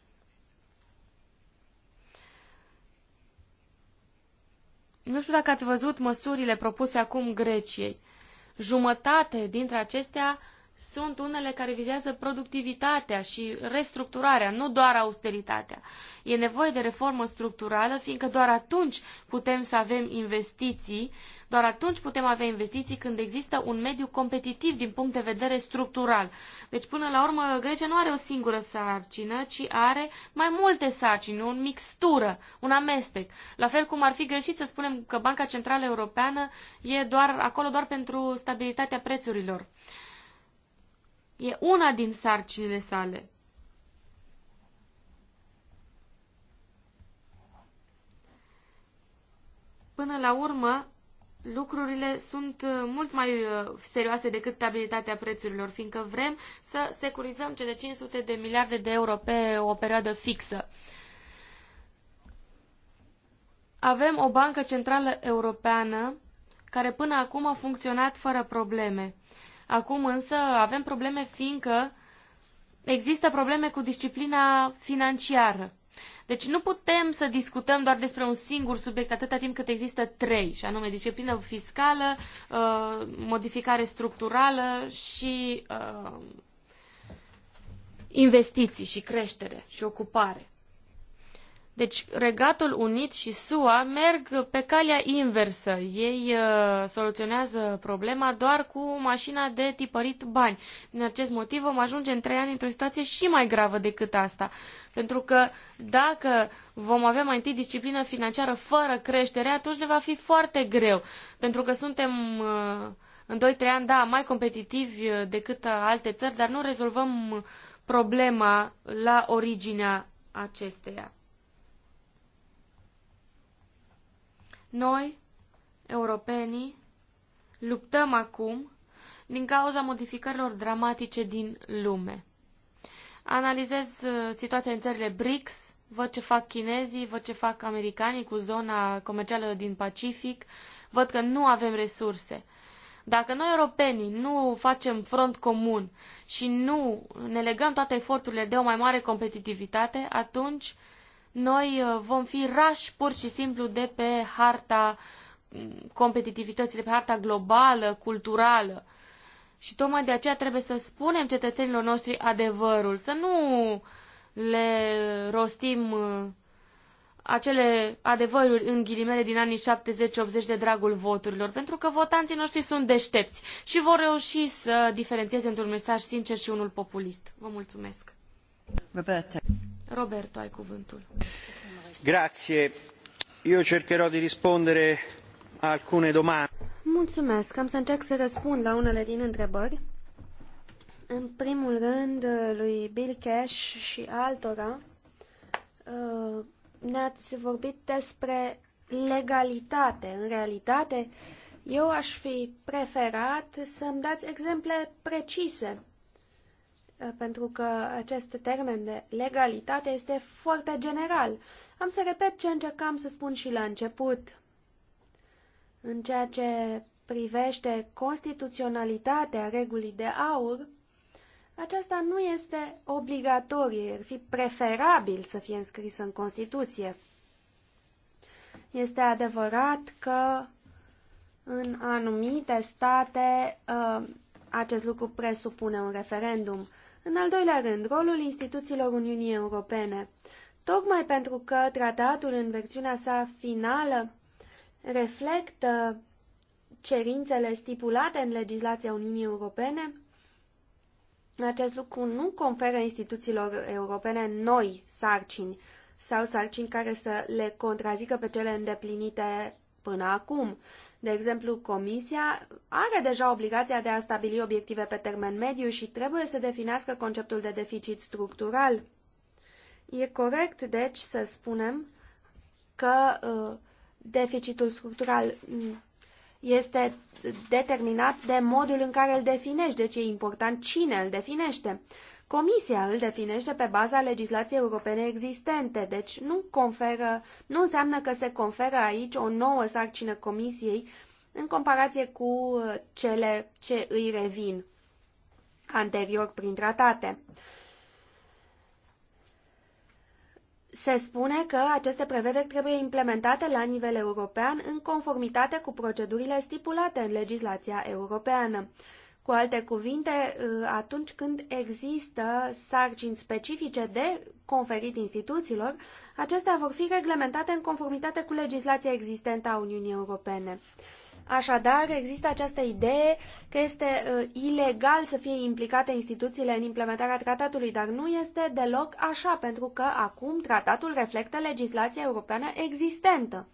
Nu știu dacă ați văzut măsurile propuse acum Greciei jumătate dintre acestea sunt unele care vizează productivitatea și restructurarea, nu doar austeritatea. E nevoie de reformă structurală, fiindcă doar atunci putem să avem investiții doar atunci putem avea investiții când există un mediu competitiv din punct de vedere structural. Deci, până la urmă, Grecia nu are o singură sarcină, ci are mai multe sarcini, o mixtură, un amestec. La fel cum ar fi greșit să spunem că Banca Centrală Europeană e doar, acolo doar pentru stabilitatea prețurilor. E una din sarcinile sale. Până la urmă, lucrurile sunt uh, mult mai uh, serioase decât stabilitatea prețurilor, fiindcă vrem să securizăm cele 500 de miliarde de euro pe o perioadă fixă. Avem o bancă centrală europeană care până acum a funcționat fără probleme. Acum însă avem probleme fiindcă există probleme cu disciplina financiară. Deci nu putem să discutăm doar despre un singur subiect atâta timp cât există trei, și anume disciplină fiscală, uh, modificare structurală și uh, investiții și creștere și ocupare. Deci Regatul Unit și SUA merg pe calea inversă. Ei uh, soluționează problema doar cu mașina de tipărit bani. Din acest motiv vom ajunge în trei ani într-o situație și mai gravă decât asta. Pentru că dacă vom avea mai întâi disciplină financiară fără creștere, atunci ne va fi foarte greu. Pentru că suntem uh, în 2-3 ani, da, mai competitivi uh, decât alte țări, dar nu rezolvăm problema la originea acesteia. Noi, europenii, luptăm acum din cauza modificărilor dramatice din lume. Analizez uh, situația în țările BRICS, văd ce fac chinezii, văd ce fac americanii cu zona comercială din Pacific, văd că nu avem resurse. Dacă noi, europenii, nu facem front comun și nu ne legăm toate eforturile de o mai mare competitivitate, atunci uh, noi uh, vom fi rași pur și simplu de pe harta mm, competitivității, de pe harta globală, culturală. Și tocmai de aceea trebuie să spunem cetățenilor noștri adevărul, să nu le rostim uh, acele adevăruri în ghilimele din anii 70-80 de dragul voturilor, pentru că votanții noștri sunt deștepți și vor reuși să diferențieze între un mesaj sincer și unul populist. Vă mulțumesc! Roberta. Roberto, ai cuvântul. Grazie. Eu cercherò di rispondere a alcune domande. Mulțumesc. Am să încerc să răspund la unele din întrebări. În primul rând, lui Bill Cash și altora, uh, ne-ați vorbit despre legalitate. În realitate, eu aș fi preferat să-mi dați exemple precise pentru că acest termen de legalitate este foarte general. Am să repet ce încercam să spun și la început. În ceea ce privește constituționalitatea regulii de aur, aceasta nu este obligatorie, ar fi preferabil să fie înscrisă în Constituție. Este adevărat că în anumite state uh, acest lucru presupune un referendum. În al doilea rând, rolul instituțiilor Uniunii Europene. Tocmai pentru că tratatul în versiunea sa finală reflectă cerințele stipulate în legislația Uniunii Europene, acest lucru nu conferă instituțiilor europene noi sarcini sau sarcini care să le contrazică pe cele îndeplinite până acum. De exemplu, Comisia are deja obligația de a stabili obiective pe termen mediu și trebuie să definească conceptul de deficit structural. E corect, deci, să spunem că uh, deficitul structural mm, este determinat de modul în care îl definești, deci e important cine îl definește. Comisia îl definește pe baza legislației europene existente, deci nu conferă, nu înseamnă că se conferă aici o nouă sarcină Comisiei în comparație cu cele ce îi revin anterior prin tratate. Se spune că aceste prevederi trebuie implementate la nivel european în conformitate cu procedurile stipulate în legislația europeană. Cu alte cuvinte, ă, atunci când există sarcini specifice de conferit instituțiilor, acestea vor fi reglementate în conformitate cu legislația existentă a Uniunii Europene. Așadar, există această idee că este uh, ilegal să fie implicate instituțiile în implementarea tratatului, dar nu este deloc așa, pentru că acum tratatul reflectă legislația europeană existentă.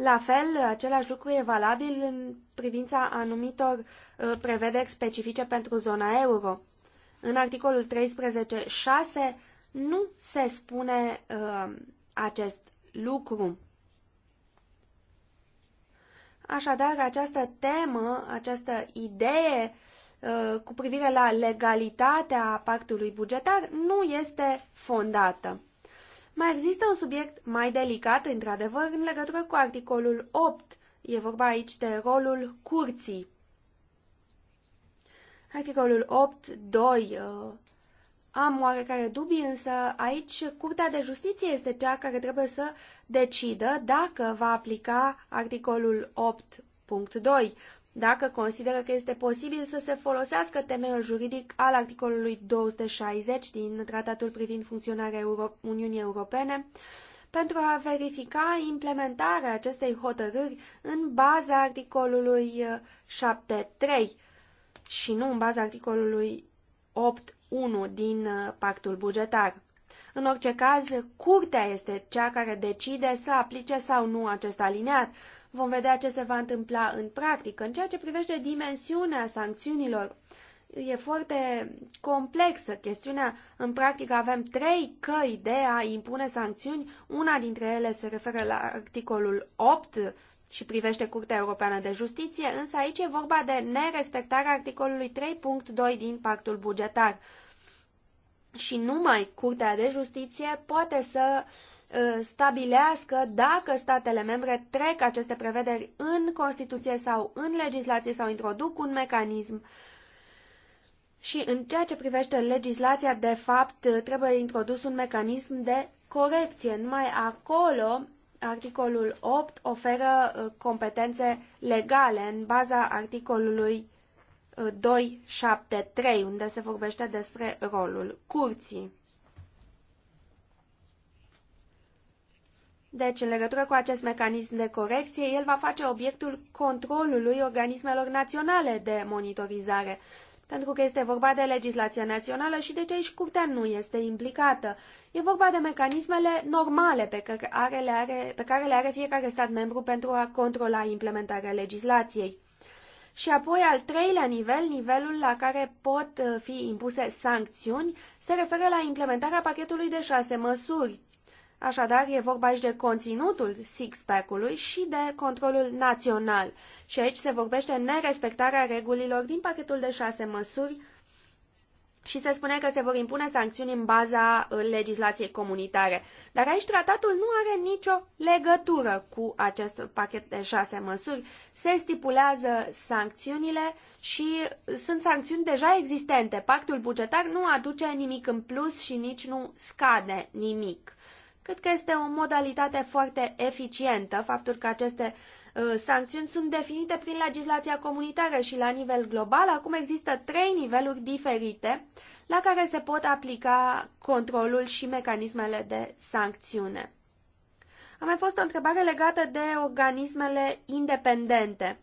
La fel, același lucru e valabil în privința anumitor uh, prevederi specifice pentru zona euro. În articolul 13.6 nu se spune uh, acest lucru. Așadar, această temă, această idee uh, cu privire la legalitatea pactului bugetar nu este fondată. Mai există un subiect mai delicat, într-adevăr, în legătură cu articolul 8. E vorba aici de rolul curții. Articolul 8.2. Uh, am oarecare dubii, însă aici Curtea de Justiție este cea care trebuie să decidă dacă va aplica articolul 8.2 dacă consideră că este posibil să se folosească temeiul juridic al articolului 260 din Tratatul privind funcționarea Euro Uniunii Europene pentru a verifica implementarea acestei hotărâri în baza articolului 7.3 uh, și nu în baza articolului 8.1 din uh, pactul bugetar. În orice caz, curtea este cea care decide să aplice sau nu acest alineat, Vom vedea ce se va întâmpla în practică. În ceea ce privește dimensiunea sancțiunilor, e foarte complexă chestiunea. În practică avem trei căi de a impune sancțiuni. Una dintre ele se referă la articolul 8 și privește Curtea Europeană de Justiție, însă aici e vorba de nerespectarea articolului 3.2 din pactul bugetar. Și numai Curtea de Justiție poate să uh, Uh, stabilească dacă statele membre trec aceste prevederi în Constituție sau în legislație sau introduc un mecanism. Și în ceea ce privește legislația, de fapt, uh, trebuie introdus un mecanism de corecție. Numai acolo, articolul 8 oferă uh, competențe legale în baza articolului 273, unde se vorbește despre rolul curții. Deci, în legătură cu acest mecanism de corecție, el va face obiectul controlului organismelor naționale de monitorizare, pentru că este vorba de legislația națională și deci aici curtea nu este implicată. E vorba de mecanismele normale pe care, are, le are, pe care le are fiecare stat membru pentru a controla implementarea legislației. Și apoi, al treilea nivel, nivelul la care pot uh, fi impuse sancțiuni, se referă la implementarea pachetului de șase măsuri Așadar, e vorba aici de conținutul six-pack-ului și de controlul național. Și aici se vorbește nerespectarea regulilor din pachetul de șase măsuri și se spune că se vor impune sancțiuni în baza uh, legislației comunitare. Dar aici tratatul nu are nicio legătură cu acest pachet de șase măsuri. Se stipulează sancțiunile și uh, sunt sancțiuni deja existente. Pactul bugetar nu aduce nimic în plus și nici nu scade nimic. Cred că este o modalitate foarte eficientă faptul că aceste uh, sancțiuni sunt definite prin legislația comunitară și la nivel global. Acum există trei niveluri diferite la care se pot aplica controlul și mecanismele de sancțiune. A mai fost o întrebare legată de organismele independente.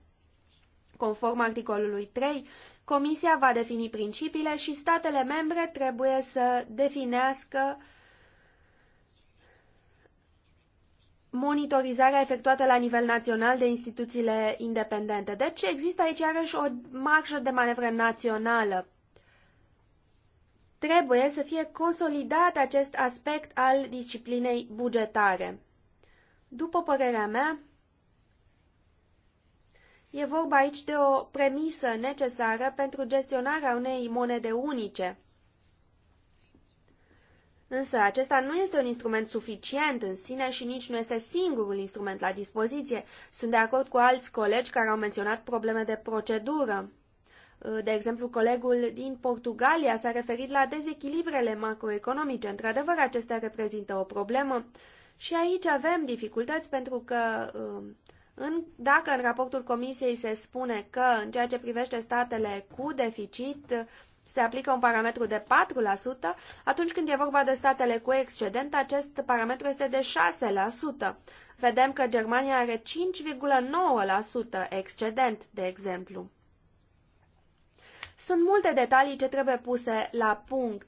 Conform articolului 3, Comisia va defini principiile și statele membre trebuie să definească monitorizarea efectuată la nivel național de instituțiile independente. Deci există aici iarăși o marjă de manevră națională. Trebuie să fie consolidat acest aspect al disciplinei bugetare. După părerea mea, e vorba aici de o premisă necesară pentru gestionarea unei monede unice – Însă acesta nu este un instrument suficient în sine și nici nu este singurul instrument la dispoziție. Sunt de acord cu alți colegi care au menționat probleme de procedură. De exemplu, colegul din Portugalia s-a referit la dezechilibrele macroeconomice. Într-adevăr, acestea reprezintă o problemă și aici avem dificultăți pentru că um, în, dacă în raportul Comisiei se spune că în ceea ce privește statele cu deficit, se aplică un parametru de 4%, atunci când e vorba de statele cu excedent, acest parametru este de 6%. Vedem că Germania are 5,9% excedent, de exemplu. Sunt multe detalii ce trebuie puse la punct.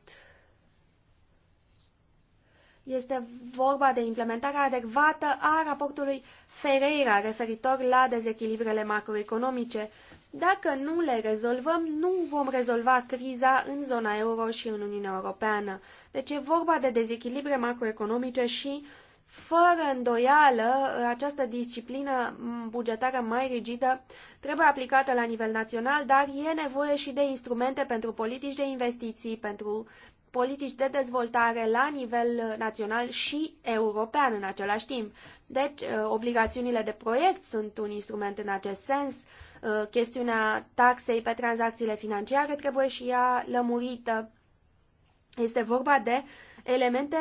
Este vorba de implementarea adecvată a raportului Ferreira referitor la dezechilibrele macroeconomice dacă nu le rezolvăm, nu vom rezolva criza în zona euro și în Uniunea Europeană. Deci e vorba de dezechilibre macroeconomice și, fără îndoială, această disciplină bugetară mai rigidă trebuie aplicată la nivel național, dar e nevoie și de instrumente pentru politici de investiții, pentru politici de dezvoltare la nivel național și european în același timp. Deci, eh, obligațiunile de proiect sunt un instrument în acest sens Uh, chestiunea taxei pe tranzacțiile financiare trebuie și ea lămurită. Este vorba de elemente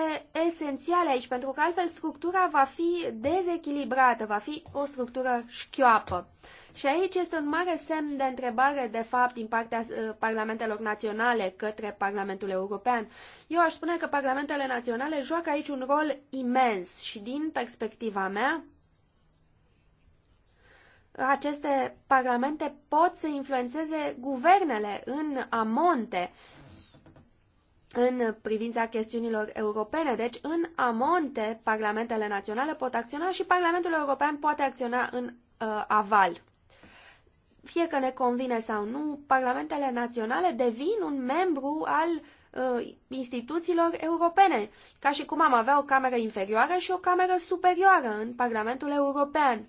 esențiale aici, pentru că altfel structura va fi dezechilibrată, va fi o structură șchioapă. Și aici este un mare semn de întrebare, de fapt, din partea uh, parlamentelor naționale către Parlamentul European. Eu aș spune că parlamentele naționale joacă aici un rol imens și, din perspectiva mea, aceste parlamente pot să influențeze guvernele în amonte în privința chestiunilor europene. Deci, în amonte, parlamentele naționale pot acționa și Parlamentul European poate acționa în uh, aval. Fie că ne convine sau nu, parlamentele naționale devin un membru al uh, instituțiilor europene, ca și cum am avea o cameră inferioară și o cameră superioară în Parlamentul European.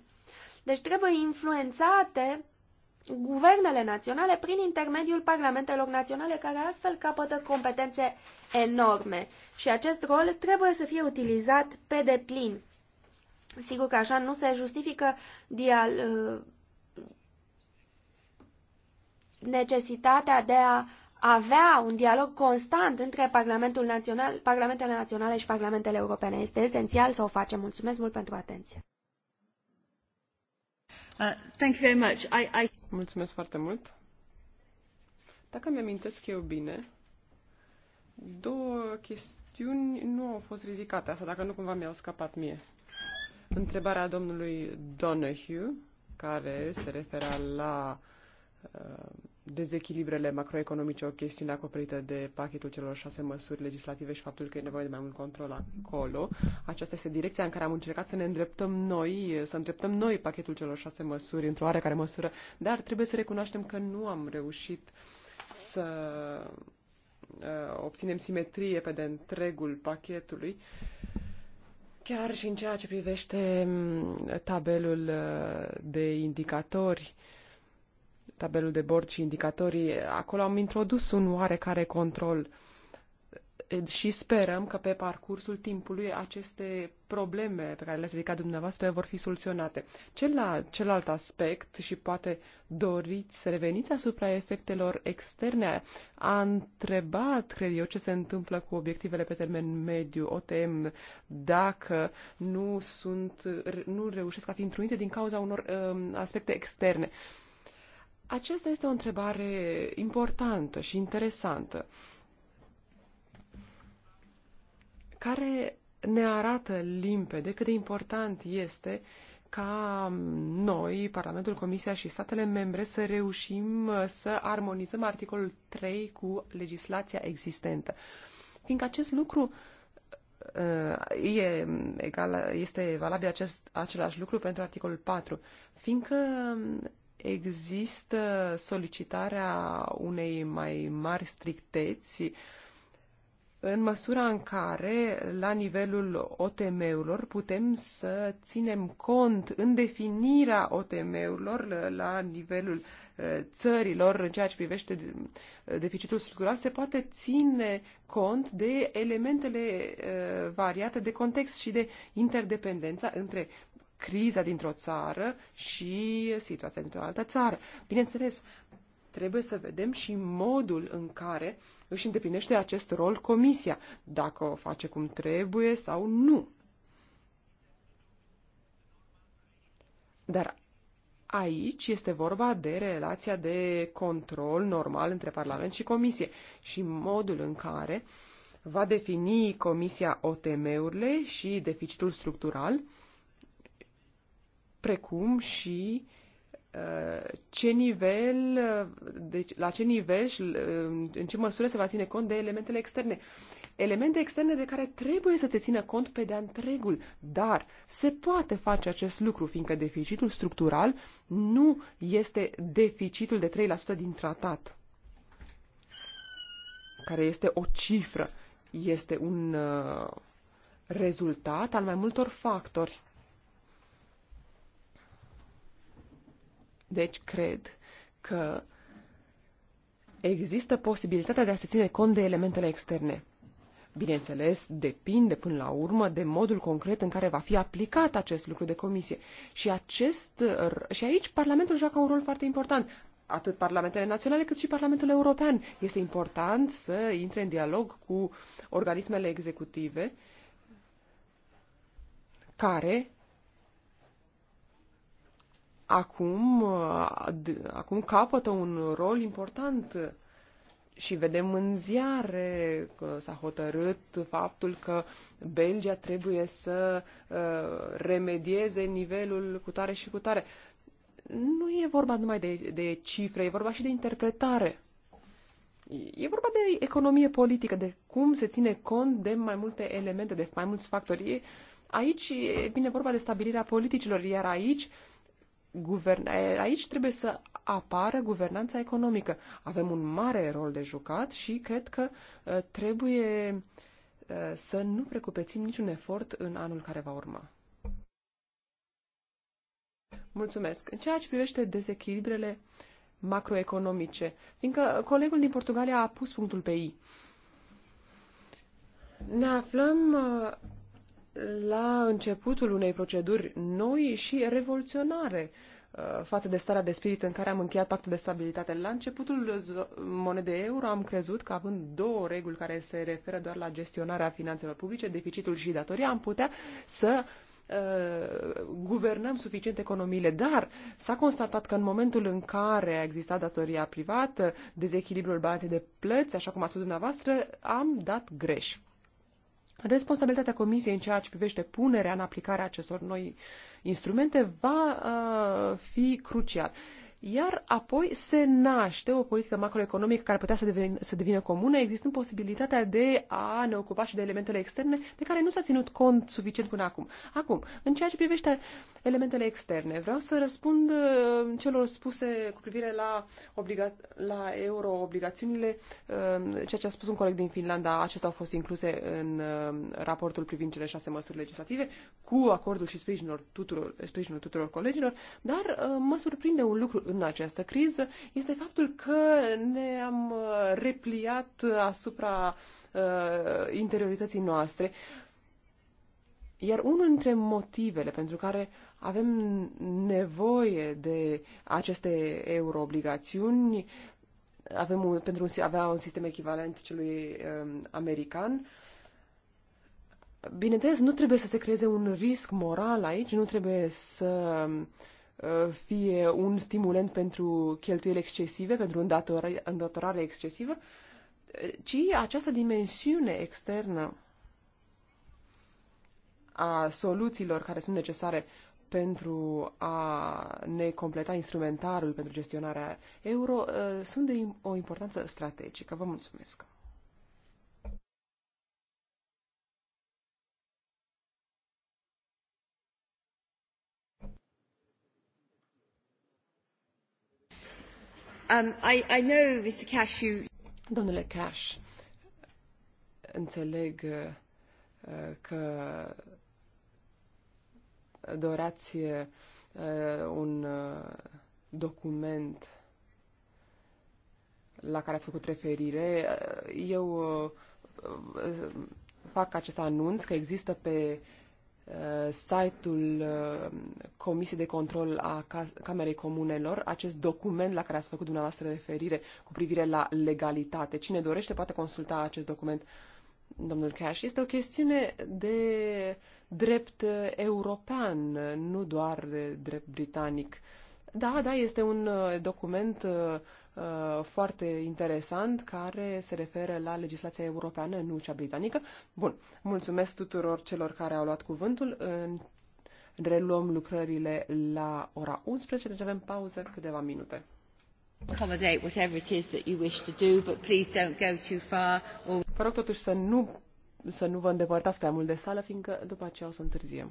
Deci trebuie influențate guvernele naționale prin intermediul parlamentelor naționale, care astfel capătă competențe enorme. Și acest rol trebuie să fie utilizat pe deplin. Sigur că așa nu se justifică dial, uh, necesitatea de a avea un dialog constant între Parlamentul Național, Parlamentele Naționale și Parlamentele Europene. Este esențial să o facem. Mulțumesc mult pentru atenție. Uh, Mulțumesc foarte mult. Dacă mi-amintesc eu bine, două chestiuni nu au fost ridicate, asta dacă nu cumva mi-au scăpat mie. Întrebarea domnului Donahue, care se refera la uh, dezechilibrele macroeconomice o chestiune acoperită de pachetul celor șase măsuri legislative și faptul că e nevoie de mai mult control acolo. Aceasta este direcția în care am încercat să ne îndreptăm noi, să îndreptăm noi pachetul celor șase măsuri într-o oarecare măsură, dar trebuie să recunoaștem că nu am reușit să uh, obținem simetrie pe de întregul pachetului. Chiar și în ceea ce privește mm, tabelul uh, de indicatori, tabelul de bord și indicatorii, acolo am introdus un oarecare control și sperăm că pe parcursul timpului aceste probleme pe care le-ați ridicat dumneavoastră vor fi soluționate. Celal celălalt aspect și poate doriți să reveniți asupra efectelor externe a întrebat, cred eu, ce se întâmplă cu obiectivele pe termen mediu, OTM, dacă nu, sunt, nu reușesc a fi întrunite din cauza unor um, aspecte externe. Uh, aceasta este o întrebare importantă și interesantă care ne arată limpede cât de important este ca noi, Parlamentul, Comisia și statele membre, să reușim uh, să armonizăm articolul 3 cu legislația existentă. Fiindcă acest lucru uh, e egal, este valabil acest, același lucru pentru articolul 4, fiindcă există solicitarea unei mai mari stricteți uh, în măsura în care, la nivelul OTM-urilor, putem să ținem cont în definirea OTM-urilor la nivelul uh, țărilor în ceea ce privește uh, deficitul structural, se poate ține cont de elementele uh, variate de context și de interdependența între criza dintr-o țară și situația dintr-o altă țară. Bineînțeles, trebuie să vedem și modul în care își îndeplinește acest rol comisia, dacă o face cum trebuie sau nu. Dar aici este vorba de relația de control normal între Parlament și Comisie și modul în care va defini Comisia OTM-urile și deficitul structural, precum și uh, Uh, ce nivel, uh, deci la ce nivel și uh, în ce măsură se va ține cont de elementele externe. Elemente externe de care trebuie să te țină cont pe de-a întregul, dar se poate face acest lucru, fiindcă deficitul structural nu este deficitul de 3% din tratat, care este o cifră, este un rezultat al mai multor factori Deci cred că există posibilitatea de a se ține cont de elementele externe. Bineînțeles, depinde până la urmă de modul concret în care va fi aplicat acest lucru de comisie. Și, acest, și aici Parlamentul joacă un rol foarte important atât parlamentele naționale cât și Parlamentul European. Este important să intre în dialog cu organismele executive care acum, uh, acum capătă un rol important și vedem în ziare că s-a hotărât faptul că Belgia trebuie să uh, remedieze nivelul cu tare și cu tare. Nu e vorba numai de, de cifre, e vorba și de interpretare. E vorba de economie politică, de cum se ține cont de mai multe elemente, de mai mulți factori. Aici vine bine vorba de stabilirea politicilor, iar aici uh, guvern... aici trebuie să apară guvernanța economică. Avem un mare rol de jucat și cred că uh, trebuie uh, să nu precupețim niciun efort în anul care va urma. Mulțumesc. În ceea ce privește dezechilibrele macroeconomice, fiindcă colegul din Portugalia a pus punctul pe I. Ne aflăm uh, la începutul unei proceduri noi și revoluționare uh, față de starea de spirit în care am încheiat pactul de stabilitate. La începutul monedei euro am crezut că având două reguli care se referă doar la gestionarea finanțelor publice, deficitul și datoria, am putea să uh, guvernăm suficient economiile, dar s-a constatat că în momentul în care a existat datoria privată, dezechilibrul balanței de plăți, așa cum a spus dumneavoastră, am dat greș. Responsabilitatea Comisiei în ceea ce privește punerea în aplicare a acestor noi instrumente va uh, fi crucial iar apoi se naște o politică macroeconomică care putea să, deven, să devină comună, existând posibilitatea de a ne ocupa și de elementele externe de care nu s-a ținut cont suficient până acum. Acum, în ceea ce privește elementele externe, vreau să răspund uh, celor spuse cu privire la, obliga, la euro-obligațiunile, uh, ceea ce a spus un coleg din Finlanda, acestea au fost incluse în uh, raportul privind cele șase măsuri legislative, cu acordul și sprijinul tuturor, sprijinul tuturor colegilor, dar mă surprinde un lucru în această criză este faptul că ne-am uh, repliat asupra uh, interiorității noastre. Iar unul dintre motivele pentru care avem nevoie de aceste euroobligațiuni avem un, pentru un, avea un sistem echivalent celui um, american. Bineînțeles, nu trebuie să se creeze un risc moral aici, nu trebuie să Uh, fie un stimulent pentru cheltuieli excesive, pentru îndatorare, îndatorare excesivă, ci această dimensiune externă a soluțiilor care sunt necesare pentru a ne completa instrumentarul pentru gestionarea euro uh, sunt de o importanță strategică. Vă mulțumesc! Um, I, I know, Mr. Cash, you... Domnule Cash, înțeleg uh, că dorați uh, un uh, document la care ați făcut referire. Eu fac acest anunț că există pe Uh, site-ul uh, Comisiei de Control a Camerei Comunelor acest document la care ați făcut dumneavoastră referire cu privire la legalitate. Cine dorește poate consulta acest document, domnul Cash. Este o chestiune de drept uh, european, nu doar de drept britanic. Da, da, este un document Uh, foarte interesant care se referă la legislația europeană, nu cea britanică. Bun, mulțumesc tuturor celor care au luat cuvântul. reluăm lucrările la ora 11, deci avem pauză câteva minute. Accommodate whatever it is that you wish to do, but please don't go too far. Or... Vă rog totuși să nu, să nu vă îndepărtați prea mult de sală, fiindcă după aceea o să întârziem.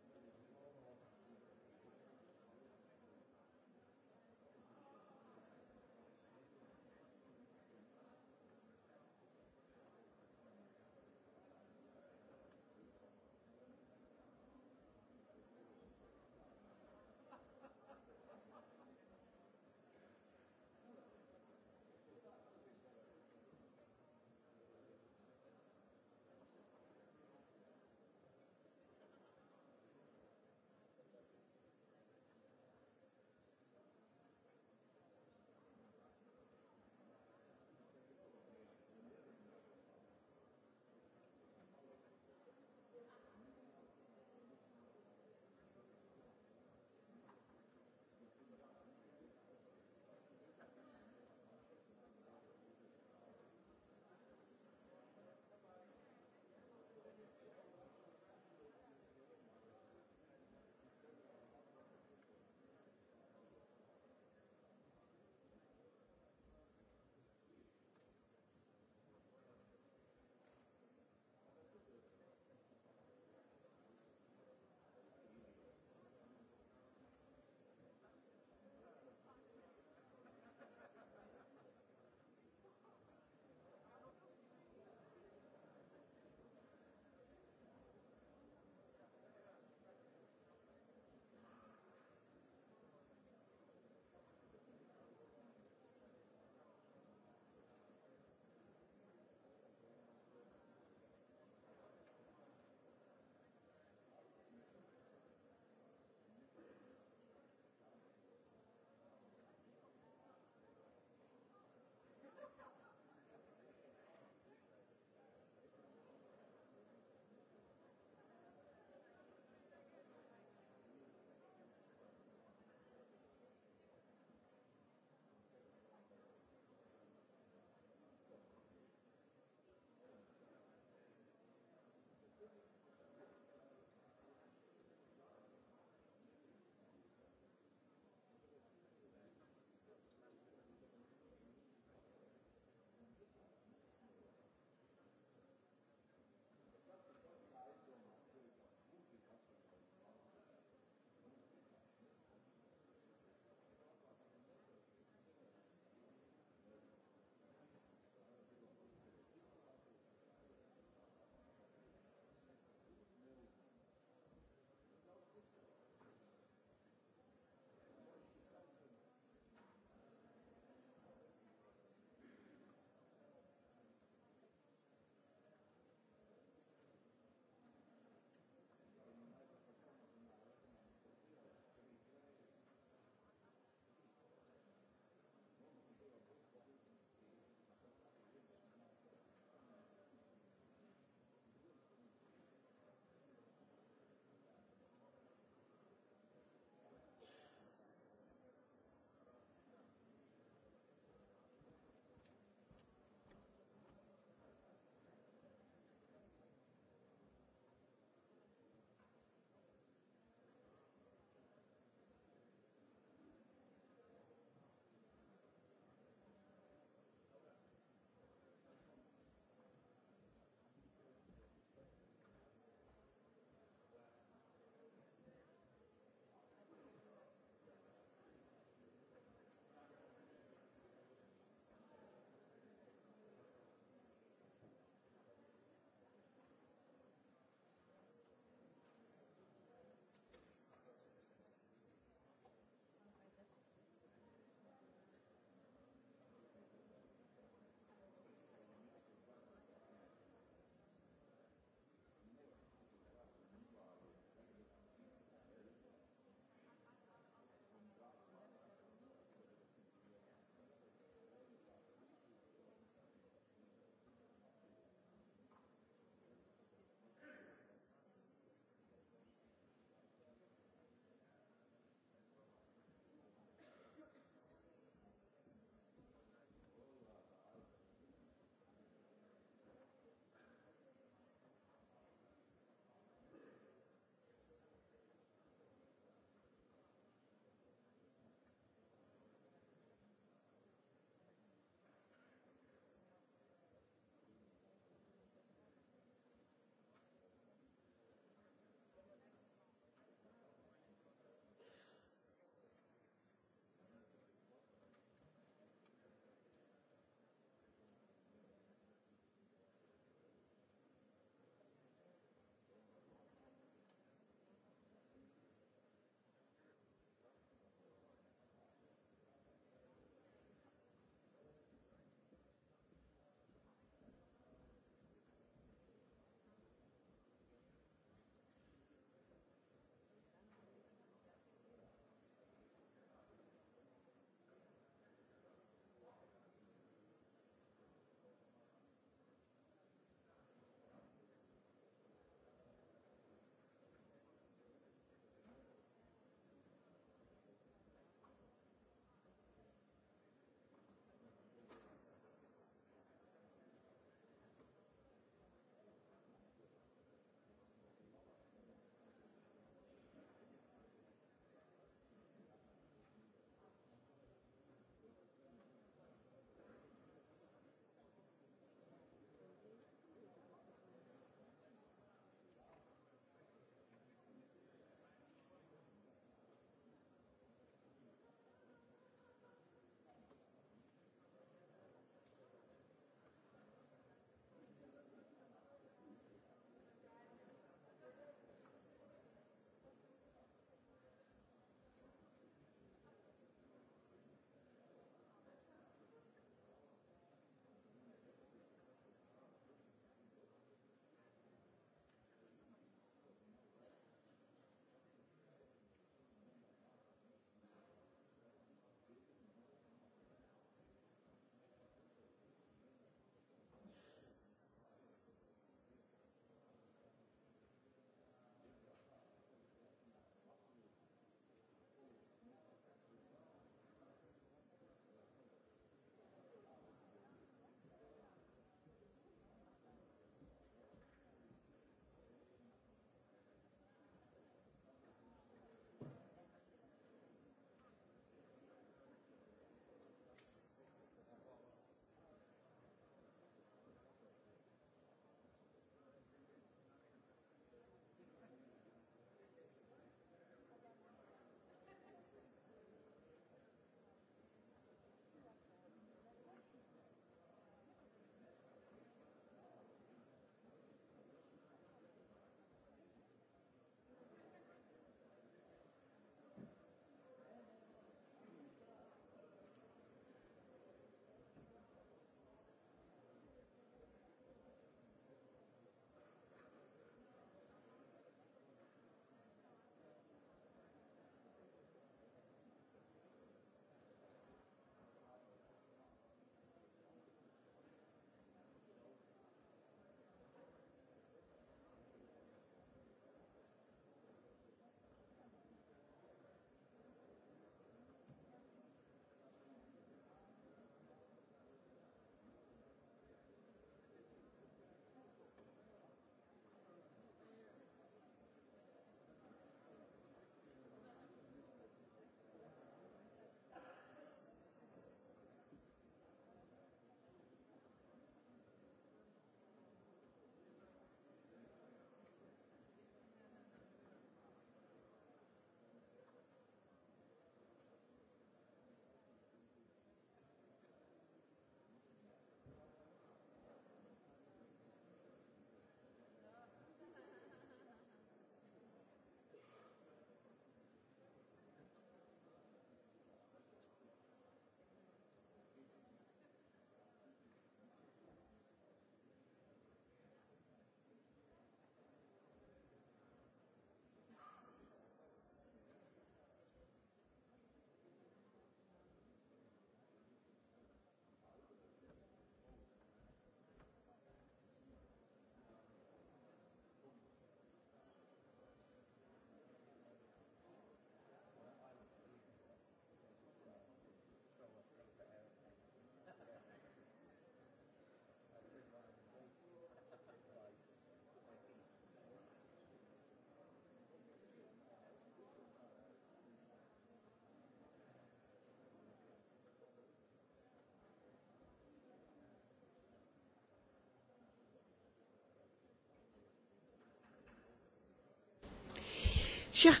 Dragi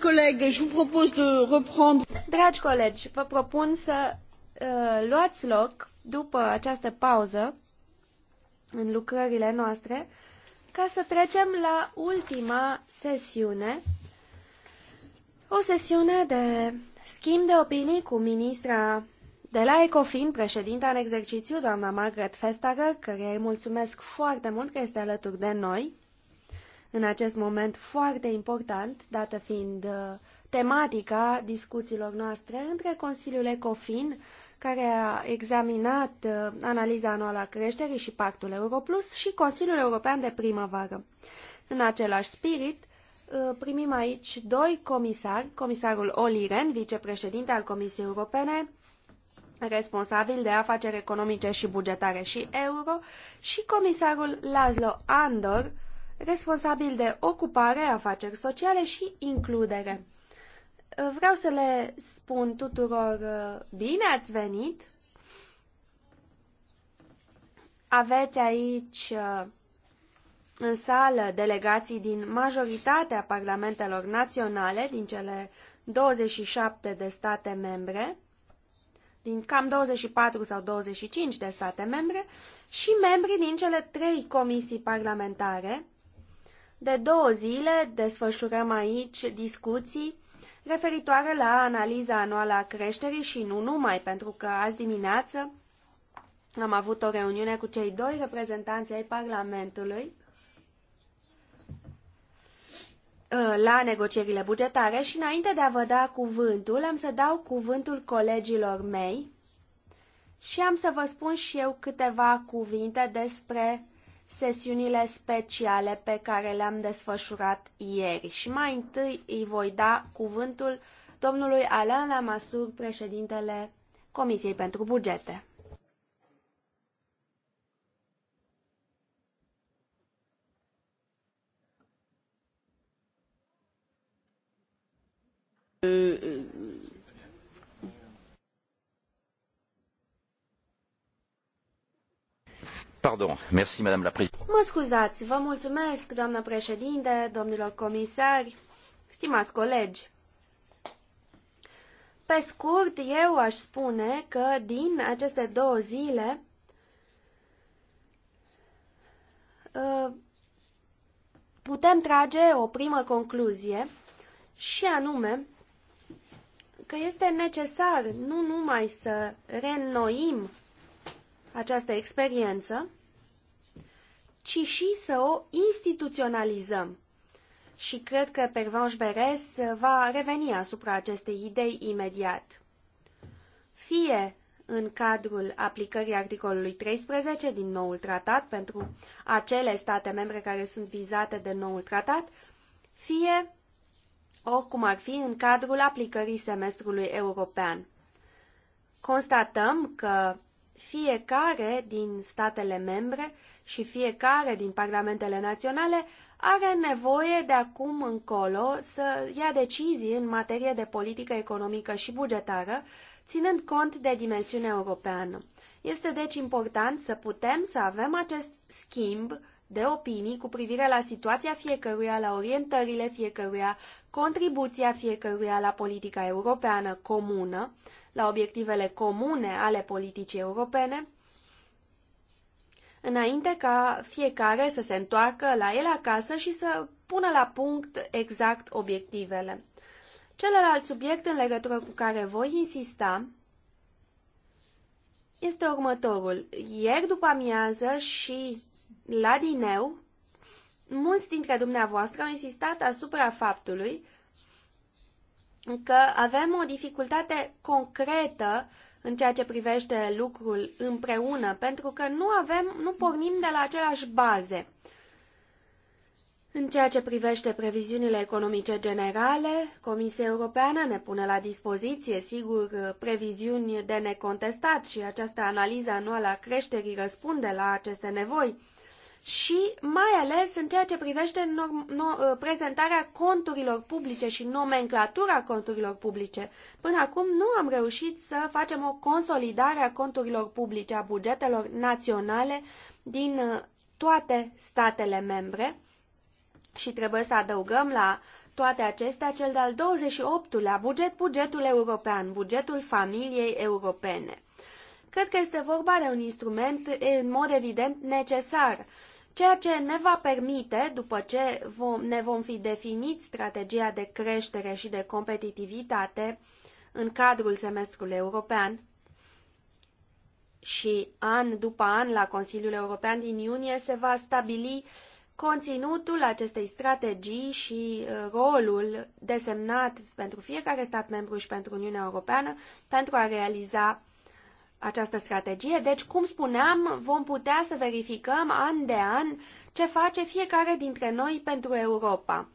colegi, vă propun să uh, luați loc după această pauză în lucrările noastre ca să trecem la ultima sesiune. O sesiune de schimb de opinii cu ministra de la Ecofin, președinta în exercițiu, doamna Margaret Vestager, care îi mulțumesc foarte mult că este alături de noi în acest moment foarte important, dată fiind uh, tematica discuțiilor noastre între Consiliul ECOFIN, care a examinat uh, analiza anuală a creșterii și pactul Europlus și Consiliul European de primăvară. În același spirit, uh, primim aici doi comisari, comisarul Oli Ren, vicepreședinte al Comisiei Europene, responsabil de afaceri economice și bugetare și euro, și comisarul Laszlo Andor, responsabil de ocupare, afaceri sociale și includere. Vreau să le spun tuturor bine ați venit. Aveți aici în sală delegații din majoritatea parlamentelor naționale, din cele 27 de state membre, din cam 24 sau 25 de state membre, și membri din cele trei comisii parlamentare, de două zile desfășurăm aici discuții referitoare la analiza anuală a creșterii și nu numai, pentru că azi dimineață am avut o reuniune cu cei doi reprezentanți ai Parlamentului ă, la negocierile bugetare și înainte de a vă da cuvântul, am să dau cuvântul colegilor mei și am să vă spun și eu câteva cuvinte despre sesiunile speciale pe care le-am desfășurat ieri. Și mai întâi îi voi da cuvântul domnului Alain Lamassur, președintele Comisiei pentru Bugete. Uh, uh Mă scuzați, vă mulțumesc, doamnă președinte, domnilor comisari, stimați colegi. Pe scurt, eu aș spune că din aceste două zile uh, putem trage o primă concluzie și anume că este necesar nu numai să reînnoim această experiență, ci și să o instituționalizăm. Și cred că Pervanș Beres va reveni asupra acestei idei imediat. Fie în cadrul aplicării articolului 13 din noul tratat pentru acele state membre care sunt vizate de noul tratat, fie oricum ar fi în cadrul aplicării semestrului european. Constatăm că fiecare din statele membre și fiecare din parlamentele naționale are nevoie de acum încolo să ia decizii în materie de politică economică și bugetară, ținând cont de dimensiunea europeană. Este deci important să putem să avem acest schimb de opinii cu privire la situația fiecăruia, la orientările fiecăruia, contribuția fiecăruia la politica europeană comună, la obiectivele comune ale politicii europene înainte ca fiecare să se întoarcă la el acasă și să pună la punct exact obiectivele. Celălalt subiect în legătură cu care voi insista este următorul. Ieri după amiază și la dineu, mulți dintre dumneavoastră au insistat asupra faptului că avem o dificultate concretă în ceea ce privește lucrul împreună, pentru că nu avem, nu pornim de la aceleași baze. În ceea ce privește previziunile economice generale, Comisia Europeană ne pune la dispoziție, sigur, previziuni de necontestat și această analiză anuală a creșterii răspunde la aceste nevoi și mai ales în ceea ce privește uh, prezentarea conturilor publice și nomenclatura conturilor publice. Până acum nu am reușit să facem o consolidare a conturilor publice, a bugetelor naționale din uh, toate statele membre și trebuie să adăugăm la toate acestea cel de-al 28-lea buget, bugetul european, bugetul familiei europene. Cred că este vorba de un instrument în mod evident necesar ceea ce ne va permite, după ce vom, ne vom fi definit strategia de creștere și de competitivitate în cadrul semestrului european și an după an la Consiliul European din iunie se va stabili conținutul acestei strategii și uh, rolul desemnat pentru fiecare stat membru și pentru Uniunea Europeană pentru a realiza această strategie. Deci, cum spuneam, vom putea să verificăm an de an ce face fiecare dintre noi pentru Europa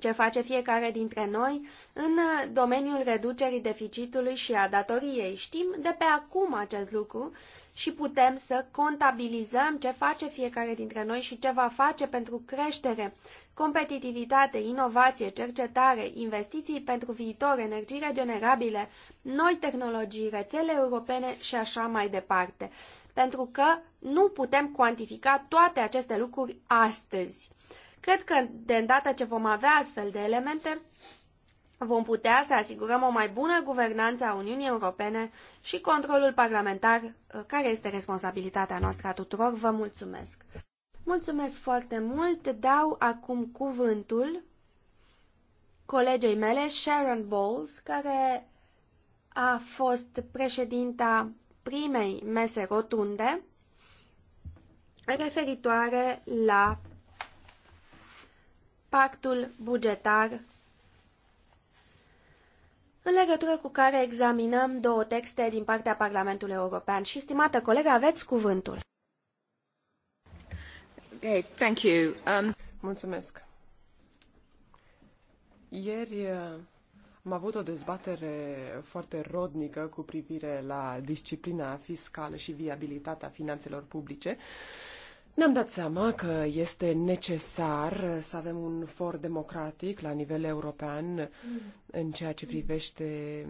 ce face fiecare dintre noi în domeniul reducerii deficitului și a datoriei. Știm de pe acum acest lucru și putem să contabilizăm ce face fiecare dintre noi și ce va face pentru creștere, competitivitate, inovație, cercetare, investiții pentru viitor, energii regenerabile, noi tehnologii, rețele europene și așa mai departe. Pentru că nu putem cuantifica toate aceste lucruri astăzi Cred că de îndată ce vom avea astfel de elemente, vom putea să asigurăm o mai bună guvernanță a Uniunii Europene și controlul parlamentar, uh, care este responsabilitatea noastră a tuturor. Vă mulțumesc! Mulțumesc foarte mult! Dau acum cuvântul colegei mele, Sharon Bowles, care a fost președinta primei mese rotunde referitoare la pactul bugetar în legătură cu care examinăm două texte din partea Parlamentului European. Și, stimată colegă, aveți cuvântul. Okay, thank you. Um... Mulțumesc. Ieri uh, am avut o dezbatere foarte rodnică cu privire la disciplina fiscală și viabilitatea finanțelor publice ne-am dat seama că este necesar să avem un for democratic la nivel european în ceea ce privește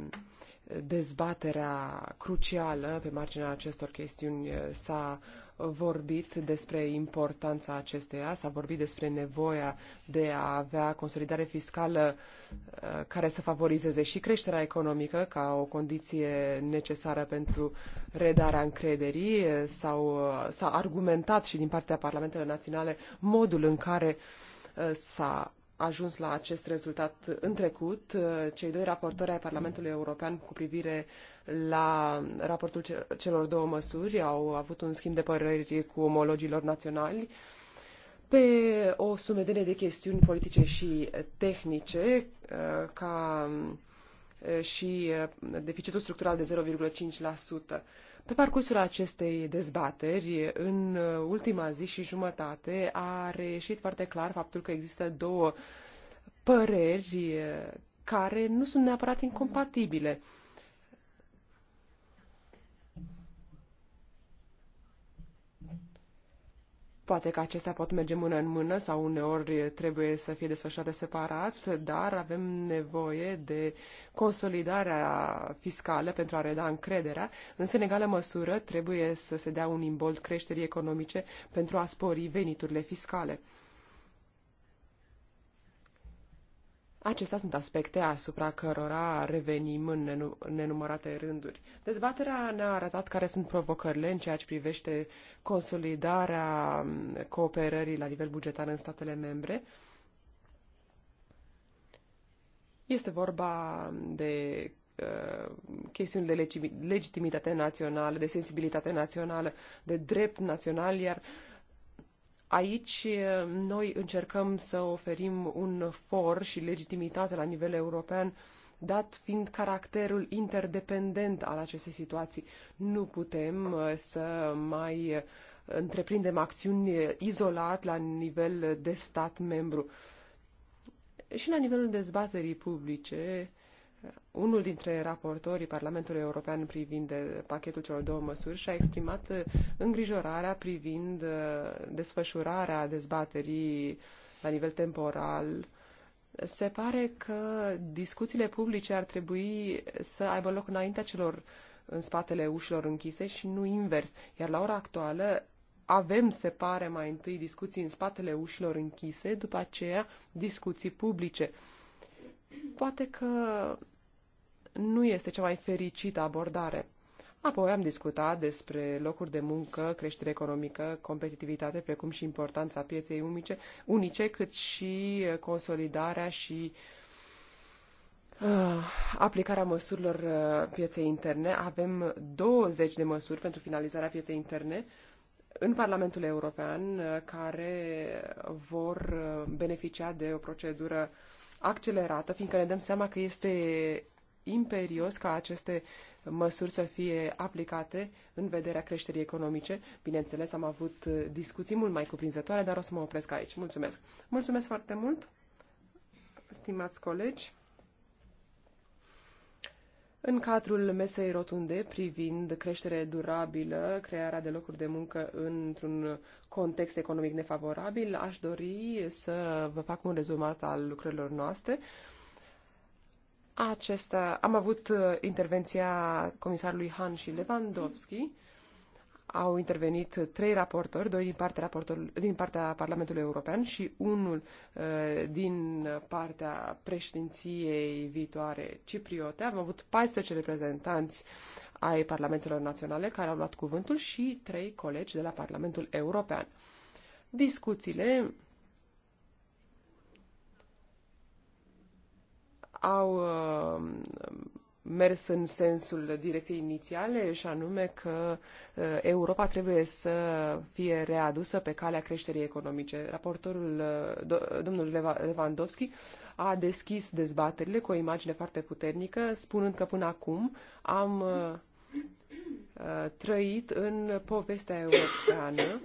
dezbaterea crucială pe marginea acestor chestiuni s-a vorbit despre importanța acesteia, s-a vorbit despre nevoia de a avea consolidare fiscală uh, care să favorizeze și creșterea economică ca o condiție necesară pentru redarea încrederii. Uh, s-au, uh, s-a argumentat și din partea Parlamentelor Naționale modul în care s-a ajuns la acest rezultat în trecut. Cei doi raportori ai Parlamentului European cu privire la raportul celor două măsuri, au avut un schimb de păreri cu omologilor naționali pe o sumedenie de chestiuni politice și tehnice, uh, ca uh, și uh, deficitul structural de 0,5%. Pe parcursul acestei dezbateri, în ultima zi și jumătate, a reieșit foarte clar faptul că există două păreri care nu sunt neapărat incompatibile. Poate că acestea pot merge mână în mână sau uneori trebuie să fie desfășurate separat, dar avem nevoie de consolidarea fiscală pentru a reda încrederea. Însă, în egală măsură, trebuie să se dea un imbold creșterii economice pentru a spori veniturile fiscale. Acestea sunt aspecte asupra cărora revenim în nenumărate rânduri. Dezbaterea ne-a arătat care sunt provocările în ceea ce privește consolidarea cooperării la nivel bugetar în statele membre. Este vorba de uh, chestiuni de legitimitate națională, de sensibilitate națională, de drept național, iar uh, Aici eh, noi încercăm să oferim un for și legitimitate la nivel european, dat fiind caracterul interdependent al acestei situații. Nu putem eh, să mai eh, întreprindem acțiuni izolat la nivel de stat membru. Și la nivelul dezbaterii publice, unul dintre raportorii Parlamentului European privind pachetul celor două măsuri și-a exprimat uh, îngrijorarea privind uh, desfășurarea dezbaterii la nivel temporal. Se pare că discuțiile publice ar trebui să aibă loc înaintea celor în spatele ușilor închise și nu invers. Iar la ora actuală avem, se pare, mai întâi discuții în spatele ușilor închise, după aceea discuții publice. Poate că nu este cea mai fericită abordare. Apoi am discutat despre locuri de muncă, creștere economică, competitivitate, precum și importanța pieței unice, unice cât și consolidarea și uh, aplicarea măsurilor uh, pieței interne. Avem 20 de măsuri pentru finalizarea pieței interne în Parlamentul European uh, care vor uh, beneficia de o procedură uh, accelerată, fiindcă ne dăm seama că este imperios ca aceste măsuri să fie aplicate în vederea creșterii economice. Bineînțeles, am avut discuții mult mai cuprinzătoare, dar o să mă opresc aici. Mulțumesc! Mulțumesc foarte mult, stimați colegi! în cadrul mesei rotunde privind creștere durabilă, crearea de locuri de muncă într-un context economic nefavorabil, aș dori să vă fac un rezumat al lucrărilor noastre. Acesta, am avut uh, intervenția comisarului Han și Lewandowski au intervenit trei raportori, doi din partea, din partea Parlamentului European și unul uh, din partea președinției viitoare cipriote. Am avut 14 reprezentanți ai Parlamentelor Naționale care au luat cuvântul și trei colegi de la Parlamentul European. Discuțiile au uh, mers în sensul direcției inițiale și anume că uh, Europa trebuie să fie readusă pe calea creșterii economice. Raportorul uh, domnul Lewandowski a deschis dezbaterile cu o imagine foarte puternică, spunând că până acum am uh, trăit în povestea europeană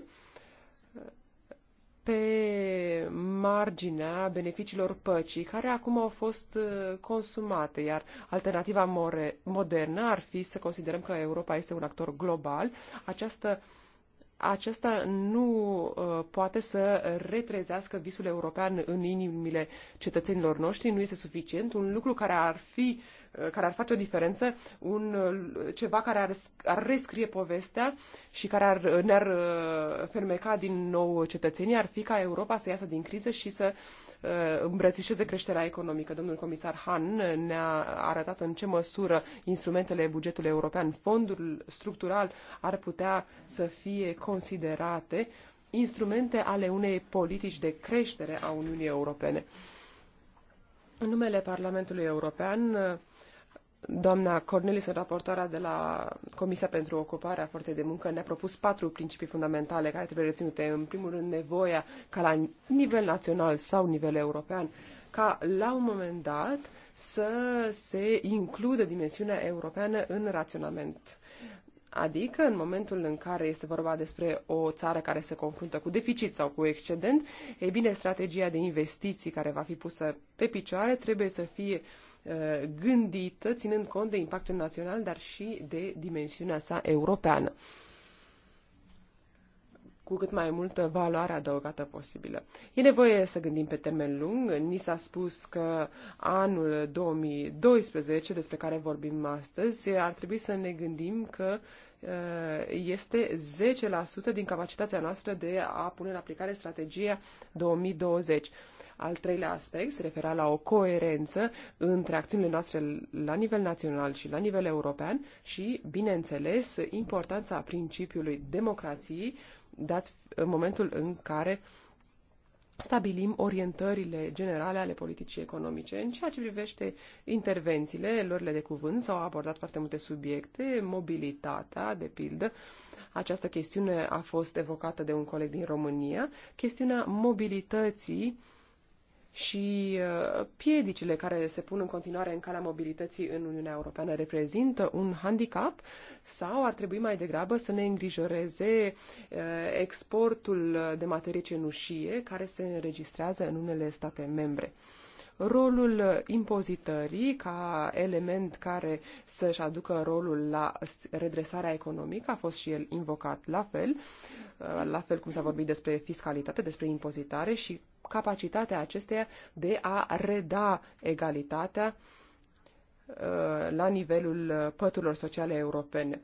pe marginea beneficiilor păcii, care acum au fost uh, consumate, iar alternativa more, modernă ar fi să considerăm că Europa este un actor global. Această acesta nu uh, poate să retrezească visul european în inimile cetățenilor noștri, nu este suficient. Un lucru care ar fi uh, care ar face o diferență, un, ceva care ar, ar rescrie povestea și care ar, ne-ar uh, fermeca din nou cetățenii, ar fi ca Europa să iasă din criză și să uh, îmbrățișeze creșterea economică. Domnul comisar Han ne-a arătat în ce măsură instrumentele bugetului european, fondul structural, ar putea să fie considerate instrumente ale unei politici de creștere a Uniunii Europene. În numele Parlamentului European, Doamna Cornelis, raportoarea de la Comisia pentru Ocuparea Forței de Muncă, ne-a propus patru principii fundamentale care trebuie reținute. În primul rând, nevoia ca la nivel național sau nivel european, ca la un moment dat să se includă dimensiunea europeană în raționament. Adică, în momentul în care este vorba despre o țară care se confruntă cu deficit sau cu excedent, e bine, strategia de investiții care va fi pusă pe picioare trebuie să fie uh, Uh, gândită, ținând cont de impactul național, dar și de dimensiunea sa europeană cu cât mai multă valoare adăugată posibilă. E nevoie să gândim pe termen lung. Ni s-a spus că anul 2012, despre care vorbim astăzi, ar trebui să ne gândim că uh, este 10% din capacitatea noastră de a pune în aplicare strategia 2020. Al treilea aspect se refera la o coerență între acțiunile noastre la nivel național și la nivel european și, bineînțeles, importanța principiului democrației, dat în momentul în care stabilim orientările generale ale politicii economice. În ceea ce privește intervențiile, lor de cuvânt, s-au abordat foarte multe subiecte, mobilitatea, de pildă. Această chestiune a fost evocată de un coleg din România, chestiunea mobilității uh, și uh, piedicile care se pun în continuare în calea mobilității în Uniunea Europeană reprezintă un handicap sau ar trebui mai degrabă să ne îngrijoreze uh, exportul de materie cenușie care se înregistrează în unele state membre rolul impozitării ca element care să-și aducă rolul la redresarea economică a fost și el invocat la fel, uh, la fel cum s-a vorbit despre fiscalitate, despre impozitare și capacitatea acesteia de a reda egalitatea uh, la nivelul uh, păturilor sociale europene.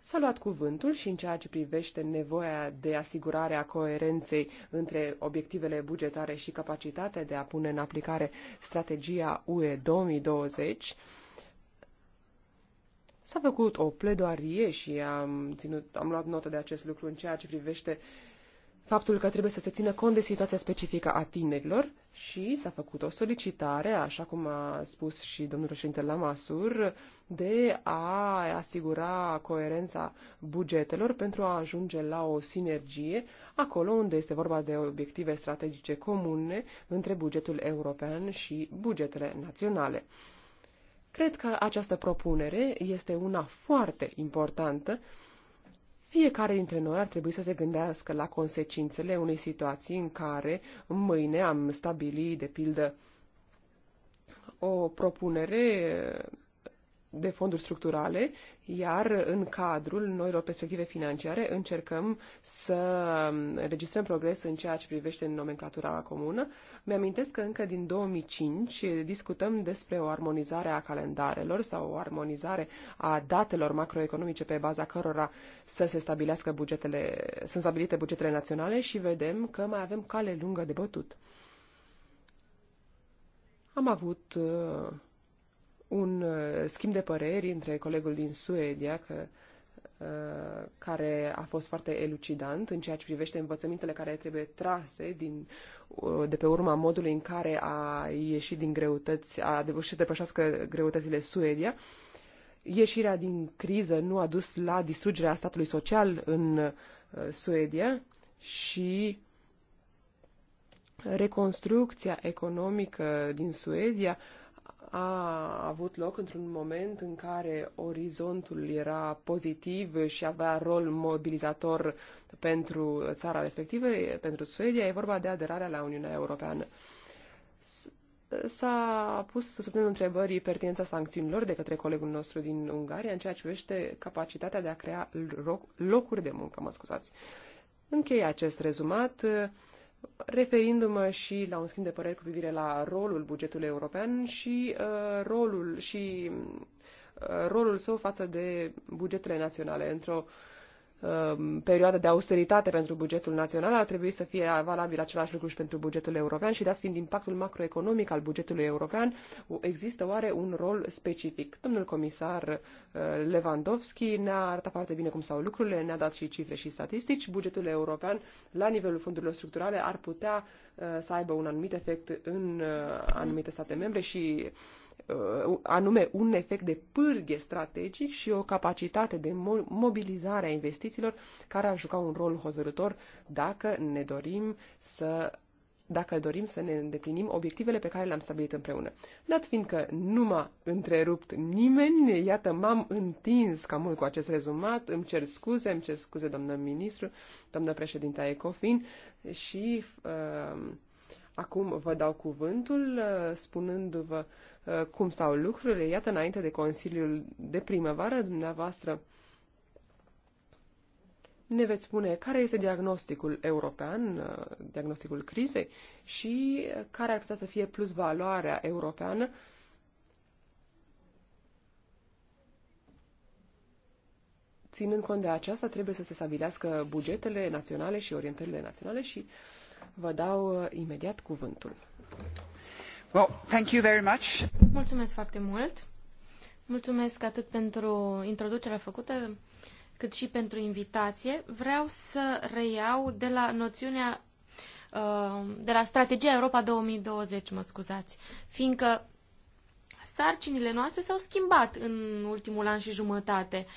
S-a luat cuvântul și în ceea ce privește nevoia de asigurare a coerenței între obiectivele bugetare și capacitatea de a pune în aplicare strategia UE 2020. S-a făcut o pledoarie și am, ținut, am luat notă de acest lucru în ceea ce privește uh, faptul că trebuie să se țină cont de situația specifică a tinerilor și s-a făcut o solicitare, așa cum a spus și domnul președinte Lamasur, de a asigura coerența bugetelor pentru a ajunge la o sinergie acolo unde este vorba de obiective strategice comune între bugetul european și bugetele naționale. Cred că această propunere este una foarte importantă fiecare dintre noi ar trebui să se gândească la consecințele unei situații în care mâine am stabili, de pildă, o propunere de fonduri structurale iar în cadrul noilor perspective financiare încercăm să registrăm progres în ceea ce privește nomenclatura comună. Mi-amintesc că încă din 2005 discutăm despre o armonizare a calendarelor sau o armonizare a datelor macroeconomice pe baza cărora să se stabilească bugetele, sunt stabilite bugetele naționale și vedem că mai avem cale lungă de bătut. Am avut uh, un uh, schimb de păreri între colegul din Suedia, că, uh, care a fost foarte elucidant în ceea ce privește învățămintele care trebuie trase din, uh, de pe urma modului în care a ieșit din greutăți, a reușit să depășească greutățile Suedia. Ieșirea din criză nu a dus la distrugerea statului social în Suedia și reconstrucția economică din Suedia a avut loc într-un moment în care orizontul era pozitiv și avea rol mobilizator pentru țara respectivă, pentru Suedia, e vorba de aderarea la Uniunea Europeană. S-a pus sub semnul întrebării pertinența sancțiunilor de către colegul nostru din Ungaria în ceea ce privește capacitatea de a crea locuri de muncă, mă scuzați. Închei acest rezumat referindu-mă și la un schimb de păreri cu privire la rolul bugetului european și uh, rolul și uh, rolul său față de bugetele naționale într-o uh, Um, perioadă de austeritate pentru bugetul național, ar trebui să fie valabil același lucru și pentru bugetul european și dat fiind impactul macroeconomic al bugetului european, există oare un rol specific? Domnul comisar uh, Lewandowski ne-a arătat foarte bine cum stau lucrurile, ne-a dat și cifre și statistici. Bugetul european, la nivelul fondurilor structurale, ar putea uh, să aibă un anumit efect în uh, anumite state membre și Uh, anume un efect de pârghie strategic și o capacitate de mobilizare a investițiilor care ar juca un rol hotărător dacă ne dorim să dacă dorim să ne îndeplinim obiectivele pe care le-am stabilit împreună. Dat fiindcă nu m-a întrerupt nimeni, iată, m-am întins cam mult cu acest rezumat, îmi cer scuze, îmi cer scuze, doamnă ministru, doamnă președinte a ECOFIN și uh, acum vă dau cuvântul uh, spunându-vă Uh, cum stau lucrurile. Iată, înainte de Consiliul de primăvară, dumneavoastră ne veți spune care este diagnosticul european, uh, diagnosticul crizei și care ar putea să fie plus valoarea europeană Ținând cont de aceasta, trebuie să se stabilească bugetele naționale și orientările naționale și vă dau uh, imediat cuvântul. Mulțumesc foarte mult. Mulțumesc atât pentru introducerea făcută, cât și pentru invitație. Vreau să reiau de la noțiunea uh, de la strategia Europa 2020, mă scuzați, fiindcă sarcinile noastre s-au schimbat în ultimul an și jumătate. Uh,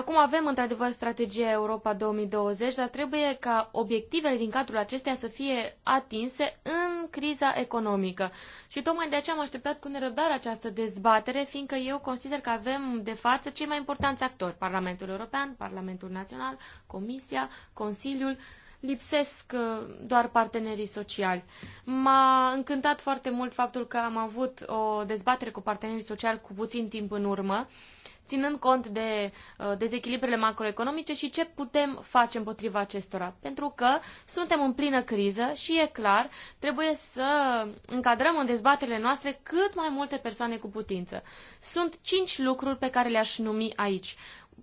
Acum avem într-adevăr strategia Europa 2020, dar trebuie ca obiectivele din cadrul acesteia să fie atinse în criza economică. Și tocmai de aceea am așteptat cu nerăbdare această dezbatere, fiindcă eu consider că avem de față cei mai importanți actori, Parlamentul European, Parlamentul Național, Comisia, Consiliul, lipsesc uh, doar partenerii sociali. M-a încântat foarte mult faptul că am avut o dezbatere cu partenerii sociali cu puțin timp în urmă ținând cont de uh, dezechilibrele macroeconomice și ce putem face împotriva acestora. Pentru că suntem în plină criză și e clar, trebuie să încadrăm în dezbaterile noastre cât mai multe persoane cu putință. Sunt cinci lucruri pe care le-aș numi aici.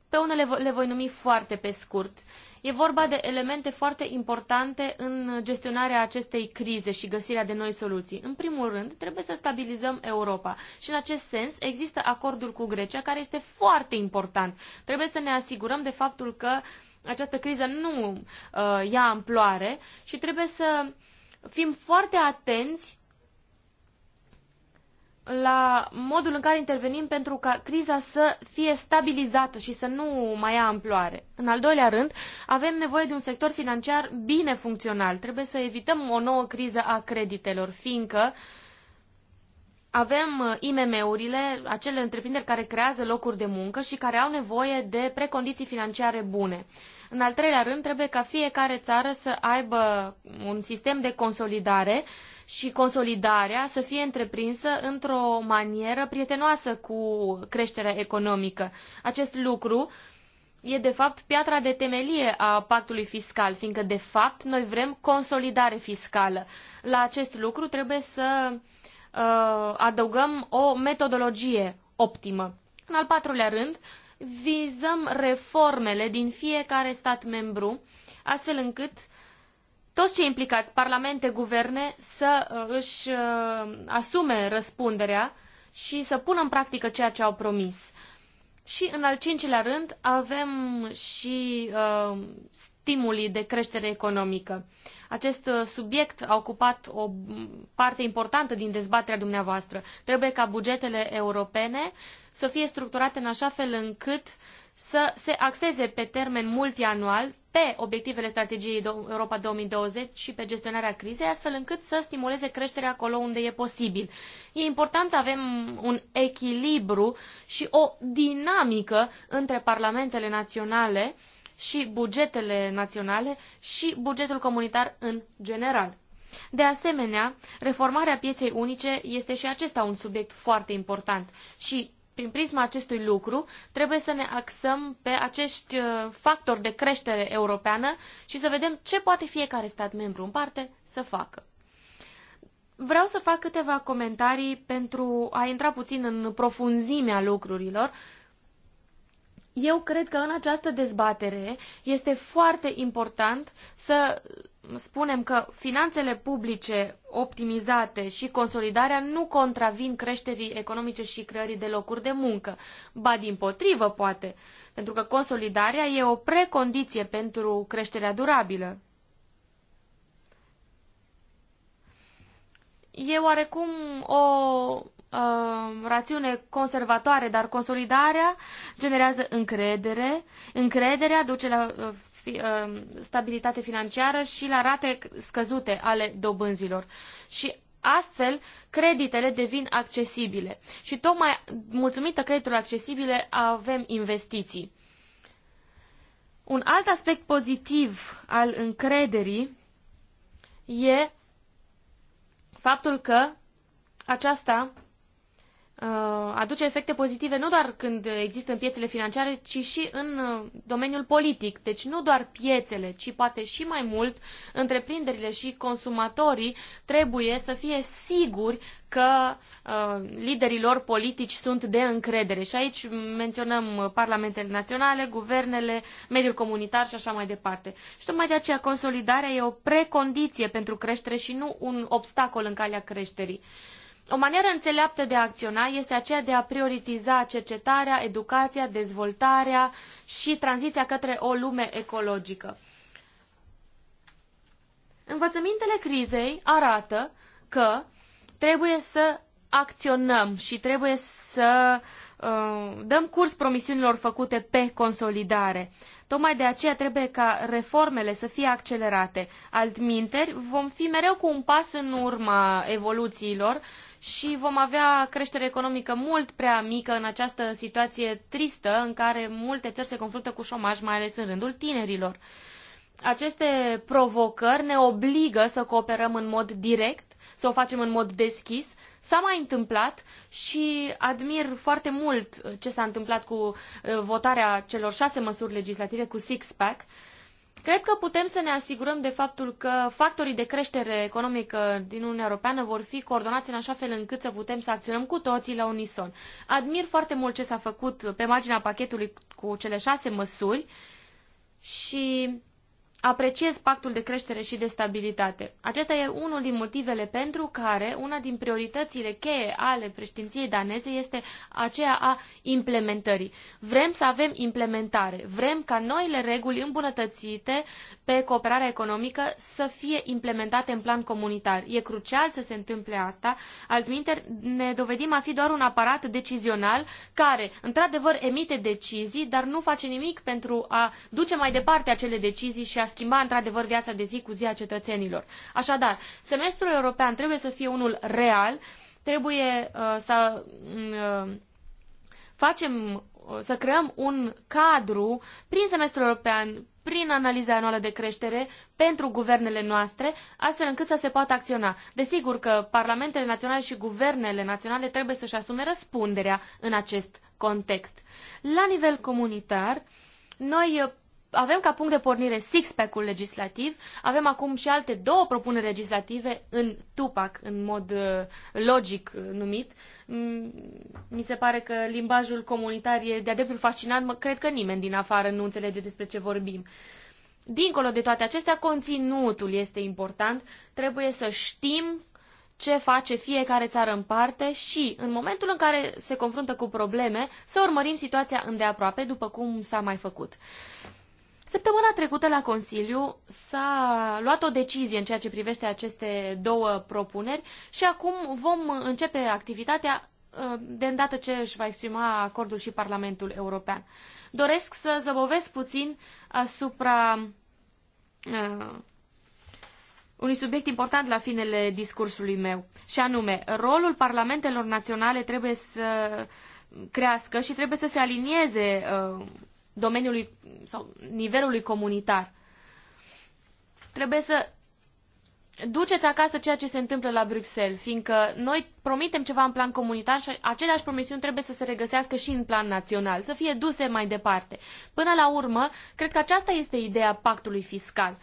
Pe unele le voi numi foarte pe scurt E vorba de elemente foarte importante în gestionarea acestei crize și găsirea de noi soluții. În primul rând, trebuie să stabilizăm Europa și în acest sens există acordul cu Grecia care este foarte important. Trebuie să ne asigurăm de faptul că această criză nu uh, ia amploare și trebuie să fim foarte atenți la modul în care intervenim pentru ca criza să fie stabilizată și să nu mai ia amploare. În al doilea rând, avem nevoie de un sector financiar bine funcțional. Trebuie să evităm o nouă criză a creditelor, fiindcă avem uh, IMM-urile, acele întreprinderi care creează locuri de muncă și care au nevoie de precondiții financiare bune. În al treilea rând, trebuie ca fiecare țară să aibă un sistem de consolidare uh, și consolidarea să fie întreprinsă într-o manieră prietenoasă cu creșterea economică. Acest lucru e de fapt piatra de temelie a pactului fiscal, fiindcă de fapt noi vrem consolidare fiscală. La acest lucru trebuie să uh, adăugăm o metodologie optimă. În al patrulea rând, vizăm reformele din fiecare stat membru, astfel încât toți cei implicați, parlamente, guverne, să uh, își uh, asume răspunderea și să pună în practică ceea ce au promis. Și în al cincilea rând avem și uh, stimulii de creștere economică. Acest uh, subiect a ocupat o parte importantă din dezbaterea dumneavoastră. Trebuie ca bugetele europene să fie structurate în așa fel încât uh, să se axeze pe termen multianual pe obiectivele strategiei Europa 2020 și pe gestionarea crizei, astfel încât să stimuleze creșterea acolo unde e posibil. E important să avem un echilibru și o dinamică între parlamentele naționale și bugetele naționale și bugetul comunitar în general. De asemenea, reformarea pieței unice este și acesta un subiect foarte important și prin prisma acestui lucru, trebuie să ne axăm pe acești uh, factori de creștere europeană și să vedem ce poate fiecare stat membru în parte să facă. Vreau să fac câteva comentarii pentru a intra puțin în profunzimea lucrurilor eu cred că în această dezbatere este foarte important să spunem că finanțele publice optimizate și consolidarea nu contravin creșterii economice și creării de locuri de muncă. Ba din potrivă, poate, pentru că consolidarea e o precondiție pentru creșterea durabilă. E oarecum o Uh, rațiune conservatoare, dar consolidarea generează încredere. Încrederea duce la uh, fi, uh, stabilitate financiară și la rate scăzute ale dobânzilor. Și Astfel, creditele devin accesibile și tocmai mulțumită creditului accesibile avem investiții. Un alt aspect pozitiv al încrederii e faptul că aceasta Uh, aduce efecte pozitive nu doar când există în piețele financiare, ci și în uh, domeniul politic. Deci nu doar piețele, ci poate și mai mult, întreprinderile și consumatorii trebuie să fie siguri că uh, liderii lor politici sunt de încredere. Și aici menționăm parlamentele naționale, guvernele, mediul comunitar și așa mai departe. Și tocmai de aceea consolidarea e o precondiție pentru creștere și nu un obstacol în calea creșterii. Uh, o manieră înțeleaptă de a acționa este aceea de a prioritiza cercetarea, educația, dezvoltarea și tranziția către o lume ecologică. Învățămintele crizei arată că trebuie să acționăm și trebuie să uh, dăm curs promisiunilor făcute pe consolidare. Tocmai de aceea trebuie ca reformele să fie accelerate. Altminteri, vom fi mereu cu un pas în urma evoluțiilor și vom avea creștere economică mult prea mică în această situație tristă în care multe țări se confruntă cu șomaj, mai ales în rândul tinerilor. Aceste provocări ne obligă să cooperăm în mod direct, să o facem în mod deschis. S-a mai întâmplat și admir foarte mult ce s-a întâmplat cu eh, votarea celor șase măsuri legislative, cu six-pack, uh, Cred că putem să ne asigurăm de faptul că factorii de creștere economică din Uniunea Europeană vor fi coordonați în așa fel încât să putem să acționăm cu toții la unison. Admir foarte mult ce s-a făcut pe marginea pachetului cu cele șase măsuri și apreciez pactul de creștere și de stabilitate. Acesta e unul din motivele pentru care una din prioritățile cheie ale președinției daneze este aceea a implementării. Vrem să avem implementare, vrem ca noile reguli îmbunătățite pe cooperarea economică să fie implementate în plan comunitar. E crucial să se întâmple asta, altminteri ne dovedim a fi doar un aparat decizional care, într-adevăr, emite decizii, dar nu face nimic pentru a duce mai departe acele decizii și a schimba într-adevăr viața de zi cu zi a cetățenilor. Așadar, semestrul european trebuie să fie unul real, trebuie uh, să mm, uh, facem uh, să creăm un cadru prin semestrul european, prin analiza anuală de creștere pentru guvernele noastre, astfel încât să se poată acționa. Desigur că parlamentele naționale și guvernele naționale trebuie să-și asume răspunderea în acest context. La nivel comunitar, noi avem ca punct de pornire six-pack-ul legislativ, avem acum și alte două propuneri legislative în Tupac, în mod uh, logic uh, numit. Mm, mi se pare că limbajul comunitar e de-a dreptul fascinant, cred că nimeni din afară nu înțelege despre ce vorbim. Dincolo de toate acestea, conținutul este important, trebuie să știm ce face fiecare țară în parte și, în momentul în care se confruntă cu probleme, să urmărim situația îndeaproape, după cum s-a mai făcut. Săptămâna trecută la Consiliu s-a luat o decizie în ceea ce privește aceste două propuneri și acum vom începe activitatea uh, de îndată ce își va exprima acordul și Parlamentul European. Doresc să zăbovesc puțin asupra uh, unui subiect important la finele discursului meu, și anume, rolul parlamentelor naționale trebuie să crească și trebuie să se alinieze uh, domeniului sau nivelului comunitar. Trebuie să duceți acasă ceea ce se întâmplă la Bruxelles, fiindcă noi promitem ceva în plan comunitar și aceleași promisiuni trebuie să se regăsească și în plan național, să fie duse mai departe. Până la urmă, cred că aceasta este ideea pactului fiscal.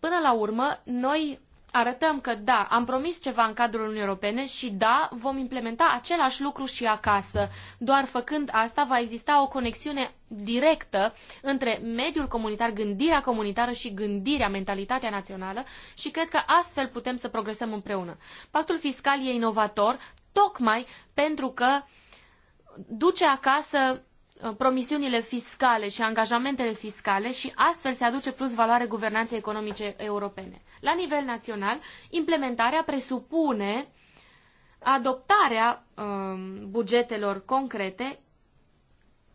Până la urmă, noi arătăm că da, am promis ceva în cadrul Uniunii Europene și da, vom implementa același lucru și acasă. Doar făcând asta va exista o conexiune directă între mediul comunitar, gândirea comunitară și gândirea, mentalitatea națională și cred că astfel putem să progresăm împreună. Pactul fiscal e inovator tocmai pentru că duce acasă Uh, promisiunile fiscale și angajamentele fiscale și astfel se aduce plus valoare guvernanței economice europene. La nivel național, implementarea presupune adoptarea um, bugetelor concrete,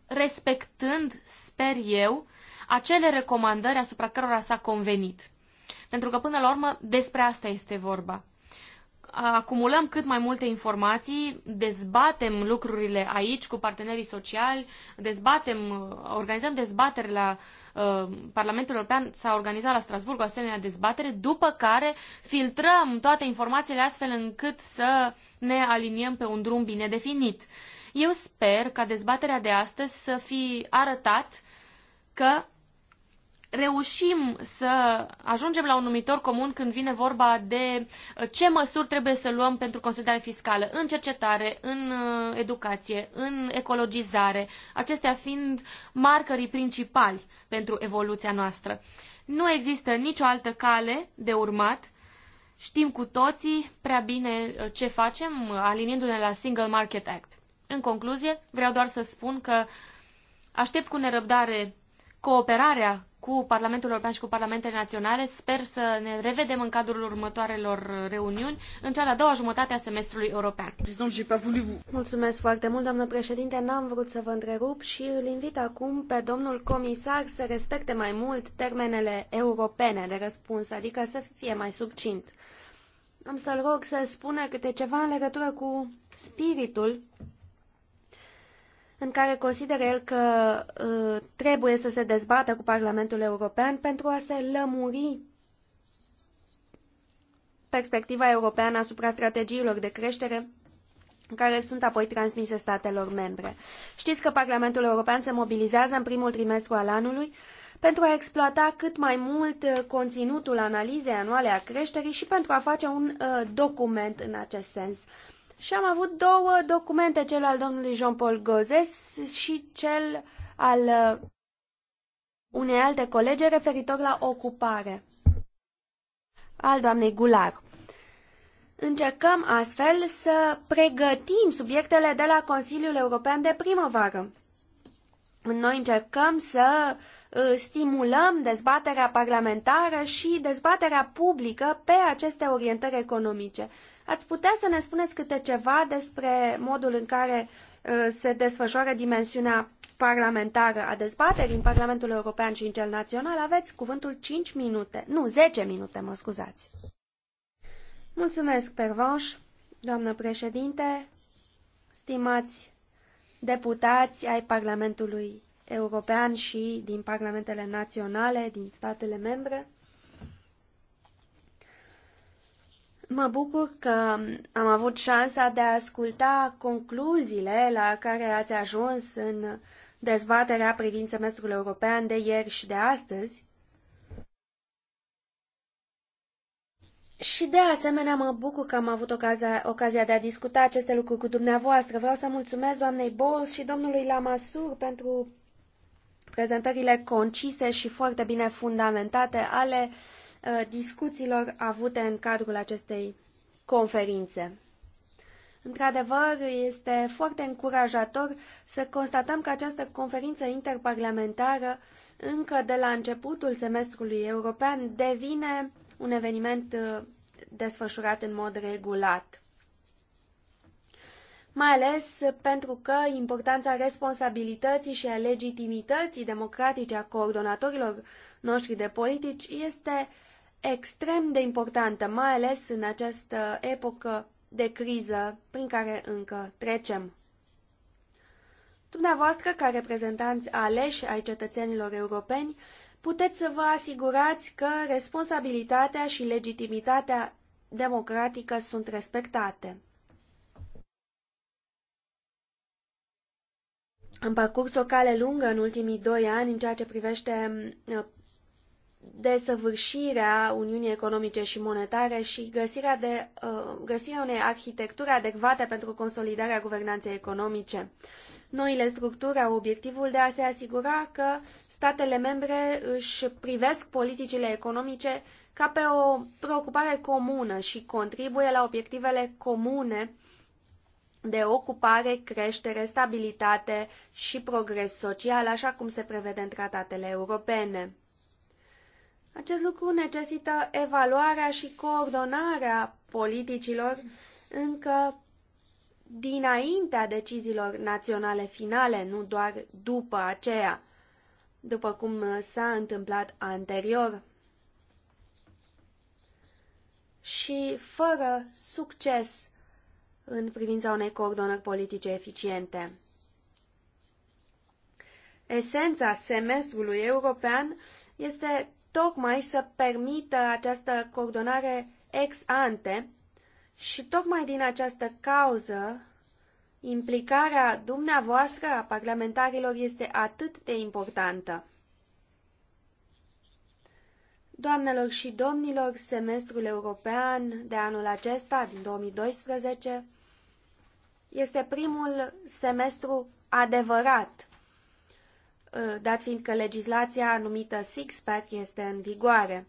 respectând, sper eu, acele recomandări asupra cărora s-a convenit. Pentru că, până la urmă, despre asta este vorba acumulăm cât mai multe informații, dezbatem lucrurile aici cu partenerii sociali, dezbatem, organizăm dezbateri la uh, Parlamentul European, s-a organizat la Strasburg o asemenea dezbatere, după care filtrăm toate informațiile astfel încât să ne aliniem pe un drum bine definit. Eu sper ca dezbaterea de astăzi să fi arătat că reușim să ajungem la un numitor comun când vine vorba de uh, ce măsuri trebuie să luăm pentru consolidare fiscală, în cercetare, în uh, educație, în ecologizare, acestea fiind marcării principali pentru evoluția noastră. Nu există nicio altă cale de urmat. Știm cu toții prea bine uh, ce facem, aliniindu-ne la Single Market Act. În concluzie, vreau doar să spun că aștept cu nerăbdare cooperarea cu Parlamentul European și cu Parlamentele Naționale. Sper să ne revedem în cadrul următoarelor reuniuni, în cea de-a doua jumătate a semestrului european. Mulțumesc foarte mult, doamnă președinte. N-am vrut să vă întrerup și îl invit acum pe domnul comisar să respecte mai mult termenele europene de răspuns, adică să fie mai succint. Am să-l rog să spună câte ceva în legătură cu spiritul în care consideră el că uh, trebuie să se dezbată cu Parlamentul European pentru a se lămuri perspectiva europeană asupra strategiilor de creștere care sunt apoi transmise statelor membre. Știți că Parlamentul European se mobilizează în primul trimestru al anului pentru a exploata cât mai mult uh, conținutul analizei anuale a creșterii și pentru a face un uh, document în acest sens. Uh, și am avut două documente, cel al domnului Jean-Paul Gozes și cel al uh, unei alte colege referitor la ocupare al doamnei Gular. Încercăm astfel să pregătim subiectele de la Consiliul European de primăvară. Noi încercăm să uh, stimulăm dezbaterea parlamentară și dezbaterea publică pe aceste orientări economice. Ați putea să ne spuneți câte ceva despre modul în care uh, se desfășoară dimensiunea parlamentară a dezbaterii în Parlamentul European și în cel național? Aveți cuvântul 5 minute, nu, 10 minute, mă scuzați. Mulțumesc, Pervanș, doamnă președinte, stimați deputați ai Parlamentului European și din Parlamentele Naționale, din statele membre. Mă bucur că am avut șansa de a asculta concluziile la care ați ajuns în dezbaterea privind semestrul european de ieri și de astăzi. Și de asemenea mă bucur că am avut ocazia, ocazia de a discuta aceste lucruri cu dumneavoastră. Vreau să mulțumesc doamnei Bols și domnului Lamasur pentru prezentările concise și foarte bine fundamentate ale uh, Uh, discuțiilor avute în cadrul acestei conferințe. Într-adevăr, este foarte încurajator să constatăm că această conferință interparlamentară, încă de la începutul semestrului european, devine un eveniment uh, desfășurat în mod regulat. Mai ales pentru că importanța responsabilității și a legitimității democratice a coordonatorilor noștri de politici este extrem de importantă, mai ales în această epocă de criză prin care încă trecem. Dumneavoastră, ca reprezentanți aleși ai cetățenilor europeni, puteți să vă asigurați că responsabilitatea și legitimitatea democratică sunt respectate. Am parcurs o cale lungă în ultimii doi ani în ceea ce privește desăvârșirea Uniunii Economice și Monetare și găsirea, de, uh, găsirea unei arhitecturi adecvate pentru consolidarea guvernanței economice. Noile structuri au obiectivul de a se asigura că statele membre își privesc politicile economice ca pe o preocupare comună și contribuie la obiectivele comune de ocupare, creștere, stabilitate și progres social, așa cum se prevede în tratatele europene. Acest lucru necesită evaluarea și coordonarea politicilor încă dinaintea deciziilor naționale finale, nu doar după aceea, după cum s-a întâmplat anterior. Și fără succes în privința unei coordonări politice eficiente. Esența semestrului european este tocmai să permită această coordonare ex ante și tocmai din această cauză implicarea dumneavoastră a parlamentarilor este atât de importantă. Doamnelor și domnilor, semestrul european de anul acesta, din 2012, este primul semestru adevărat Uh, dat fiind că legislația anumită six-pack este în vigoare.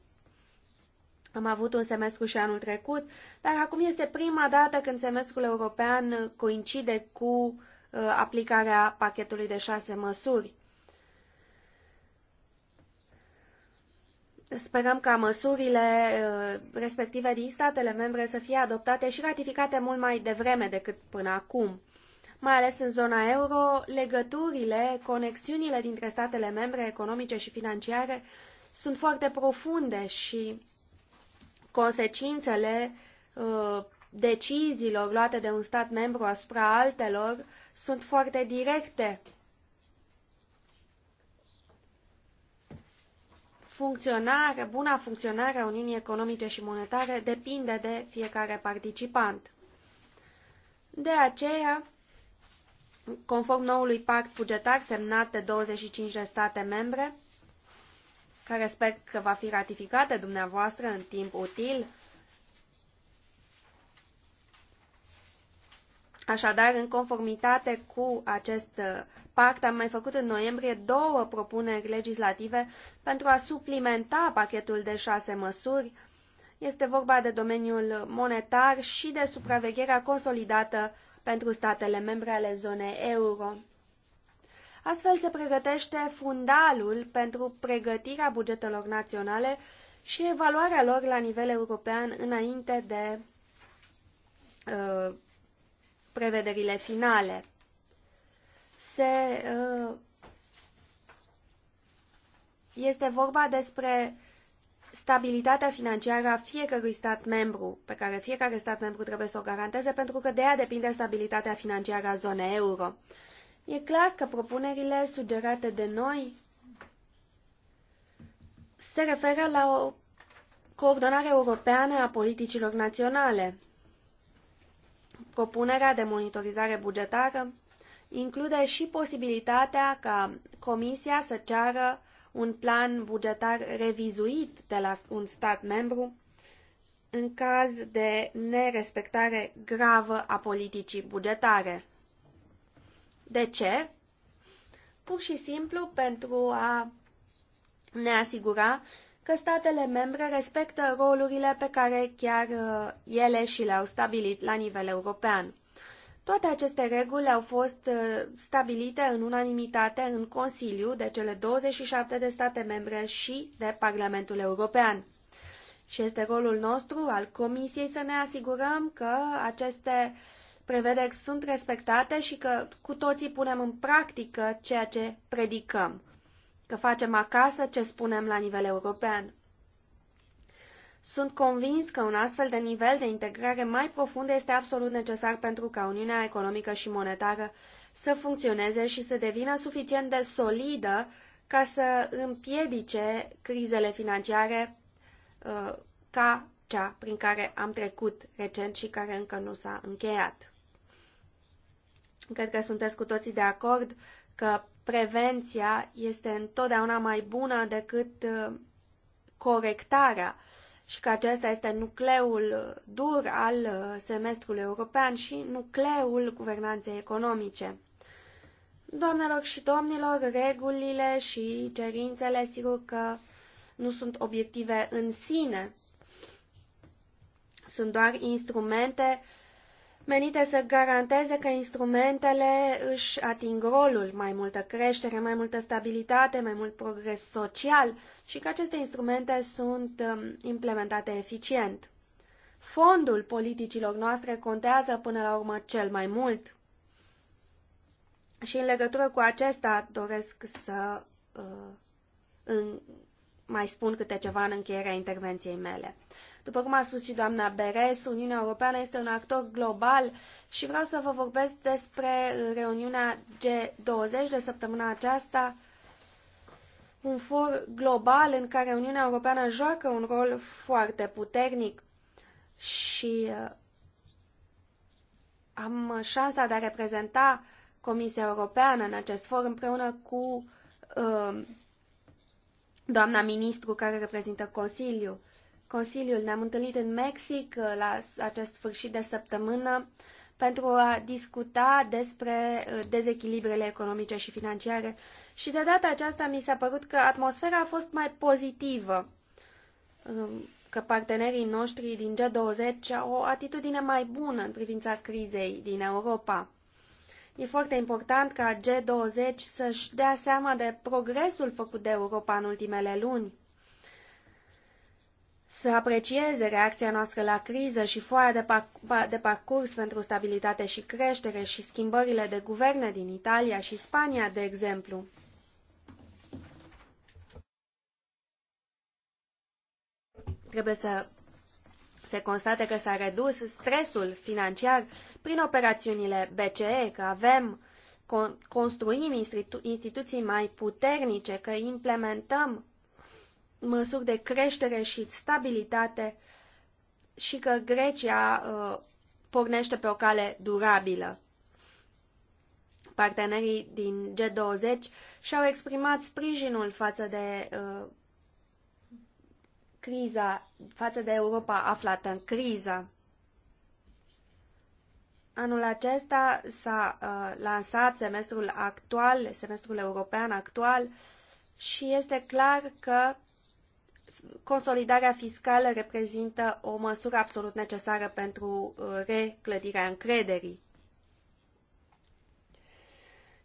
Am avut un semestru și anul trecut, dar acum este prima dată când semestrul european coincide cu uh, aplicarea pachetului de șase măsuri. Sperăm ca măsurile uh, respective din statele membre să fie adoptate și ratificate mult mai devreme decât până acum mai ales în zona euro, legăturile, conexiunile dintre statele membre economice și financiare sunt foarte profunde și consecințele uh, deciziilor luate de un stat membru asupra altelor sunt foarte directe. Funcționare, buna funcționare a Uniunii Economice și Monetare depinde de fiecare participant. De aceea, Conform noului pact bugetar semnat de 25 de state membre, care sper că va fi ratificat de dumneavoastră în timp util, Așadar, în conformitate cu acest pact, am mai făcut în noiembrie două propuneri legislative pentru a suplimenta pachetul de șase măsuri. Este vorba de domeniul monetar și de supravegherea consolidată pentru statele membre ale zonei euro. Astfel se pregătește fundalul pentru pregătirea bugetelor naționale și evaluarea lor la nivel european înainte de uh, prevederile finale. Se, uh, este vorba despre stabilitatea financiară a fiecărui stat membru, pe care fiecare stat membru trebuie să o garanteze, pentru că de ea depinde stabilitatea financiară a zonei euro. E clar că propunerile sugerate de noi se referă la o coordonare europeană a politicilor naționale. Propunerea de monitorizare bugetară include și posibilitatea ca Comisia să ceară un plan bugetar revizuit de la un stat membru în caz de nerespectare gravă a politicii bugetare. De ce? Pur și simplu pentru a ne asigura că statele membre respectă rolurile pe care chiar uh, ele și le-au stabilit la nivel european. Toate aceste reguli au fost uh, stabilite în unanimitate în Consiliu de cele 27 de state membre și de Parlamentul European. Și este rolul nostru al Comisiei să ne asigurăm că aceste prevederi sunt respectate și că cu toții punem în practică ceea ce predicăm, că facem acasă ce spunem la nivel european. Sunt convins că un astfel de nivel de integrare mai profundă este absolut necesar pentru ca Uniunea Economică și Monetară să funcționeze și să devină suficient de solidă ca să împiedice crizele financiare uh, ca cea prin care am trecut recent și care încă nu s-a încheiat. Cred că sunteți cu toții de acord că prevenția este întotdeauna mai bună decât uh, corectarea și că acesta este nucleul dur al uh, semestrului european și nucleul guvernanței economice. Doamnelor și domnilor, regulile și cerințele sigur că nu sunt obiective în sine, sunt doar instrumente menite să garanteze că instrumentele își ating rolul, mai multă creștere, mai multă stabilitate, mai mult progres social și că aceste instrumente sunt um, implementate eficient. Fondul politicilor noastre contează până la urmă cel mai mult. Și în legătură cu acesta doresc să uh, în, mai spun câte ceva în încheierea intervenției mele. După cum a spus și doamna Beres, Uniunea Europeană este un actor global și vreau să vă vorbesc despre reuniunea G20 de săptămâna aceasta, un for global în care Uniunea Europeană joacă un rol foarte puternic și uh, am șansa de a reprezenta Comisia Europeană în acest for împreună cu uh, doamna ministru care reprezintă Consiliul. Consiliul. Ne-am întâlnit în Mexic uh, la acest sfârșit de săptămână pentru a discuta despre uh, dezechilibrele economice și financiare și de data aceasta mi s-a părut că atmosfera a fost mai pozitivă, um, că partenerii noștri din G20 au o atitudine mai bună în privința crizei din Europa. E foarte important ca G20 să-și dea seama de progresul făcut de Europa în ultimele luni să aprecieze reacția noastră la criză și foaia de, de parcurs pentru stabilitate și creștere și schimbările de guverne din Italia și Spania, de exemplu. Trebuie să se constate că s-a redus stresul financiar prin operațiunile BCE, că avem, construim institu instituții mai puternice, că implementăm măsuri de creștere și stabilitate și că Grecia uh, pornește pe o cale durabilă. Partenerii din G20 și-au exprimat sprijinul față de uh, criza, față de Europa aflată în criză. Anul acesta s-a uh, lansat semestrul actual, semestrul european actual și este clar că consolidarea fiscală reprezintă o măsură absolut necesară pentru uh, reclădirea încrederii.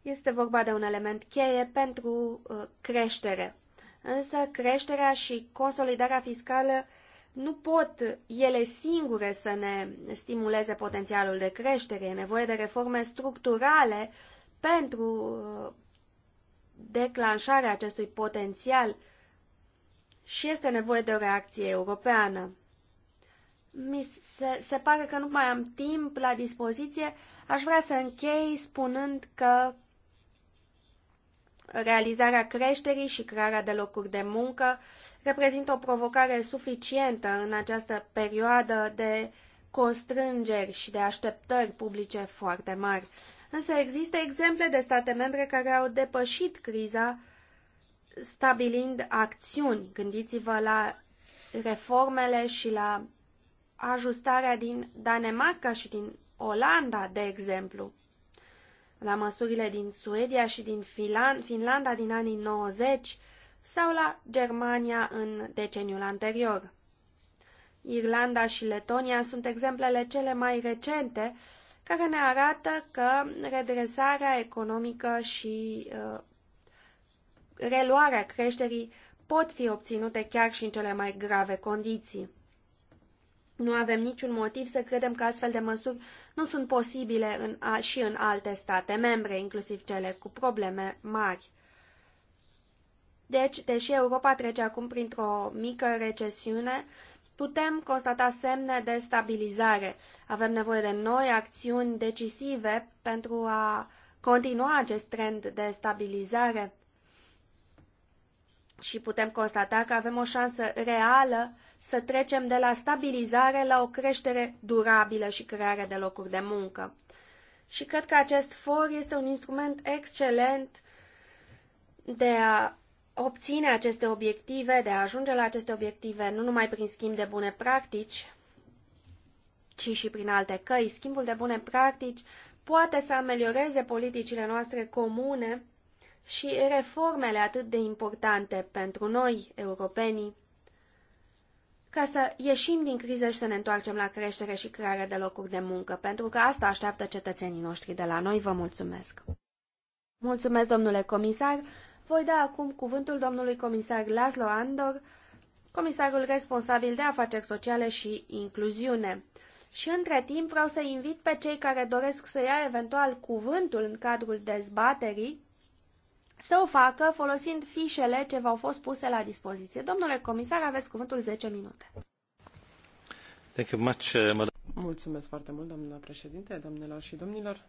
Este vorba de un element cheie pentru uh, creștere. Însă creșterea și consolidarea fiscală nu pot ele singure să ne stimuleze potențialul de creștere. E nevoie de reforme structurale pentru uh, declanșarea acestui potențial și este nevoie de o reacție europeană. Mi se, se pare că nu mai am timp la dispoziție. Aș vrea să închei spunând că realizarea creșterii și crearea de locuri de muncă reprezintă o provocare suficientă în această perioadă de constrângeri și de așteptări publice foarte mari. Însă există exemple de state membre care au depășit criza stabilind acțiuni. Gândiți-vă la reformele și la ajustarea din Danemarca și din Olanda, de exemplu, la măsurile din Suedia și din Finlanda din anii 90 sau la Germania în deceniul anterior. Irlanda și Letonia sunt exemplele cele mai recente care ne arată că redresarea economică și uh, reluarea creșterii pot fi obținute chiar și în cele mai grave condiții. Nu avem niciun motiv să credem că astfel de măsuri nu sunt posibile în a, și în alte state membre, inclusiv cele cu probleme mari. Deci, deși Europa trece acum printr-o mică recesiune, putem constata semne de stabilizare. Avem nevoie de noi acțiuni decisive pentru a continua acest trend de stabilizare și putem constata că avem o șansă reală să trecem de la stabilizare la o creștere durabilă și crearea de locuri de muncă. Și cred că acest for este un instrument excelent de a obține aceste obiective, de a ajunge la aceste obiective, nu numai prin schimb de bune practici, ci și prin alte căi. Schimbul de bune practici poate să amelioreze politicile noastre comune și reformele atât de importante pentru noi, europenii, ca să ieșim din criză și să ne întoarcem la creștere și crearea de locuri de muncă, pentru că asta așteaptă cetățenii noștri de la noi. Vă mulțumesc! Mulțumesc, domnule comisar! Voi da acum cuvântul domnului comisar Laszlo Andor, comisarul responsabil de afaceri sociale și incluziune. Și între timp vreau să invit pe cei care doresc să ia eventual cuvântul în cadrul dezbaterii să o facă folosind fișele ce v-au fost puse la dispoziție. Domnule comisar, aveți cuvântul 10 minute. Thank you much, uh, Mulțumesc foarte mult, doamna președinte, domnilor și domnilor.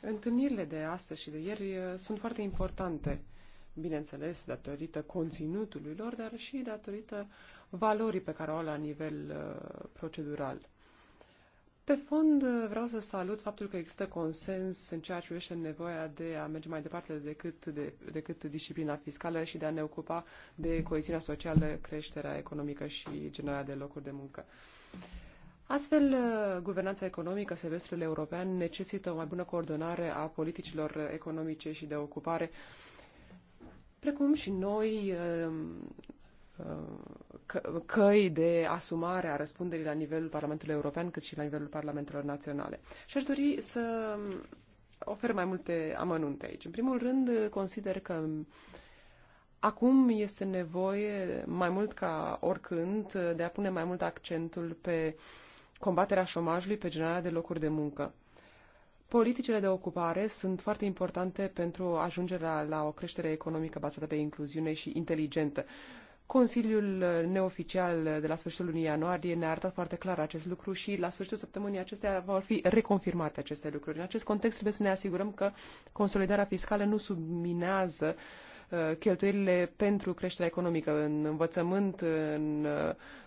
Întâlnirile de astăzi și de ieri uh, sunt foarte importante, bineînțeles, datorită conținutului lor, dar și datorită valorii pe care o au la nivel uh, procedural. Pe fond, uh, vreau să salut faptul că există consens în ceea ce privește nevoia de a merge mai departe decât, de, decât disciplina fiscală și de a ne ocupa de coeziunea socială, creșterea economică și generarea de locuri de muncă. Astfel, uh, guvernanța economică, semestrul european, necesită o mai bună coordonare a politicilor economice și de ocupare, precum și noi uh, căi de asumare a răspunderii la nivelul Parlamentului European, cât și la nivelul Parlamentelor Naționale. Și aș dori să ofer mai multe amănunte aici. În primul rând, consider că acum este nevoie, mai mult ca oricând, de a pune mai mult accentul pe combaterea șomajului, pe generarea de locuri de muncă. Politicile de ocupare sunt foarte importante pentru ajungerea la o creștere economică bazată pe incluziune și inteligentă. Uh, Consiliul neoficial de la sfârșitul lunii ianuarie ne-a arătat foarte clar acest lucru și la sfârșitul săptămânii acestea vor fi reconfirmate aceste lucruri. În acest context trebuie să ne asigurăm că consolidarea fiscală nu subminează uh, cheltuielile pentru creșterea economică în învățământ, în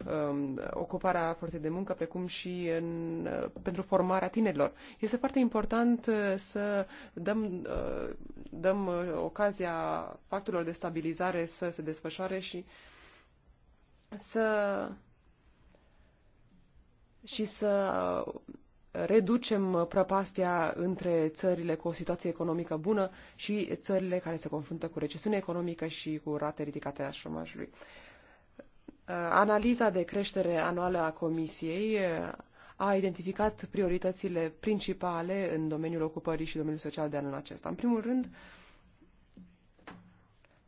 uh, um, ocuparea forței de muncă, precum și în, uh, pentru formarea tinerilor. Este foarte important uh, să dăm, uh, dăm ocazia factorilor de stabilizare să se desfășoare și uh, să și să reducem prăpastia între țările cu o situație economică bună și țările care se confruntă cu recesiune economică și cu rate ridicate a șomajului. Analiza de creștere anuală a Comisiei a identificat prioritățile principale în domeniul ocupării și domeniul social de anul acesta. În primul rând, uh,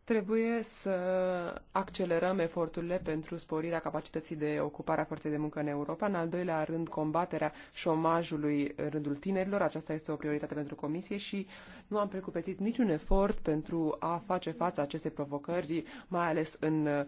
Trebuie să accelerăm eforturile pentru sporirea capacității de ocupare a forței de muncă în Europa. În al doilea rând, combaterea șomajului în rândul tinerilor. Aceasta este o prioritate pentru Comisie și nu am precupețit niciun efort pentru a face față acestei provocări, mai ales în uh,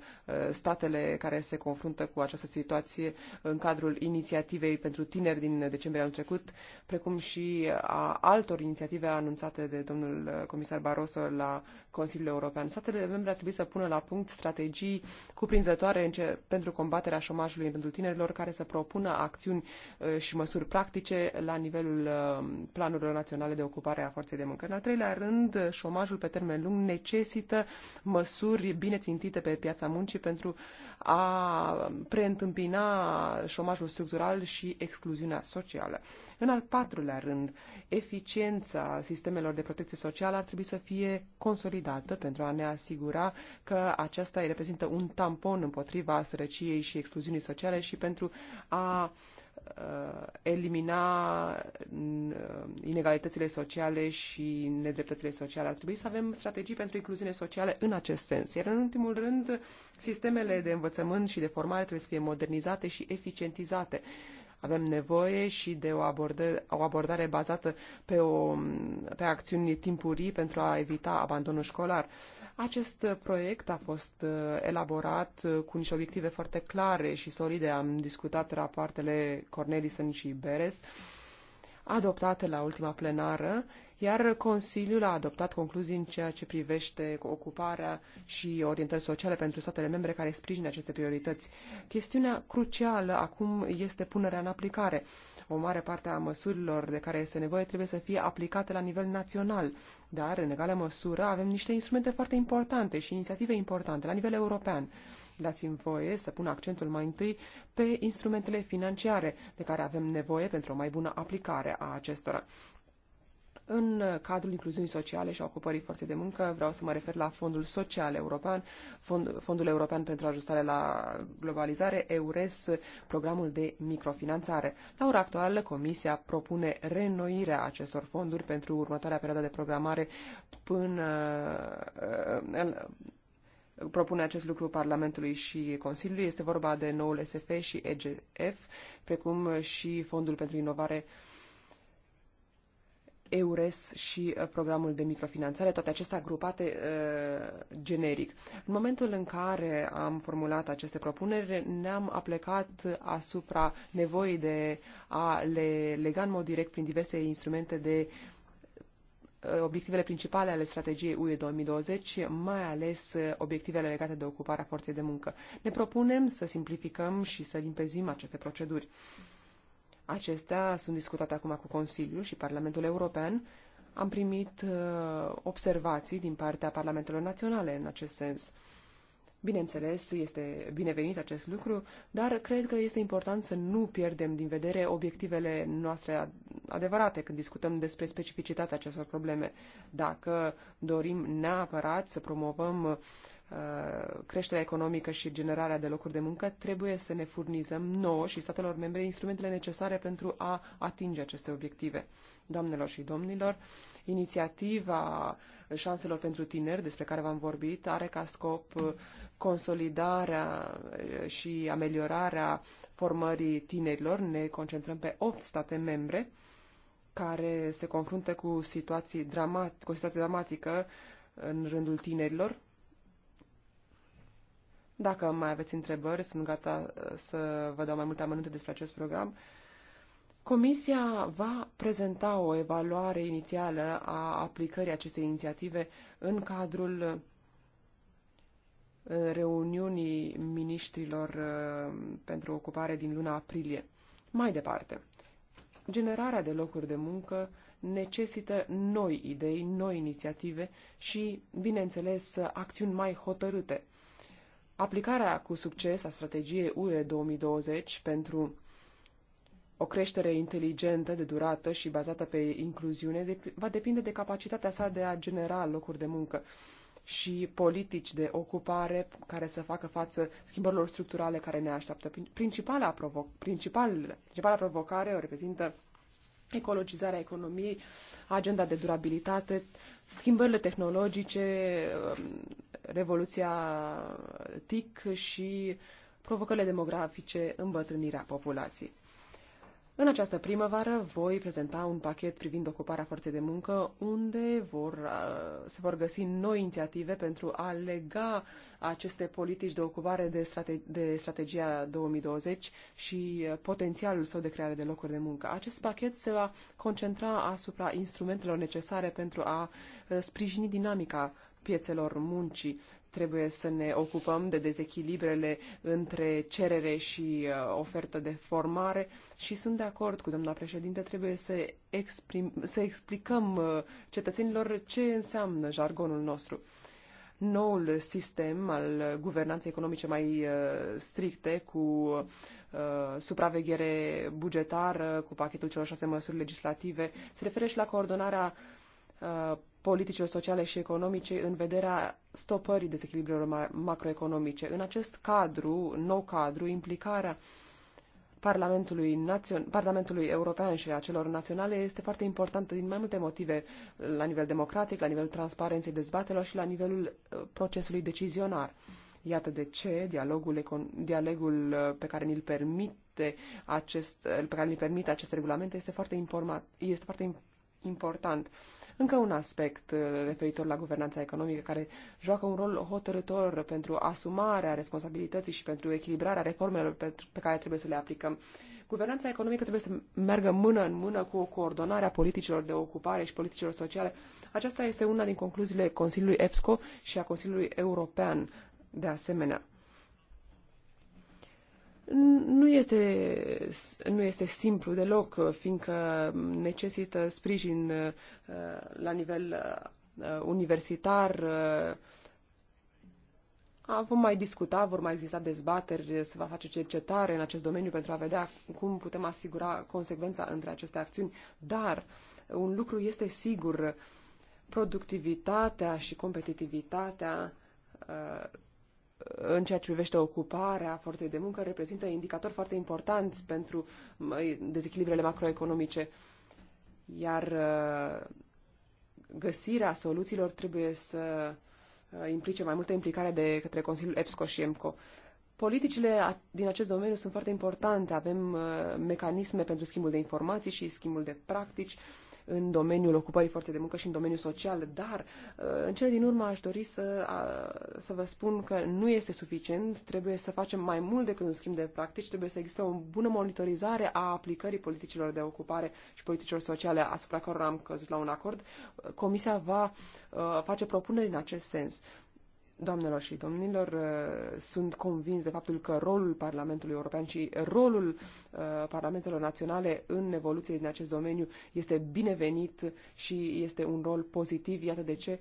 statele care se confruntă cu această situație în cadrul inițiativei pentru tineri din decembrie anul trecut, precum și a altor inițiative anunțate de domnul uh, comisar Barroso la Consiliul European statele membre ar trebui să pună la punct strategii cuprinzătoare în ce, pentru combaterea șomajului în rândul tinerilor, care să propună acțiuni uh, și măsuri practice la nivelul uh, planurilor naționale de ocupare a forței de muncă. În al treilea rând, șomajul pe termen lung necesită măsuri bine țintite pe piața muncii pentru a preîntâmpina șomajul structural și excluziunea socială. În al patrulea rând, eficiența sistemelor de protecție socială ar trebui să fie consolidată pentru a ne asigura că aceasta îi reprezintă un tampon împotriva sărăciei și excluziunii sociale și pentru a uh, elimina uh, inegalitățile sociale și nedreptățile sociale. Ar trebui să avem strategii pentru incluziune socială în acest sens. Iar în ultimul rând, sistemele de învățământ și de formare trebuie să fie modernizate și eficientizate. Avem nevoie și de o abordare, o abordare bazată pe, o, pe acțiuni timpurii pentru a evita abandonul școlar. Acest proiect a fost uh, elaborat uh, cu niște obiective foarte clare și solide. Am discutat rapoartele Cornelison și Beres adoptate la ultima plenară iar Consiliul a adoptat concluzii în ceea ce privește ocuparea și orientări sociale pentru statele membre care sprijină aceste priorități. Chestiunea crucială acum este punerea în aplicare. O mare parte a măsurilor de care este nevoie trebuie să fie aplicate la nivel național, dar, în egală măsură, avem niște instrumente foarte importante și inițiative importante la nivel european. Dați-mi voie să pun accentul mai întâi pe instrumentele financiare de care avem nevoie pentru o mai bună aplicare a acestora. În cadrul incluziunii sociale și ocupării forței de muncă, vreau să mă refer la Fondul Social European, Fond, Fondul European pentru Ajustare la Globalizare, EURES, programul de microfinanțare. La ora actuală, Comisia propune reînnoirea acestor fonduri pentru următoarea perioadă de programare până uh, propune acest lucru Parlamentului și Consiliului. Este vorba de noul SF și EGF, precum și Fondul pentru Inovare uh, EURES și uh, programul de microfinanțare, toate acestea grupate uh, generic. În momentul în care am formulat aceste propuneri, ne-am aplicat asupra nevoii de a le lega în mod direct prin diverse instrumente de uh, obiectivele principale ale strategiei UE 2020, mai ales uh, obiectivele legate de ocuparea forței de muncă. Ne propunem să simplificăm și să limpezim aceste proceduri. Acestea sunt discutate acum cu Consiliul și Parlamentul European. Am primit uh, observații din partea Parlamentelor Naționale în acest sens. Bineînțeles, este binevenit acest lucru, dar cred că este important să nu pierdem din vedere obiectivele noastre adevărate când discutăm despre specificitatea acestor probleme. Dacă dorim neapărat să promovăm uh, Uh, creșterea economică și generarea de locuri de muncă, trebuie să ne furnizăm nouă și statelor membre instrumentele necesare pentru a atinge aceste obiective. Doamnelor și domnilor, inițiativa șanselor pentru tineri, despre care v-am vorbit, are ca scop uh, consolidarea uh, și ameliorarea formării tinerilor. Ne concentrăm pe 8 state membre care se confruntă cu situații, dramat, cu situație dramatică în rândul tinerilor, dacă mai aveți întrebări, sunt gata uh, să vă dau mai multe amănunte despre acest program. Comisia va prezenta o evaluare inițială a aplicării acestei inițiative în cadrul uh, reuniunii miniștrilor uh, pentru ocupare din luna aprilie. Mai departe, generarea de locuri de muncă necesită noi idei, noi inițiative și, bineînțeles, acțiuni mai hotărâte – Aplicarea cu succes a strategiei UE 2020 pentru o creștere inteligentă, de durată și bazată pe incluziune va depinde de capacitatea sa de a genera locuri de muncă și politici de ocupare care să facă față schimbărilor structurale care ne așteaptă. Principala, provo- principal, principala provocare o reprezintă ecologizarea economiei, agenda de durabilitate, schimbările tehnologice, um, revoluția TIC și provocările demografice, îmbătrânirea populației. În această primăvară voi prezenta un pachet privind ocuparea forței de muncă, unde vor, uh, se vor găsi noi inițiative pentru a lega aceste politici de ocupare de, strate, de strategia 2020 și uh, potențialul său de creare de locuri de muncă. Acest pachet se va concentra asupra instrumentelor necesare pentru a uh, sprijini dinamica piețelor muncii. Trebuie să ne ocupăm de dezechilibrele între cerere și uh, ofertă de formare și sunt de acord cu doamna președinte, trebuie să, exprim, să explicăm uh, cetățenilor ce înseamnă jargonul nostru noul sistem al guvernanței economice mai uh, stricte, cu supraveghere bugetară, cu pachetul celor șase măsuri legislative, se referă și la coordonarea politicilor sociale și economice în vederea stopării dezechilibrelor macroeconomice. În acest cadru, nou cadru, implicarea Parlamentului, Națion Parlamentului European și a celor naționale este foarte importantă din mai multe motive, la nivel democratic, la nivelul transparenței dezbatelor și la nivelul uh, procesului decizionar. Iată de ce dialogul, dialogul uh, pe care ni-l permite acest, uh, pe care ni permite acest regulament este foarte, informat, este foarte important încă un aspect uh, referitor la guvernanța economică care joacă un rol hotărător pentru asumarea responsabilității și pentru echilibrarea reformelor pe care trebuie să le aplicăm. Guvernanța economică trebuie să meargă mână în mână cu coordonarea politicilor de ocupare și politicilor sociale. Aceasta este una din concluziile Consiliului EPSCO și a Consiliului European de asemenea nu este, nu este simplu deloc, fiindcă necesită sprijin uh, la nivel uh, universitar. Uh, vom mai discuta, vor mai exista dezbateri, se va face cercetare în acest domeniu pentru a vedea cum putem asigura consecvența între aceste acțiuni, dar un lucru este sigur, productivitatea și competitivitatea în ceea ce privește ocuparea forței de muncă, reprezintă indicatori foarte importanți pentru dezechilibrele macroeconomice. Iar uh, găsirea soluțiilor trebuie să uh, implice mai multă implicare de către Consiliul EPSCO și EMCO. Politicile din acest domeniu sunt foarte importante. Avem uh, mecanisme pentru schimbul de informații și schimbul de practici în domeniul ocupării forței de muncă și în domeniul social, dar uh, în cele din urmă aș dori să, uh, să vă spun că nu este suficient, trebuie să facem mai mult decât un schimb de practici, trebuie să există o bună monitorizare a aplicării politicilor de ocupare și politicilor sociale asupra cărora am căzut la un acord. Comisia va uh, face propuneri în acest sens. Doamnelor și domnilor, uh, sunt convins de faptul că rolul Parlamentului European și rolul uh, Parlamentelor Naționale în evoluție din acest domeniu este binevenit și este un rol pozitiv. Iată de ce,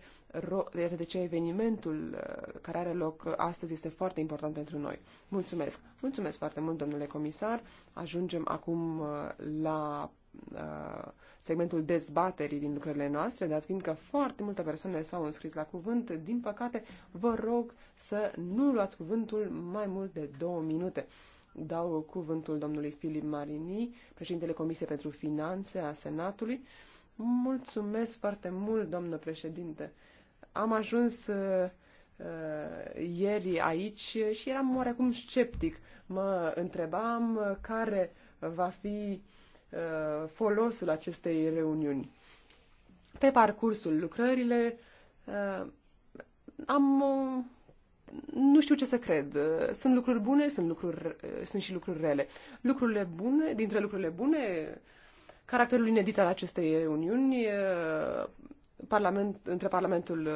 iată de ce evenimentul uh, care are loc astăzi este foarte important pentru noi. Mulțumesc! Mulțumesc foarte mult, domnule comisar! Ajungem acum la Uh, segmentul dezbaterii din lucrările noastre, dar fiindcă foarte multe persoane s-au înscris la cuvânt, din păcate vă rog să nu luați cuvântul mai mult de două minute. Dau cuvântul domnului Filip Marini, președintele Comisiei pentru Finanțe a Senatului. Mulțumesc foarte mult, domnă președinte. Am ajuns uh, uh, ieri aici și eram oarecum sceptic. Mă întrebam care va fi uh, Uh, folosul acestei reuniuni. Pe parcursul lucrările uh, am uh, nu știu ce să cred. Sunt lucruri bune, sunt, lucruri, sunt și lucruri rele. Lucrurile bune, dintre lucrurile bune, caracterul inedit al acestei reuniuni parlament, între Parlamentul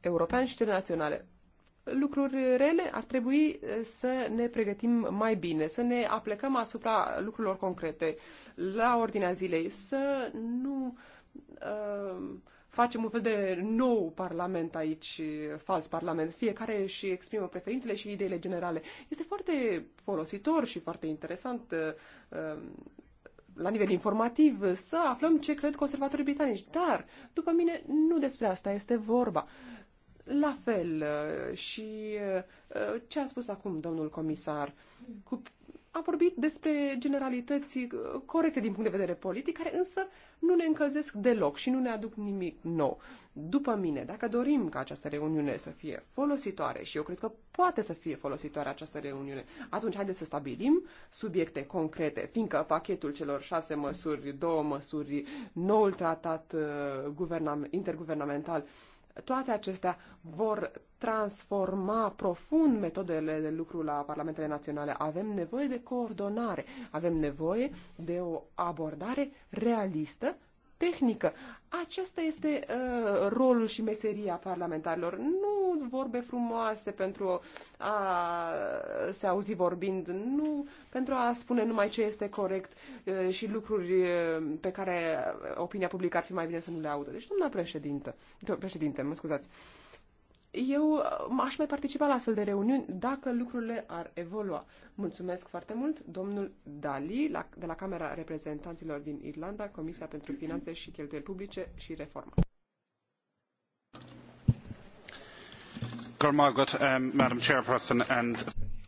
European și cele naționale lucruri rele, ar trebui să ne pregătim mai bine, să ne aplecăm asupra lucrurilor concrete, la ordinea zilei, să nu uh, facem un fel de nou parlament aici, fals parlament. Fiecare își exprimă preferințele și ideile generale. Este foarte folositor și foarte interesant uh, la nivel informativ, să aflăm ce cred conservatorii britanici. Dar, după mine, nu despre asta este vorba. La fel uh, și uh, uh, ce a spus acum domnul comisar, cu, a vorbit despre generalități corecte din punct de vedere politic, care însă nu ne încălzesc deloc și nu ne aduc nimic nou. După mine, dacă dorim ca această reuniune să fie folositoare, și eu cred că poate să fie folositoare această reuniune, atunci haideți să stabilim subiecte concrete, fiindcă pachetul celor șase măsuri, două măsuri, noul tratat interguvernamental, toate acestea vor transforma profund metodele de lucru la parlamentele naționale. Avem nevoie de coordonare, avem nevoie de o abordare realistă tehnică. Acesta este uh, rolul și meseria parlamentarilor. Nu vorbe frumoase pentru a se auzi vorbind, nu pentru a spune numai ce este corect uh, și lucruri uh, pe care opinia publică ar fi mai bine să nu le audă. Deci, doamna președintă, președinte, mă scuzați, uh, eu uh, aș mai participa la astfel de reuniuni dacă lucrurile ar evolua. Mulțumesc foarte mult, domnul Dali, la, de la Camera Reprezentanților din Irlanda, Comisia pentru Finanțe și Cheltuieli Publice și Reformă. Um,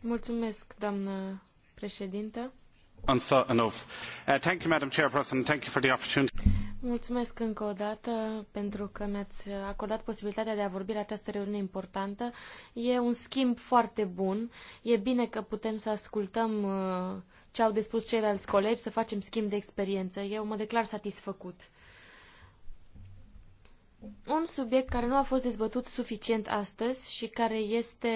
Mulțumesc, doamnă președintă. Uh, thank you, Madam Chairperson. Thank you for the opportunity. Mulțumesc încă o dată pentru că mi-ați acordat posibilitatea de a vorbi la această reuniune importantă. E un schimb foarte bun. E bine că putem să ascultăm uh, ce au de spus ceilalți colegi, să facem schimb de experiență. Eu mă declar satisfăcut. Un subiect care nu a fost dezbătut suficient astăzi și care este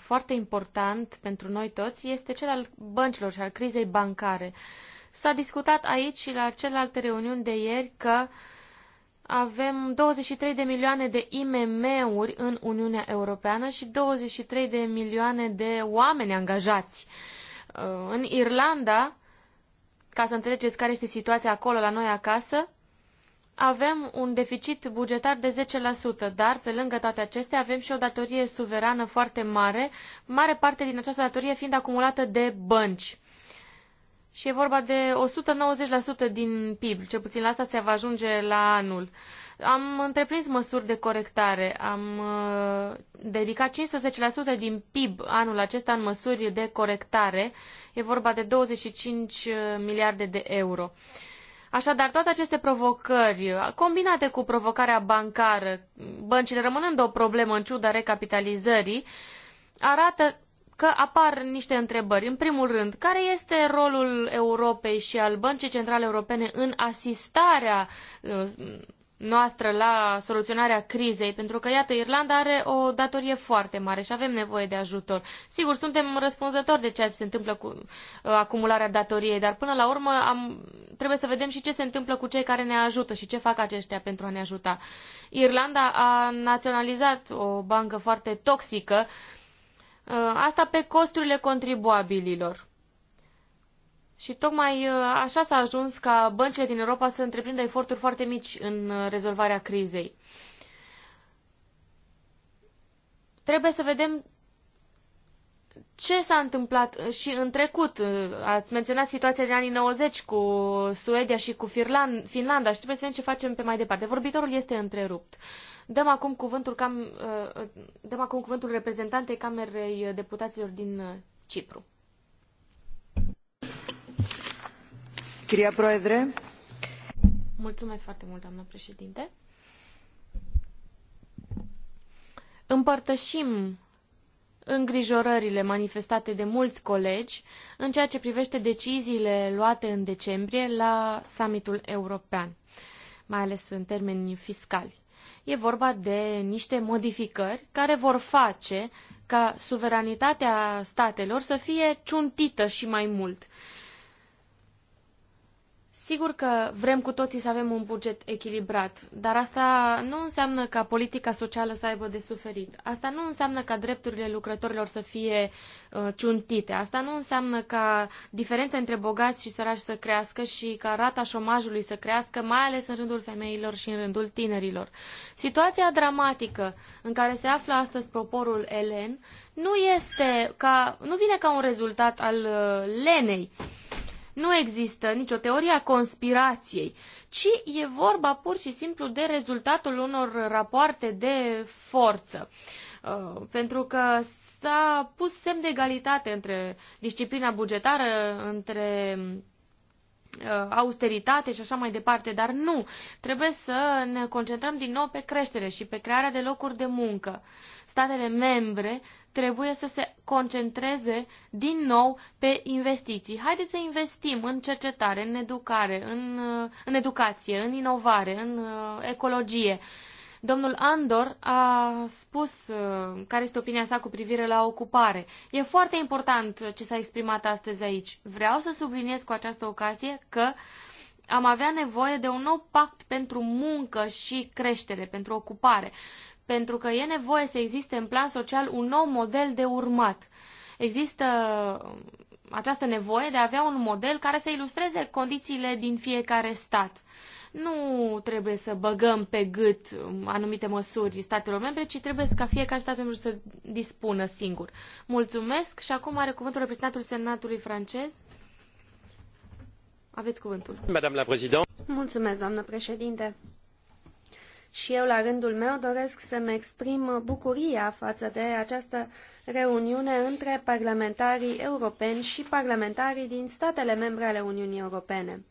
foarte important pentru noi toți este cel al băncilor și al crizei bancare. Uh, S-a discutat aici și la celelalte reuniuni de ieri că avem 23 de milioane de IMM-uri în Uniunea Europeană și 23 de milioane de oameni angajați. Uh, în Irlanda, ca să înțelegeți care este situația acolo la noi acasă, avem un deficit bugetar de 10%, dar pe lângă toate acestea avem și o datorie suverană foarte mare, mare parte din această datorie fiind acumulată de bănci și e vorba de 190% din PIB, cel puțin la asta se va ajunge la anul. Am întreprins măsuri de corectare, am uh, dedicat 15% din PIB anul acesta în măsuri de corectare, e vorba de 25 miliarde de euro. Așadar, toate aceste provocări, combinate cu provocarea bancară, băncile rămânând o problemă în ciuda recapitalizării, arată că apar niște întrebări. În primul rând, care este rolul Europei și al Băncii Centrale Europene în asistarea uh, noastră la soluționarea crizei, pentru că, iată, Irlanda are o datorie foarte mare și avem nevoie de ajutor. Sigur, suntem răspunzători de ceea ce se întâmplă cu uh, acumularea datoriei, dar până la urmă am, trebuie să vedem și ce se întâmplă cu cei care ne ajută și ce fac aceștia pentru a ne ajuta. Irlanda a naționalizat o bancă foarte toxică Uh, asta pe costurile contribuabililor. Și tocmai uh, așa s-a ajuns ca băncile din Europa să întreprindă eforturi foarte mici în uh, rezolvarea crizei. Trebuie să vedem ce s-a întâmplat și în trecut. Ați menționat situația din anii 90 cu Suedia și cu Finlanda și trebuie să vedem ce facem pe mai departe. Vorbitorul este întrerupt. Dăm acum cuvântul, cam, uh, uh, dăm acum cuvântul reprezentantei Camerei Deputaților din uh, Cipru. Chiria Proedre. Mulțumesc foarte mult, doamnă președinte. Împărtășim îngrijorările manifestate de mulți colegi în ceea ce privește deciziile luate în decembrie la summitul european, mai ales în termeni fiscali. E vorba de niște modificări care vor face ca suveranitatea statelor să fie ciuntită și mai mult Sigur că vrem cu toții să avem un buget echilibrat, dar asta nu înseamnă ca politica socială să aibă de suferit. Asta nu înseamnă ca drepturile lucrătorilor să fie uh, ciuntite. Asta nu înseamnă ca diferența între bogați și săraci să crească și ca rata șomajului să crească, mai ales în rândul femeilor și în rândul tinerilor. Situația dramatică în care se află astăzi proporul Elen nu este ca, nu vine ca un rezultat al uh, lenei nu există nicio teorie a conspirației, ci e vorba pur și simplu de rezultatul unor rapoarte de forță. Uh, pentru că s-a pus semn de egalitate între disciplina bugetară, între uh, austeritate și așa mai departe, dar nu. Trebuie să ne concentrăm din nou pe creștere și pe crearea de locuri de muncă. Statele membre trebuie să se concentreze din nou pe investiții. Haideți să investim în cercetare, în educare, în, uh, în educație, în inovare, în uh, ecologie. Domnul Andor a spus uh, care este opinia sa cu privire la ocupare. E foarte important ce s-a exprimat astăzi aici. Vreau să subliniez cu această ocazie că am avea nevoie de un nou pact pentru muncă și creștere, pentru ocupare. Uh, pentru că e nevoie să existe în plan social un nou model de urmat. Există această nevoie de a avea un model care să ilustreze condițiile din fiecare stat. Nu trebuie să băgăm pe gât um, anumite măsuri statelor membre, ci trebuie ca fiecare stat membru să dispună singur. Mulțumesc și acum are cuvântul reprezentantul Senatului francez. Aveți cuvântul. Mulțumesc, doamnă președinte. Și eu, la rândul meu, doresc să-mi exprim bucuria față de această reuniune între parlamentarii europeni și parlamentarii din statele membre ale Uniunii Europene.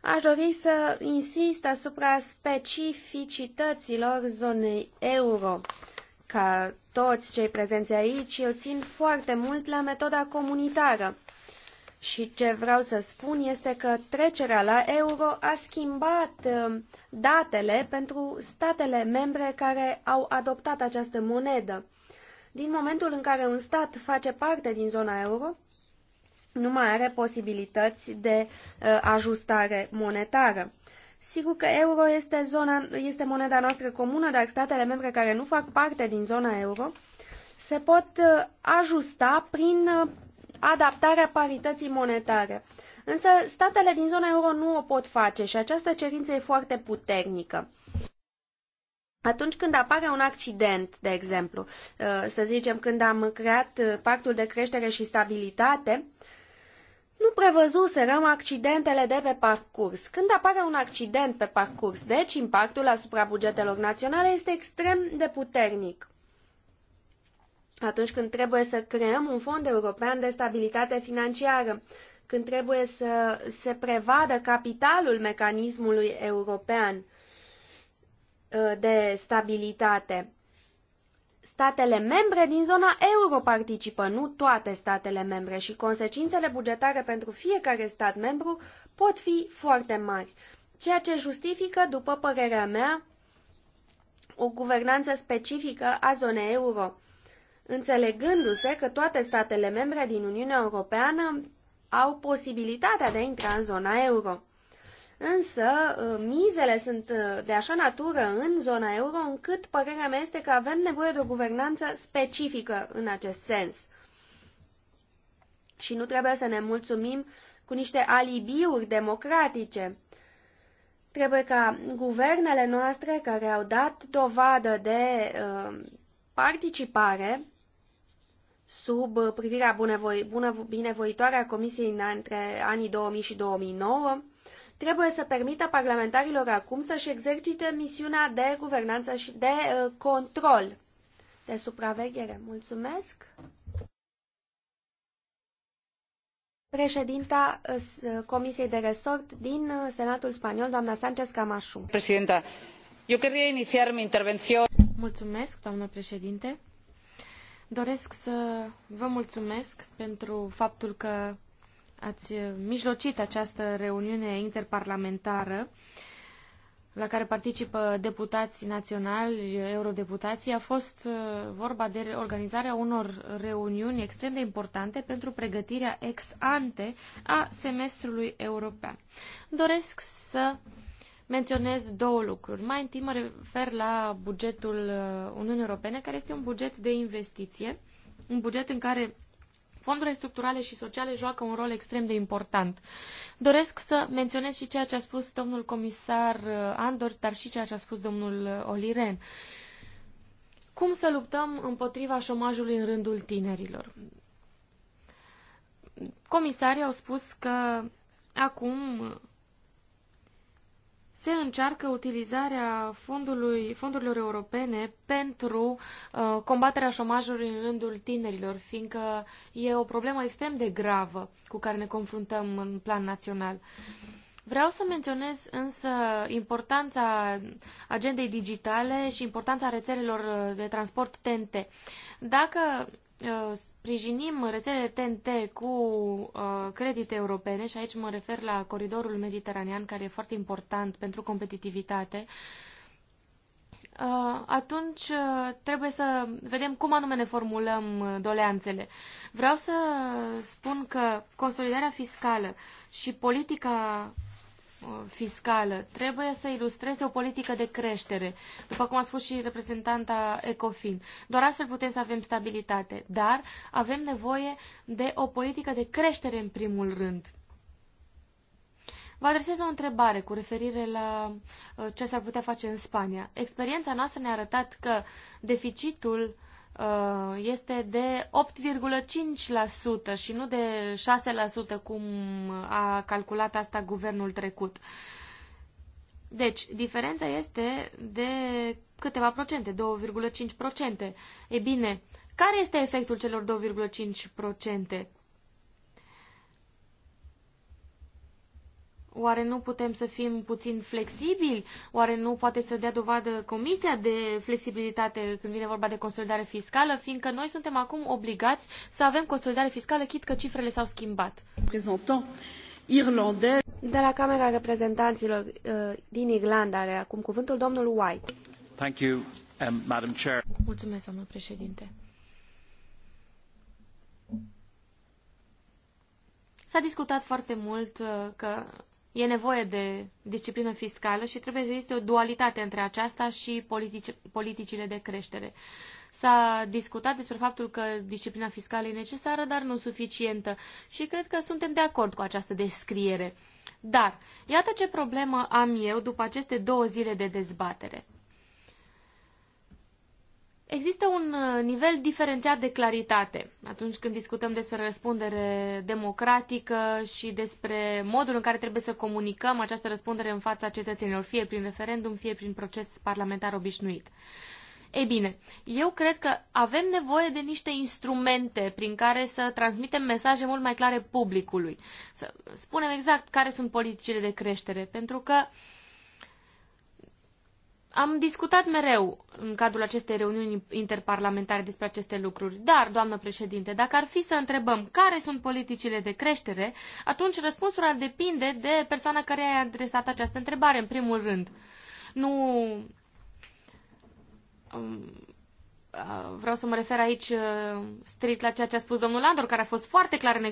Aș dori să insist asupra specificităților zonei euro. Ca toți cei prezenți aici, eu țin foarte mult la metoda comunitară și ce vreau să spun este că trecerea la euro a schimbat uh, datele pentru statele membre care au adoptat această monedă. Din momentul în care un stat face parte din zona euro, nu mai are posibilități de uh, ajustare monetară. Sigur că euro este, zona, este moneda noastră comună, dar statele membre care nu fac parte din zona euro se pot uh, ajusta prin uh, adaptarea parității monetare. Însă statele din zona euro nu o pot face și această cerință e foarte puternică. Atunci când apare un accident, de exemplu, uh, să zicem când am creat uh, pactul de creștere și stabilitate, nu prevăzuserăm accidentele de pe parcurs. Când apare un accident pe parcurs, deci impactul asupra bugetelor naționale este extrem de puternic atunci când trebuie să creăm un fond european de stabilitate financiară, când trebuie să se prevadă capitalul mecanismului european uh, de stabilitate. Statele membre din zona euro participă, nu toate statele membre și consecințele bugetare pentru fiecare stat membru pot fi foarte mari, ceea ce justifică, după părerea mea, o guvernanță specifică a zonei euro înțelegându-se că toate statele membre din Uniunea Europeană au posibilitatea de a intra în zona euro. Însă, ă, mizele sunt ă, de așa natură în zona euro, încât părerea mea este că avem nevoie de o guvernanță specifică în acest sens. Și nu trebuie să ne mulțumim cu niște alibiuri democratice. Trebuie ca guvernele noastre care au dat dovadă de uh, participare sub uh, privirea bunevoi, bună, binevoitoare a Comisiei între anii 2000 și 2009, trebuie să permită parlamentarilor acum să-și exercite misiunea de guvernanță și de uh, control, de supraveghere. Mulțumesc! Președinta uh, uh, Comisiei de Resort din Senatul Spaniol, doamna Sánchez Camacho. Președinta, eu quería iniciar mi intervenție. Mulțumesc, doamnă președinte. Doresc să vă mulțumesc pentru faptul că ați mijlocit această reuniune interparlamentară la care participă deputații naționali, eurodeputații, a fost uh, vorba de organizarea unor reuniuni extrem de importante pentru pregătirea ex ante a semestrului european. Doresc să menționez două lucruri. Mai întâi mă refer la bugetul uh, Uniunii Europene, care este un buget de investiție, un buget în care fondurile structurale și sociale joacă un rol extrem de important. Doresc să menționez și ceea ce a spus domnul comisar uh, Andor, dar și ceea ce a spus domnul uh, Oliren. Cum să luptăm împotriva șomajului în rândul tinerilor? Comisarii au spus că acum se încearcă utilizarea fondului, fondurilor europene pentru uh, combaterea șomajului în rândul tinerilor, fiindcă e o problemă extrem de gravă cu care ne confruntăm în plan național. Vreau să menționez însă importanța agendei digitale și importanța rețelelor uh, de transport TNT. Dacă Uh, sprijinim rețelele TNT cu uh, credite europene și aici mă refer la coridorul mediteranean care e foarte important pentru competitivitate, uh, atunci trebuie să vedem cum anume ne formulăm doleanțele. Vreau să spun că consolidarea fiscală și politica fiscală trebuie să ilustreze o politică de creștere, după cum a spus și reprezentanta Ecofin. Doar astfel putem să avem stabilitate, dar avem nevoie de o politică de creștere în primul rând. Vă adresez o întrebare cu referire la uh, ce s-ar putea face în Spania. Experiența noastră ne-a arătat că deficitul uh, Uh, este de 8,5% și nu de 6% cum a calculat asta guvernul trecut. Deci, diferența este de câteva procente, 2,5%. E bine, care este efectul celor 2,5%? Oare nu putem să fim puțin flexibili? Oare nu poate să dea dovadă Comisia de flexibilitate când vine vorba de consolidare fiscală, fiindcă noi suntem acum obligați să avem consolidare fiscală, chit că cifrele s-au schimbat? Prezentant irlandez. De la Camera Reprezentanților uh, din Irlanda are acum cuvântul domnul White. Thank you, um, Madam Chair. Mulțumesc, domnul președinte. S-a discutat foarte mult uh, că E nevoie de disciplină fiscală și trebuie să existe o dualitate între aceasta și politici, politicile de creștere. S-a discutat despre faptul că disciplina fiscală e necesară, dar nu suficientă și cred că suntem de acord cu această descriere. Dar, iată ce problemă am eu după aceste două zile de dezbatere. Există un uh, nivel diferențiat de claritate atunci când discutăm despre răspundere democratică și despre modul în care trebuie să comunicăm această răspundere în fața cetățenilor, fie prin referendum, fie prin proces parlamentar obișnuit. Ei bine, eu cred că avem nevoie de niște instrumente prin care să transmitem mesaje mult mai clare publicului. Să spunem exact care sunt politicile de creștere, pentru că uh, am discutat mereu în cadrul acestei reuniuni interparlamentare despre aceste lucruri, dar, doamnă președinte, dacă ar fi să întrebăm care sunt politicile de creștere, atunci răspunsul ar depinde de persoana care a adresat această întrebare, în primul rând. Nu um, Uh, vreau să mă refer aici uh, strict la ceea ce a spus domnul Landor, care a fost foarte clar în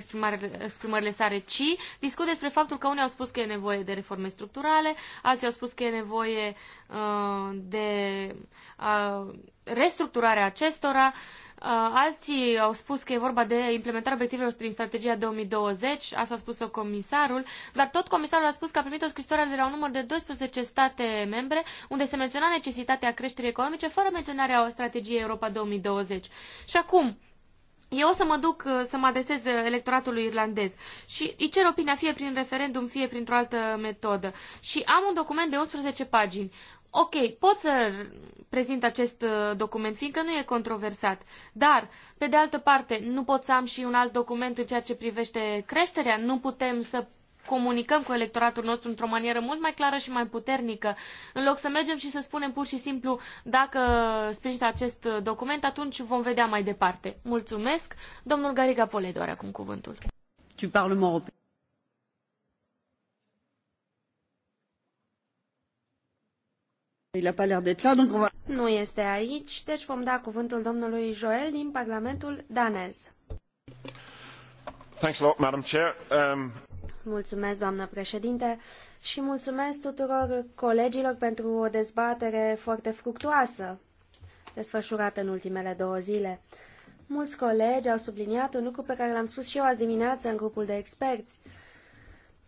exprimările sale, ci discut despre faptul că unii au spus că e nevoie de reforme structurale, alții au spus că e nevoie uh, de uh, restructurarea acestora. Uh, Uh, alții au spus că e vorba de implementarea obiectivelor prin strategia 2020, asta a spus-o comisarul, dar tot comisarul a spus că a primit o scrisoare de la un număr de 12 state membre unde se menționa necesitatea creșterii economice fără menționarea strategiei Europa 2020. Și acum, eu o să mă duc uh, să mă adresez electoratului irlandez și îi cer opinia fie prin referendum, fie printr-o altă metodă. Și am un document de 11 pagini ok, pot să prezint acest uh, document, fiindcă nu e controversat, dar, pe de altă parte, nu pot să am și un alt document în ceea ce privește creșterea, nu putem să comunicăm cu electoratul nostru într-o manieră mult mai clară și mai puternică, în loc să mergem și să spunem pur și simplu dacă sprijină acest uh, document, atunci vom vedea mai departe. Mulțumesc. Domnul Gariga Poledo are acum cuvântul. Tu Nu este aici, deci vom da cuvântul domnului Joel din Parlamentul danez. Thanks a lot, Madam Chair. Um... Mulțumesc, doamnă președinte, și mulțumesc tuturor colegilor pentru o dezbatere foarte fructuoasă desfășurată în ultimele două zile. Mulți colegi au subliniat un lucru pe care l-am spus și eu azi dimineață în grupul de experți.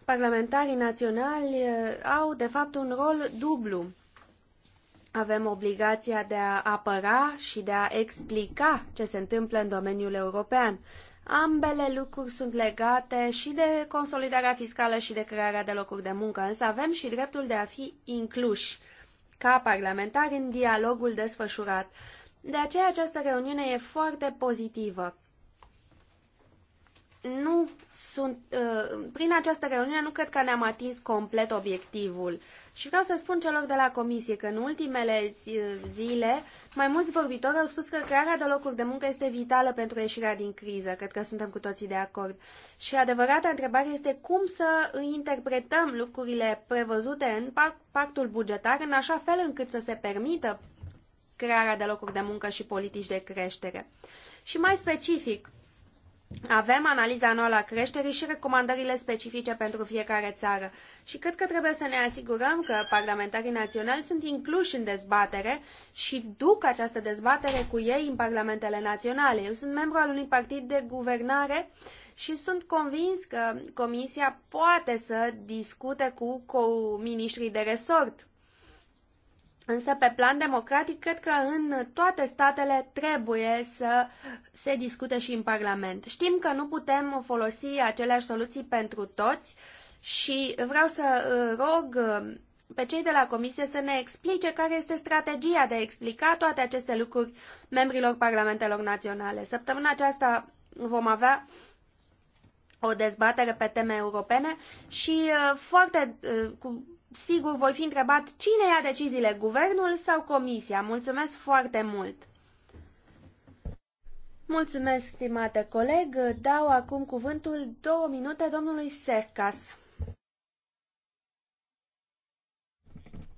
Parlamentarii naționali uh, au, de fapt, un rol dublu avem obligația de a apăra și de a explica ce se întâmplă în domeniul european. Ambele lucruri sunt legate și de consolidarea fiscală și de crearea de locuri de muncă, însă avem și dreptul de a fi incluși ca parlamentari în dialogul desfășurat. De aceea această reuniune e foarte pozitivă nu sunt, uh, prin această reuniune nu cred că ne-am atins complet obiectivul. Și vreau să spun celor de la comisie că în ultimele zile mai mulți vorbitori au spus că crearea de locuri de muncă este vitală pentru ieșirea din criză. Cred că suntem cu toții de acord. Și adevărata întrebare este cum să interpretăm lucrurile prevăzute în pactul bugetar în așa fel încât să se permită crearea de locuri de muncă și politici de creștere. Și mai specific, avem analiza anuală a creșterii și recomandările specifice pentru fiecare țară și cred că trebuie să ne asigurăm că parlamentarii naționali sunt incluși în dezbatere și duc această dezbatere cu ei în parlamentele naționale. Eu sunt membru al unui partid de guvernare și sunt convins că Comisia poate să discute cu, cu ministrii de resort Însă, pe plan democratic, cred că în toate statele trebuie să se discute și în Parlament. Știm că nu putem folosi aceleași soluții pentru toți și vreau să uh, rog uh, pe cei de la Comisie să ne explice care este strategia de a explica toate aceste lucruri membrilor Parlamentelor Naționale. Săptămâna aceasta vom avea o dezbatere pe teme europene și uh, foarte cu sigur voi fi întrebat cine ia deciziile, guvernul sau comisia. Mulțumesc foarte mult! Mulțumesc, stimate coleg. Dau acum cuvântul două minute domnului Sercas.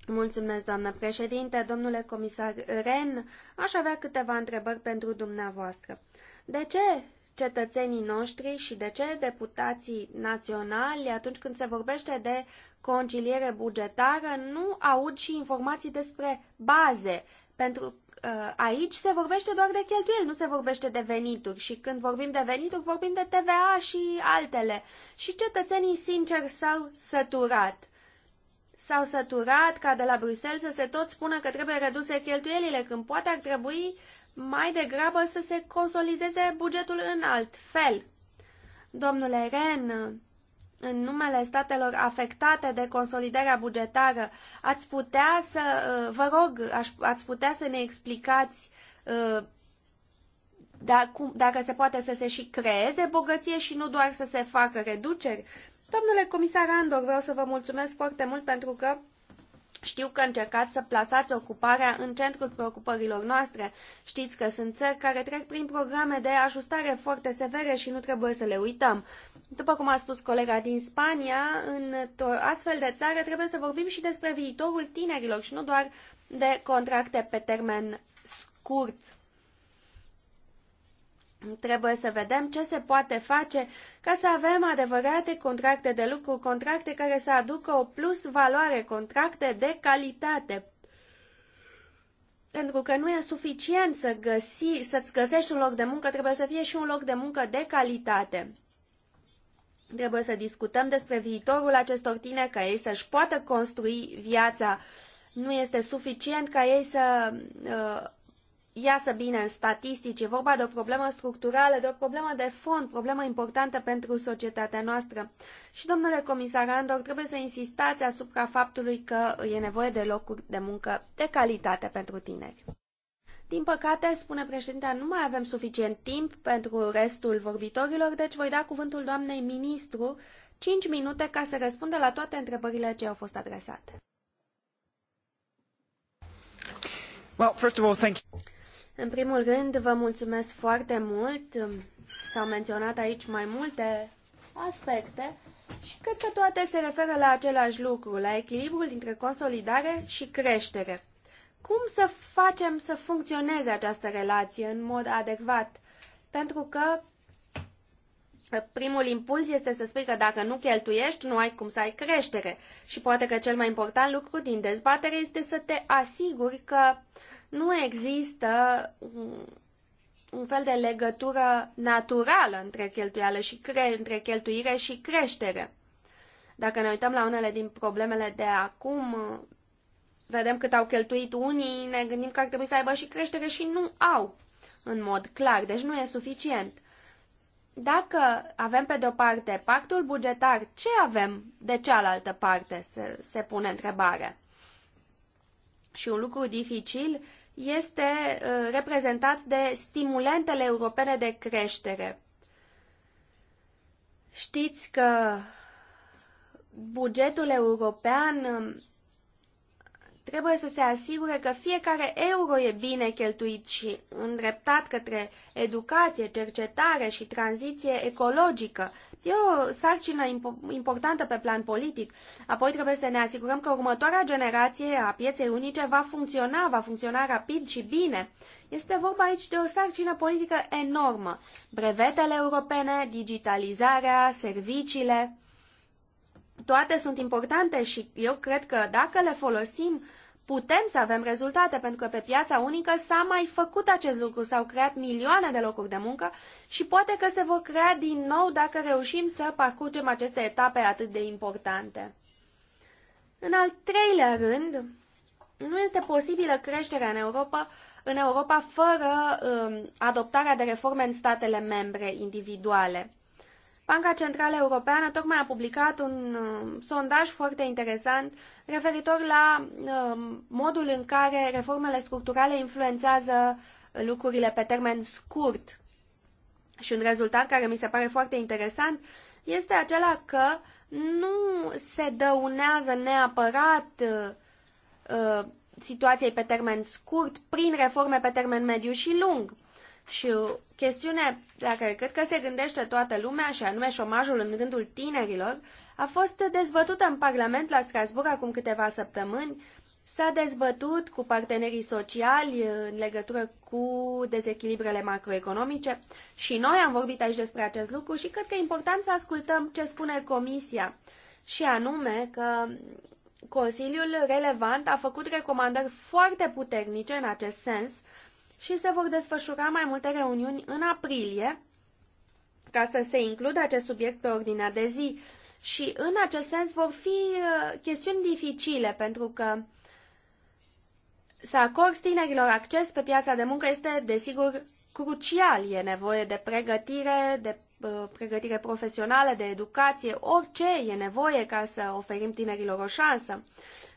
Mulțumesc, doamnă președinte, domnule comisar Ren. Aș avea câteva întrebări pentru dumneavoastră. De ce cetățenii noștri și de ce deputații naționali, atunci când se vorbește de conciliere bugetară, nu aud și informații despre baze, pentru uh, aici se vorbește doar de cheltuieli, nu se vorbește de venituri și când vorbim de venituri vorbim de TVA și altele. Și cetățenii sincer s-au săturat. S-au săturat ca de la Bruxelles să se tot spună că trebuie reduse cheltuielile, când poate ar trebui mai degrabă să se consolideze bugetul în alt fel. Domnule Ren, în numele statelor afectate de consolidarea bugetară, ați putea să, uh, vă rog, ați putea să ne explicați uh, da, dacă se poate să se și creeze bogăție și nu doar să se facă reduceri? Domnule comisar Andor, vreau să vă mulțumesc foarte mult pentru că știu că încercați să plasați ocuparea în centrul preocupărilor noastre. Știți că sunt țări care trec prin programe de ajustare foarte severe și nu trebuie să le uităm. După cum a spus colega din Spania, în astfel de țară trebuie să vorbim și despre viitorul tinerilor și nu doar de contracte pe termen scurt. Trebuie să vedem ce se poate face ca să avem adevărate contracte de lucru, contracte care să aducă o plus valoare, contracte de calitate. Pentru că nu e suficient să găsi, să-ți găsești un loc de muncă, trebuie să fie și un loc de muncă de calitate. Trebuie să discutăm despre viitorul acestor tineri, ca ei să-și poată construi viața. Nu este suficient ca ei să uh, iasă bine în statistici. E vorba de o problemă structurală, de o problemă de fond, problemă importantă pentru societatea noastră. Și, domnule comisar Andor, trebuie să insistați asupra faptului că e nevoie de locuri de muncă de calitate pentru tineri. Din păcate, spune președintea, nu mai avem suficient timp pentru restul vorbitorilor, deci voi da cuvântul doamnei ministru 5 minute ca să răspundă la toate întrebările ce au fost adresate. Well, first of all, thank you. În primul rând, vă mulțumesc foarte mult. S-au menționat aici mai multe aspecte și cred că toate se referă la același lucru, la echilibrul dintre consolidare și creștere. Cum să facem să funcționeze această relație în mod adecvat? Pentru că primul impuls este să spui că dacă nu cheltuiești, nu ai cum să ai creștere. Și poate că cel mai important lucru din dezbatere este să te asiguri că nu există un fel de legătură naturală între cheltuială și cre- între cheltuire și creștere. Dacă ne uităm la unele din problemele de acum, vedem cât au cheltuit unii, ne gândim că ar trebui să aibă și creștere și nu au în mod clar, deci nu e suficient. Dacă avem pe de-o parte pactul bugetar, ce avem de cealaltă parte, se, se pune întrebarea. Și un lucru dificil este uh, reprezentat de stimulentele europene de creștere. Știți că bugetul european um, trebuie să se asigure că fiecare euro e bine cheltuit și îndreptat către educație, cercetare și tranziție ecologică. E o sarcină importantă pe plan politic. Apoi trebuie să ne asigurăm că următoarea generație a pieței unice va funcționa, va funcționa rapid și bine. Este vorba aici de o sarcină politică enormă. Brevetele europene, digitalizarea, serviciile toate sunt importante și eu cred că dacă le folosim, putem să avem rezultate, pentru că pe piața unică s-a mai făcut acest lucru, s-au creat milioane de locuri de muncă și poate că se vor crea din nou dacă reușim să parcurgem aceste etape atât de importante. În al treilea rând, nu este posibilă creșterea în Europa, în Europa fără um, adoptarea de reforme în statele membre individuale. Banca Centrală Europeană tocmai a publicat un uh, sondaj foarte interesant referitor la uh, modul în care reformele structurale influențează lucrurile pe termen scurt. Și un rezultat care mi se pare foarte interesant este acela că nu se dăunează neapărat uh, uh situației pe termen scurt prin reforme pe termen mediu și lung. Și o chestiune la care cred că se gândește toată lumea, și anume șomajul în rândul tinerilor, a fost dezbătută în Parlament la Strasbourg acum câteva săptămâni. S-a dezbătut cu partenerii sociali în legătură cu dezechilibrele macroeconomice și noi am vorbit aici despre acest lucru și cred că e important să ascultăm ce spune Comisia. Și anume că Consiliul relevant a făcut recomandări foarte puternice în acest sens, și se vor desfășura mai multe reuniuni în aprilie ca să se includă acest subiect pe ordinea de zi. Și în acest sens vor fi uh, chestiuni dificile, pentru că să acord tinerilor acces pe piața de muncă este, desigur, crucial. E nevoie de pregătire, de uh, pregătire profesională, de educație, orice e nevoie ca să oferim tinerilor o șansă.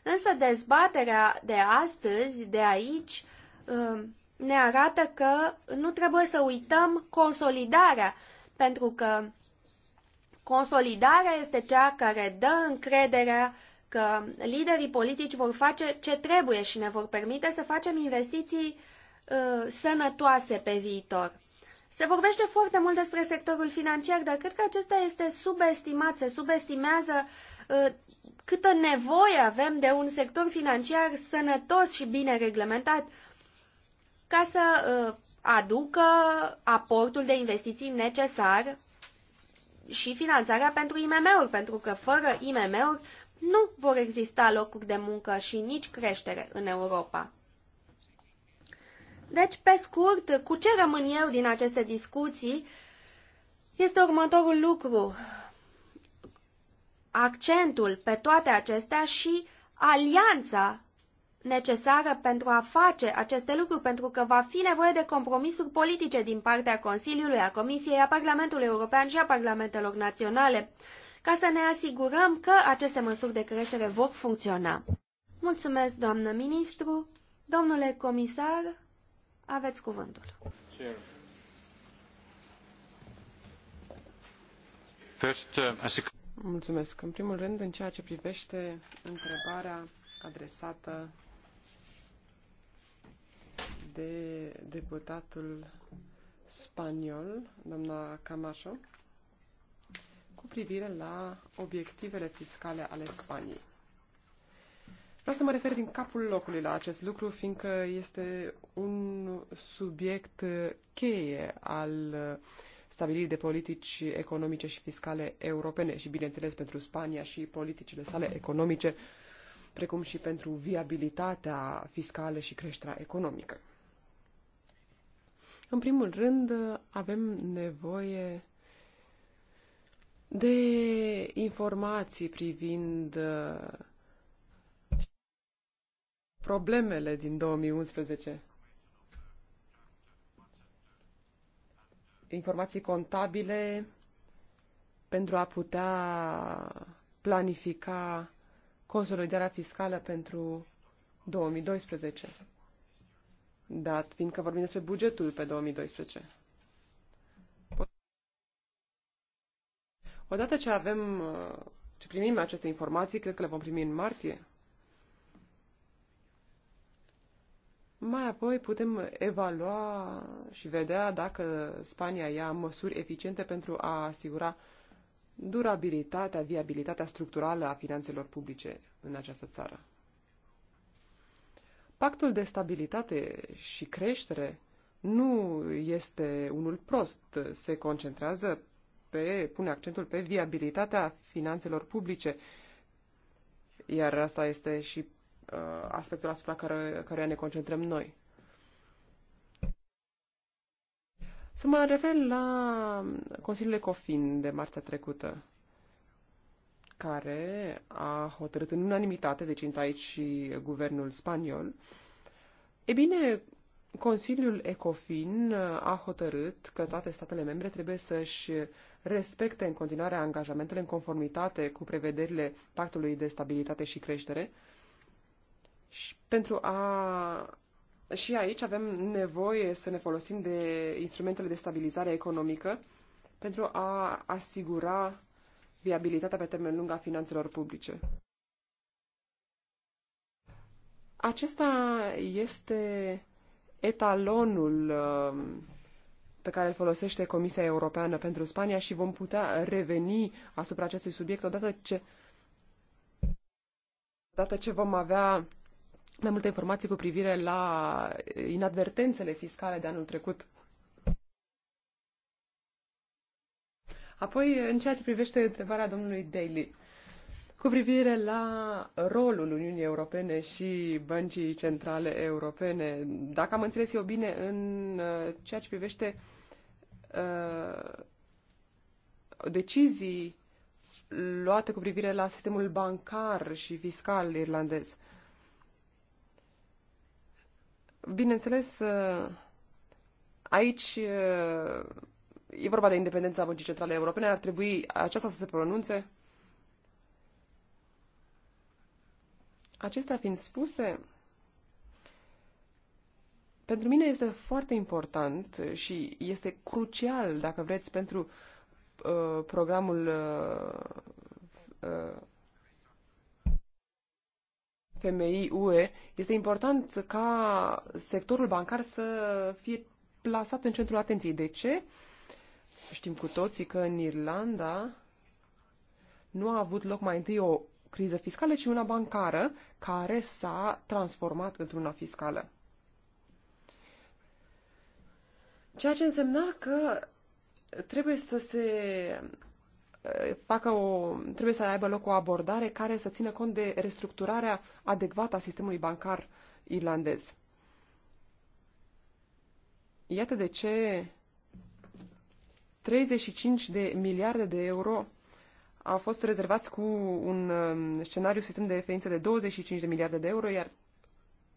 Însă dezbaterea de astăzi, de aici, uh, ne arată că nu trebuie să uităm consolidarea, pentru că consolidarea este cea care dă încrederea că liderii politici vor face ce trebuie și ne vor permite să facem investiții uh, sănătoase pe viitor. Se vorbește foarte mult despre sectorul financiar, dar cred că acesta este subestimat, se subestimează uh, câtă nevoie avem de un sector financiar sănătos și bine reglementat ca să uh, aducă aportul de investiții necesar și finanțarea pentru IMM-uri, pentru că fără IMM-uri nu vor exista locuri de muncă și nici creștere în Europa. Deci, pe scurt, cu ce rămân eu din aceste discuții este următorul lucru. Accentul pe toate acestea și alianța necesară pentru a face aceste lucruri, pentru că va fi nevoie de compromisuri politice din partea Consiliului, a Comisiei, a Parlamentului European și a Parlamentelor Naționale, ca să ne asigurăm că aceste măsuri de creștere vor funcționa. Mulțumesc, doamnă ministru. Domnule comisar, aveți cuvântul. Uh, Mulțumesc. În primul rând, în ceea ce privește întrebarea adresată de deputatul spaniol, doamna Camacho, cu privire la obiectivele fiscale ale Spaniei. Vreau să mă refer din capul locului la acest lucru, fiindcă este un subiect cheie al stabilirii de politici economice și fiscale europene și, bineînțeles, pentru Spania și politicile sale economice, precum și pentru viabilitatea fiscală și creșterea economică. În primul rând, avem nevoie de informații privind uh, problemele din 2011. Informații contabile pentru a putea planifica consolidarea fiscală pentru 2012 dat fiindcă vorbim despre bugetul pe 2012. Odată ce avem, ce primim aceste informații, cred că le vom primi în martie, Mai apoi putem evalua și vedea dacă Spania ia măsuri eficiente pentru a asigura durabilitatea, viabilitatea structurală a finanțelor publice în această țară. Pactul de stabilitate și creștere nu este unul prost, se concentrează pe, pune accentul pe viabilitatea finanțelor publice, iar asta este și uh, aspectul asupra care, care ne concentrăm noi. Să mă refer la Consiliul Ecofin de marțea trecută care a hotărât în unanimitate, deci intră aici și guvernul spaniol, e bine, Consiliul ECOFIN a hotărât că toate statele membre trebuie să-și respecte în continuare angajamentele în conformitate cu prevederile Pactului de Stabilitate și Creștere. Și pentru a și aici avem nevoie să ne folosim de instrumentele de stabilizare economică pentru a asigura viabilitatea pe termen lung a finanțelor publice. Acesta este etalonul um, pe care îl folosește Comisia Europeană pentru Spania și vom putea reveni asupra acestui subiect odată ce, odată ce vom avea mai multe informații cu privire la inadvertențele fiscale de anul trecut. Apoi, în ceea ce privește întrebarea domnului Daly, cu privire la rolul Uniunii Europene și Băncii Centrale Europene, dacă am înțeles eu bine, în uh, ceea ce privește uh, decizii luate cu privire la sistemul bancar și fiscal irlandez. Bineînțeles, uh, aici uh, e vorba de independența Băncii Centrale Europene, ar trebui aceasta să se pronunțe. Acestea fiind spuse, pentru mine este foarte important și este crucial, dacă vreți, pentru uh, programul uh, uh FMI UE, este important ca sectorul bancar să fie plasat în centrul atenției. De ce? Știm cu toții că în Irlanda nu a avut loc mai întâi o criză fiscală, ci una bancară, care s-a transformat într-una fiscală. Ceea ce însemna că trebuie să se eh, facă o, trebuie să aibă loc o abordare care să țină cont de restructurarea adecvată a sistemului bancar irlandez. Iată de ce 35 de miliarde de euro au fost rezervați cu un um, scenariu sistem de referință de 25 de miliarde de euro, iar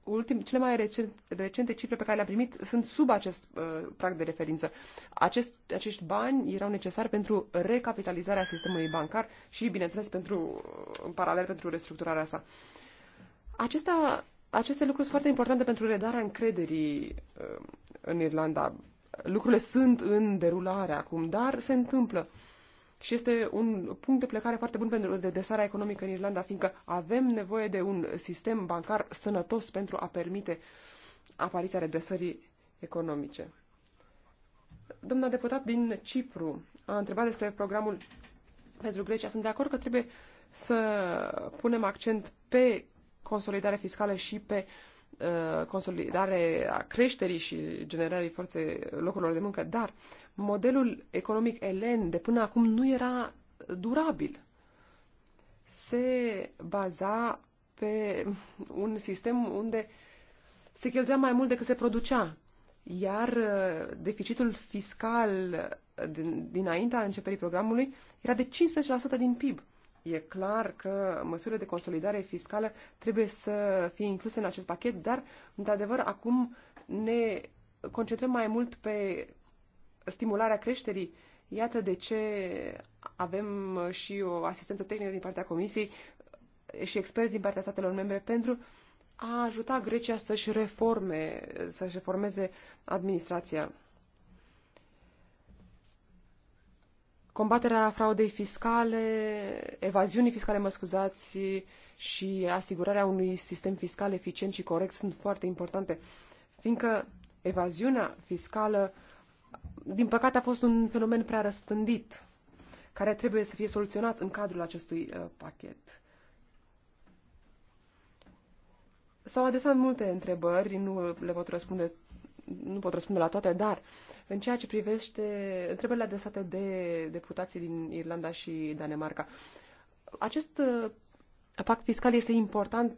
ultim, cele mai recente, recente cifre pe care le-am primit sunt sub acest uh, prag de referință. Acest, acești bani erau necesari pentru recapitalizarea sistemului bancar și, bineînțeles, pentru, uh, în paralel pentru restructurarea sa. Acestea, aceste lucruri sunt foarte importante pentru redarea încrederii uh, în Irlanda lucrurile sunt în derulare acum, dar se întâmplă. Și este un punct de plecare foarte bun pentru redresarea economică în Irlanda, fiindcă avem nevoie de un sistem bancar sănătos pentru a permite apariția redresării economice. Doamna deputat din Cipru a întrebat despre programul pentru Grecia. Sunt de acord că trebuie să punem accent pe consolidare fiscală și pe Uh, consolidare a creșterii și generării forței locurilor de muncă, dar modelul economic elen de până acum nu era durabil. Se baza pe un sistem unde se cheltuia mai mult decât se producea, iar uh, deficitul fiscal din, dinaintea începerii programului era de 15% din PIB e clar că măsurile de consolidare fiscală trebuie să fie incluse în acest pachet, dar, într-adevăr, acum ne concentrăm mai mult pe stimularea creșterii. Iată de ce avem și o asistență tehnică din partea Comisiei și experți din partea statelor membre pentru a ajuta Grecia să-și reforme, să-și reformeze administrația. combaterea fraudei fiscale, evaziunii fiscale, mă scuzați, și asigurarea unui sistem fiscal eficient și corect sunt foarte importante, fiindcă evaziunea fiscală, din păcate, a fost un fenomen prea răspândit, care trebuie să fie soluționat în cadrul acestui uh, pachet. S-au adresat multe întrebări, nu uh, le pot răspunde nu pot răspunde la toate, dar în ceea ce privește întrebările adresate de deputații din Irlanda și Danemarca, acest uh, pact fiscal este important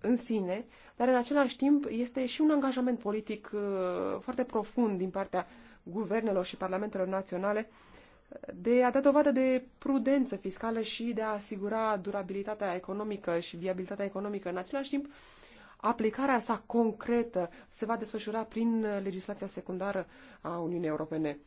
în sine, dar în același timp este și un angajament politic uh, foarte profund din partea guvernelor și parlamentelor naționale de a da dovadă de prudență fiscală și de a asigura durabilitatea economică și viabilitatea economică. În același timp, aplicarea sa concretă se va desfășura prin uh, legislația secundară a Uniunii Europene.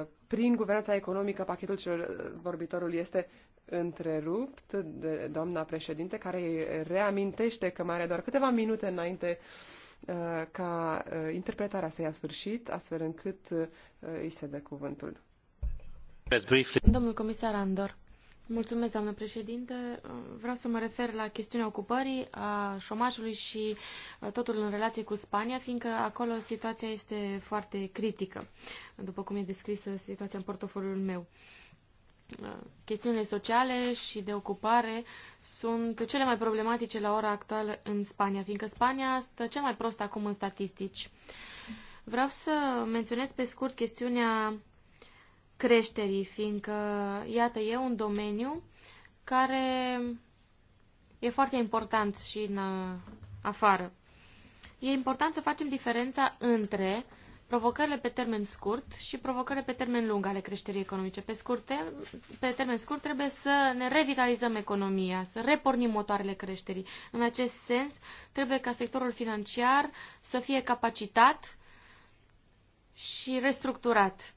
Uh, prin guvernanța economică, pachetul celor uh, vorbitorul este întrerupt de doamna președinte, care reamintește că mai are doar câteva minute înainte ca interpretarea să ia sfârșit, astfel încât îi se dă cuvântul. Domnul comisar Andor, Mulțumesc, doamnă președinte. Vreau să mă refer la chestiunea ocupării, a șomajului și totul în relație cu Spania, fiindcă acolo situația este foarte critică, după cum e descrisă situația în portofoliul meu. Chestiunile sociale și de ocupare sunt cele mai problematice la ora actuală în Spania, fiindcă Spania stă cel mai prost acum în statistici. Vreau să menționez pe scurt chestiunea creșterii, fiindcă, iată, e un domeniu care e foarte important și în uh, afară. E important să facem diferența între provocările pe termen scurt și provocările pe termen lung ale creșterii economice. Pe, scurte, pe termen scurt trebuie să ne revitalizăm economia, să repornim motoarele creșterii. În acest sens, trebuie ca sectorul financiar să fie capacitat și restructurat.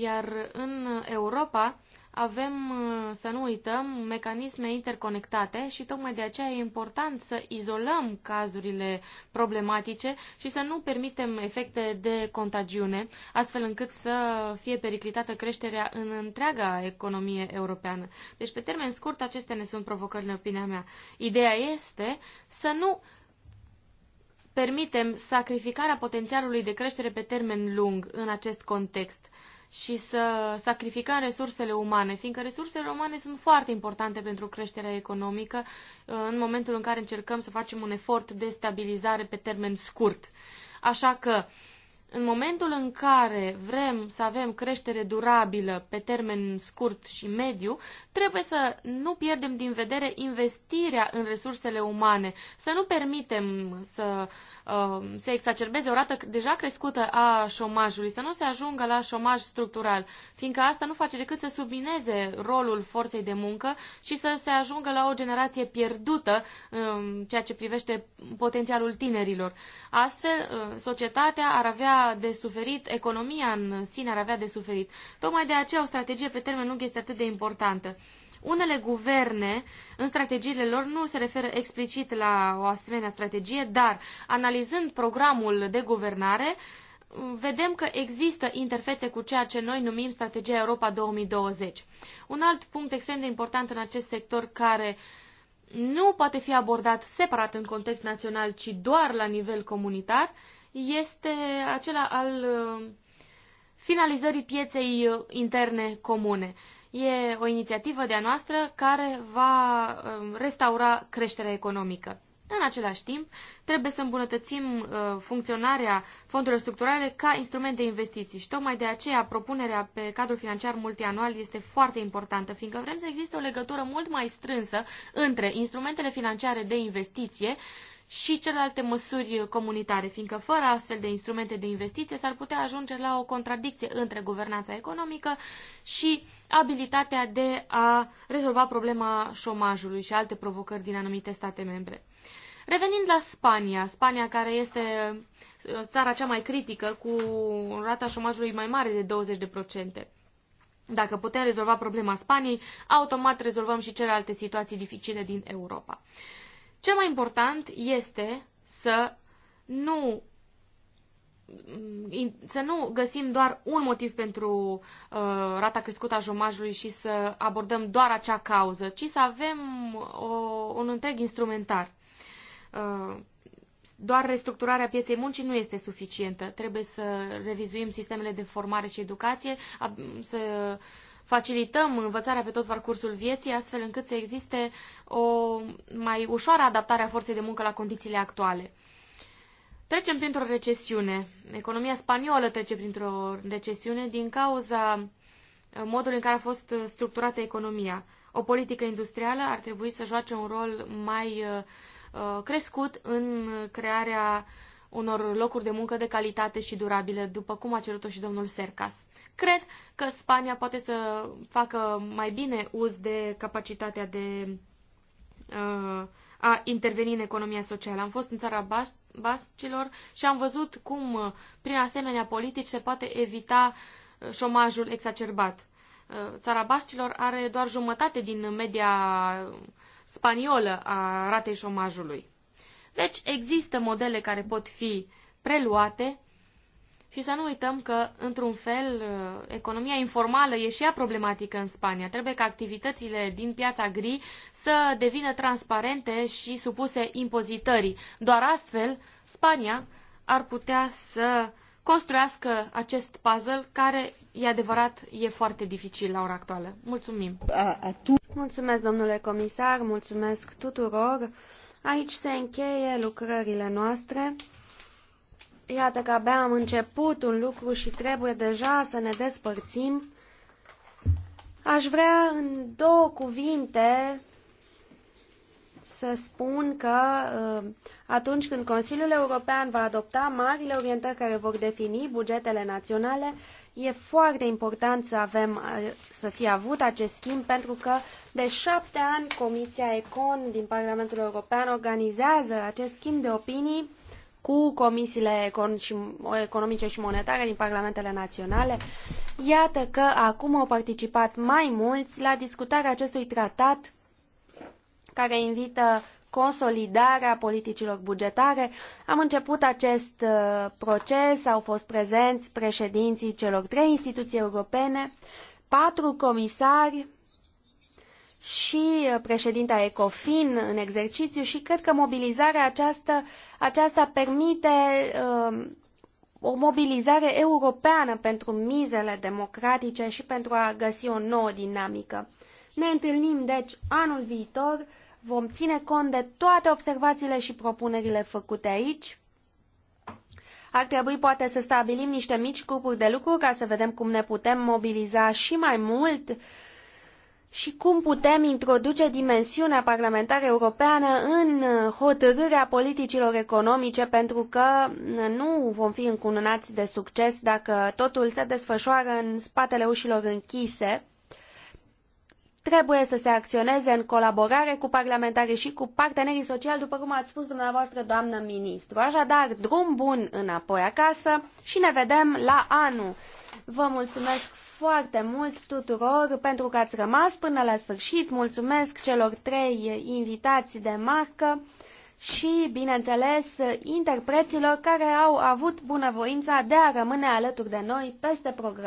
Iar în Europa avem, uh, să nu uităm, mecanisme interconectate și tocmai de aceea e important să izolăm cazurile problematice și să nu permitem efecte de contagiune, astfel încât să fie periclitată creșterea în întreaga economie europeană. Deci, pe termen scurt, acestea ne sunt provocările, în opinia mea. Ideea este să nu permitem sacrificarea potențialului de creștere pe termen lung în acest context și să sacrificăm resursele umane, fiindcă resursele umane sunt foarte importante pentru creșterea economică uh, în momentul în care încercăm să facem un efort de stabilizare pe termen scurt. Așa că, în momentul în care vrem să avem creștere durabilă pe termen scurt și mediu, trebuie să nu pierdem din vedere investirea în resursele umane, să nu permitem să uh, Um, se exacerbeze o rată deja crescută a șomajului, să nu se ajungă la șomaj structural, fiindcă asta nu face decât să submineze rolul forței de muncă și să se ajungă la o generație pierdută um, ceea ce privește potențialul tinerilor. Astfel, uh, societatea ar avea de suferit, economia în sine ar avea de suferit. Tocmai de aceea o strategie pe termen lung este atât de importantă. Unele guverne, în strategiile lor, nu se referă explicit la o asemenea strategie, dar analizând programul de guvernare, vedem că există interfețe cu ceea ce noi numim strategia Europa 2020. Un alt punct extrem de important în acest sector care nu poate fi abordat separat în context național, ci doar la nivel comunitar, este acela al uh, finalizării pieței uh, interne comune. E o inițiativă de-a noastră care va um, restaura creșterea economică. În același timp, trebuie să îmbunătățim uh, funcționarea fondurilor structurale ca instrument de investiții și tocmai de aceea propunerea pe cadrul financiar multianual este foarte importantă, fiindcă vrem să existe o legătură mult mai strânsă între instrumentele financiare de investiție și celelalte măsuri comunitare, fiindcă fără astfel de instrumente de investiție s-ar putea ajunge la o contradicție între guvernanța economică și abilitatea de a rezolva problema șomajului și alte provocări din anumite state membre. Revenind la Spania, Spania care este uh, țara cea mai critică cu rata șomajului mai mare de 20%. Dacă putem rezolva problema Spaniei, automat rezolvăm și celelalte situații dificile din Europa. Cel mai important este să nu mm, să nu găsim doar un motiv pentru uh, rata crescută a șomajului și să abordăm doar acea cauză, ci să avem o, un întreg instrumentar. Uh, doar restructurarea pieței muncii nu este suficientă. Trebuie să revizuim sistemele de formare și educație, să facilităm învățarea pe tot parcursul vieții, astfel încât să existe o mai ușoară adaptare a forței de muncă la condițiile actuale. Trecem printr-o recesiune. Economia spaniolă trece printr-o recesiune din cauza uh, modului în care a fost uh, structurată economia. O politică industrială ar trebui să joace un rol mai uh, crescut în crearea unor locuri de muncă de calitate și durabile, după cum a cerut-o și domnul Sercas. Cred că Spania poate să facă mai bine uz de capacitatea de uh, a interveni în economia socială. Am fost în țara Bas- Bascilor și am văzut cum, uh, prin asemenea politici, se poate evita uh, șomajul exacerbat. Uh, țara Bascilor are doar jumătate din media spaniolă a ratei șomajului. Deci există modele care pot fi preluate și să nu uităm că, într-un fel, uh, economia informală e și ea problematică în Spania. Trebuie ca activitățile din piața gri să devină transparente și supuse impozitării. Doar astfel, Spania ar putea să construiască acest puzzle care, e adevărat, e foarte dificil la ora actuală. Mulțumim! Mulțumesc, domnule comisar, mulțumesc tuturor! Aici se încheie lucrările noastre. Iată că abia am început un lucru și trebuie deja să ne despărțim. Aș vrea în două cuvinte să spun că uh, atunci când Consiliul European va adopta marile orientări care vor defini bugetele naționale, e foarte important să avem, uh, să fie avut acest schimb, pentru că de șapte ani Comisia Econ din Parlamentul European organizează acest schimb de opinii cu comisiile economice și monetare din parlamentele naționale. Iată că acum au participat mai mulți la discutarea acestui tratat care invită consolidarea politicilor bugetare. Am început acest uh, proces, au fost prezenți președinții celor trei instituții europene, patru comisari, și uh, președinta ECOFIN în exercițiu și cred că mobilizarea aceasta, aceasta permite uh, o mobilizare europeană pentru mizele democratice și pentru a găsi o nouă dinamică. Ne întâlnim, deci, anul viitor, vom ține cont de toate observațiile și propunerile făcute aici. Ar trebui poate să stabilim niște mici grupuri de lucru ca să vedem cum ne putem mobiliza și mai mult uh, și cum putem introduce dimensiunea parlamentară europeană în uh, hotărârea politicilor economice, pentru că uh, nu vom fi încununați de succes dacă totul se desfășoară în spatele ușilor închise. Trebuie să se acționeze în colaborare cu parlamentarii și cu partenerii sociali, după cum ați spus dumneavoastră, doamnă ministru. Așadar, drum bun înapoi acasă și ne vedem la anul. Vă mulțumesc foarte mult tuturor pentru că ați rămas până la sfârșit. Mulțumesc celor trei invitați de marcă și, bineînțeles, interpreților care au avut bunăvoința de a rămâne alături de noi peste program.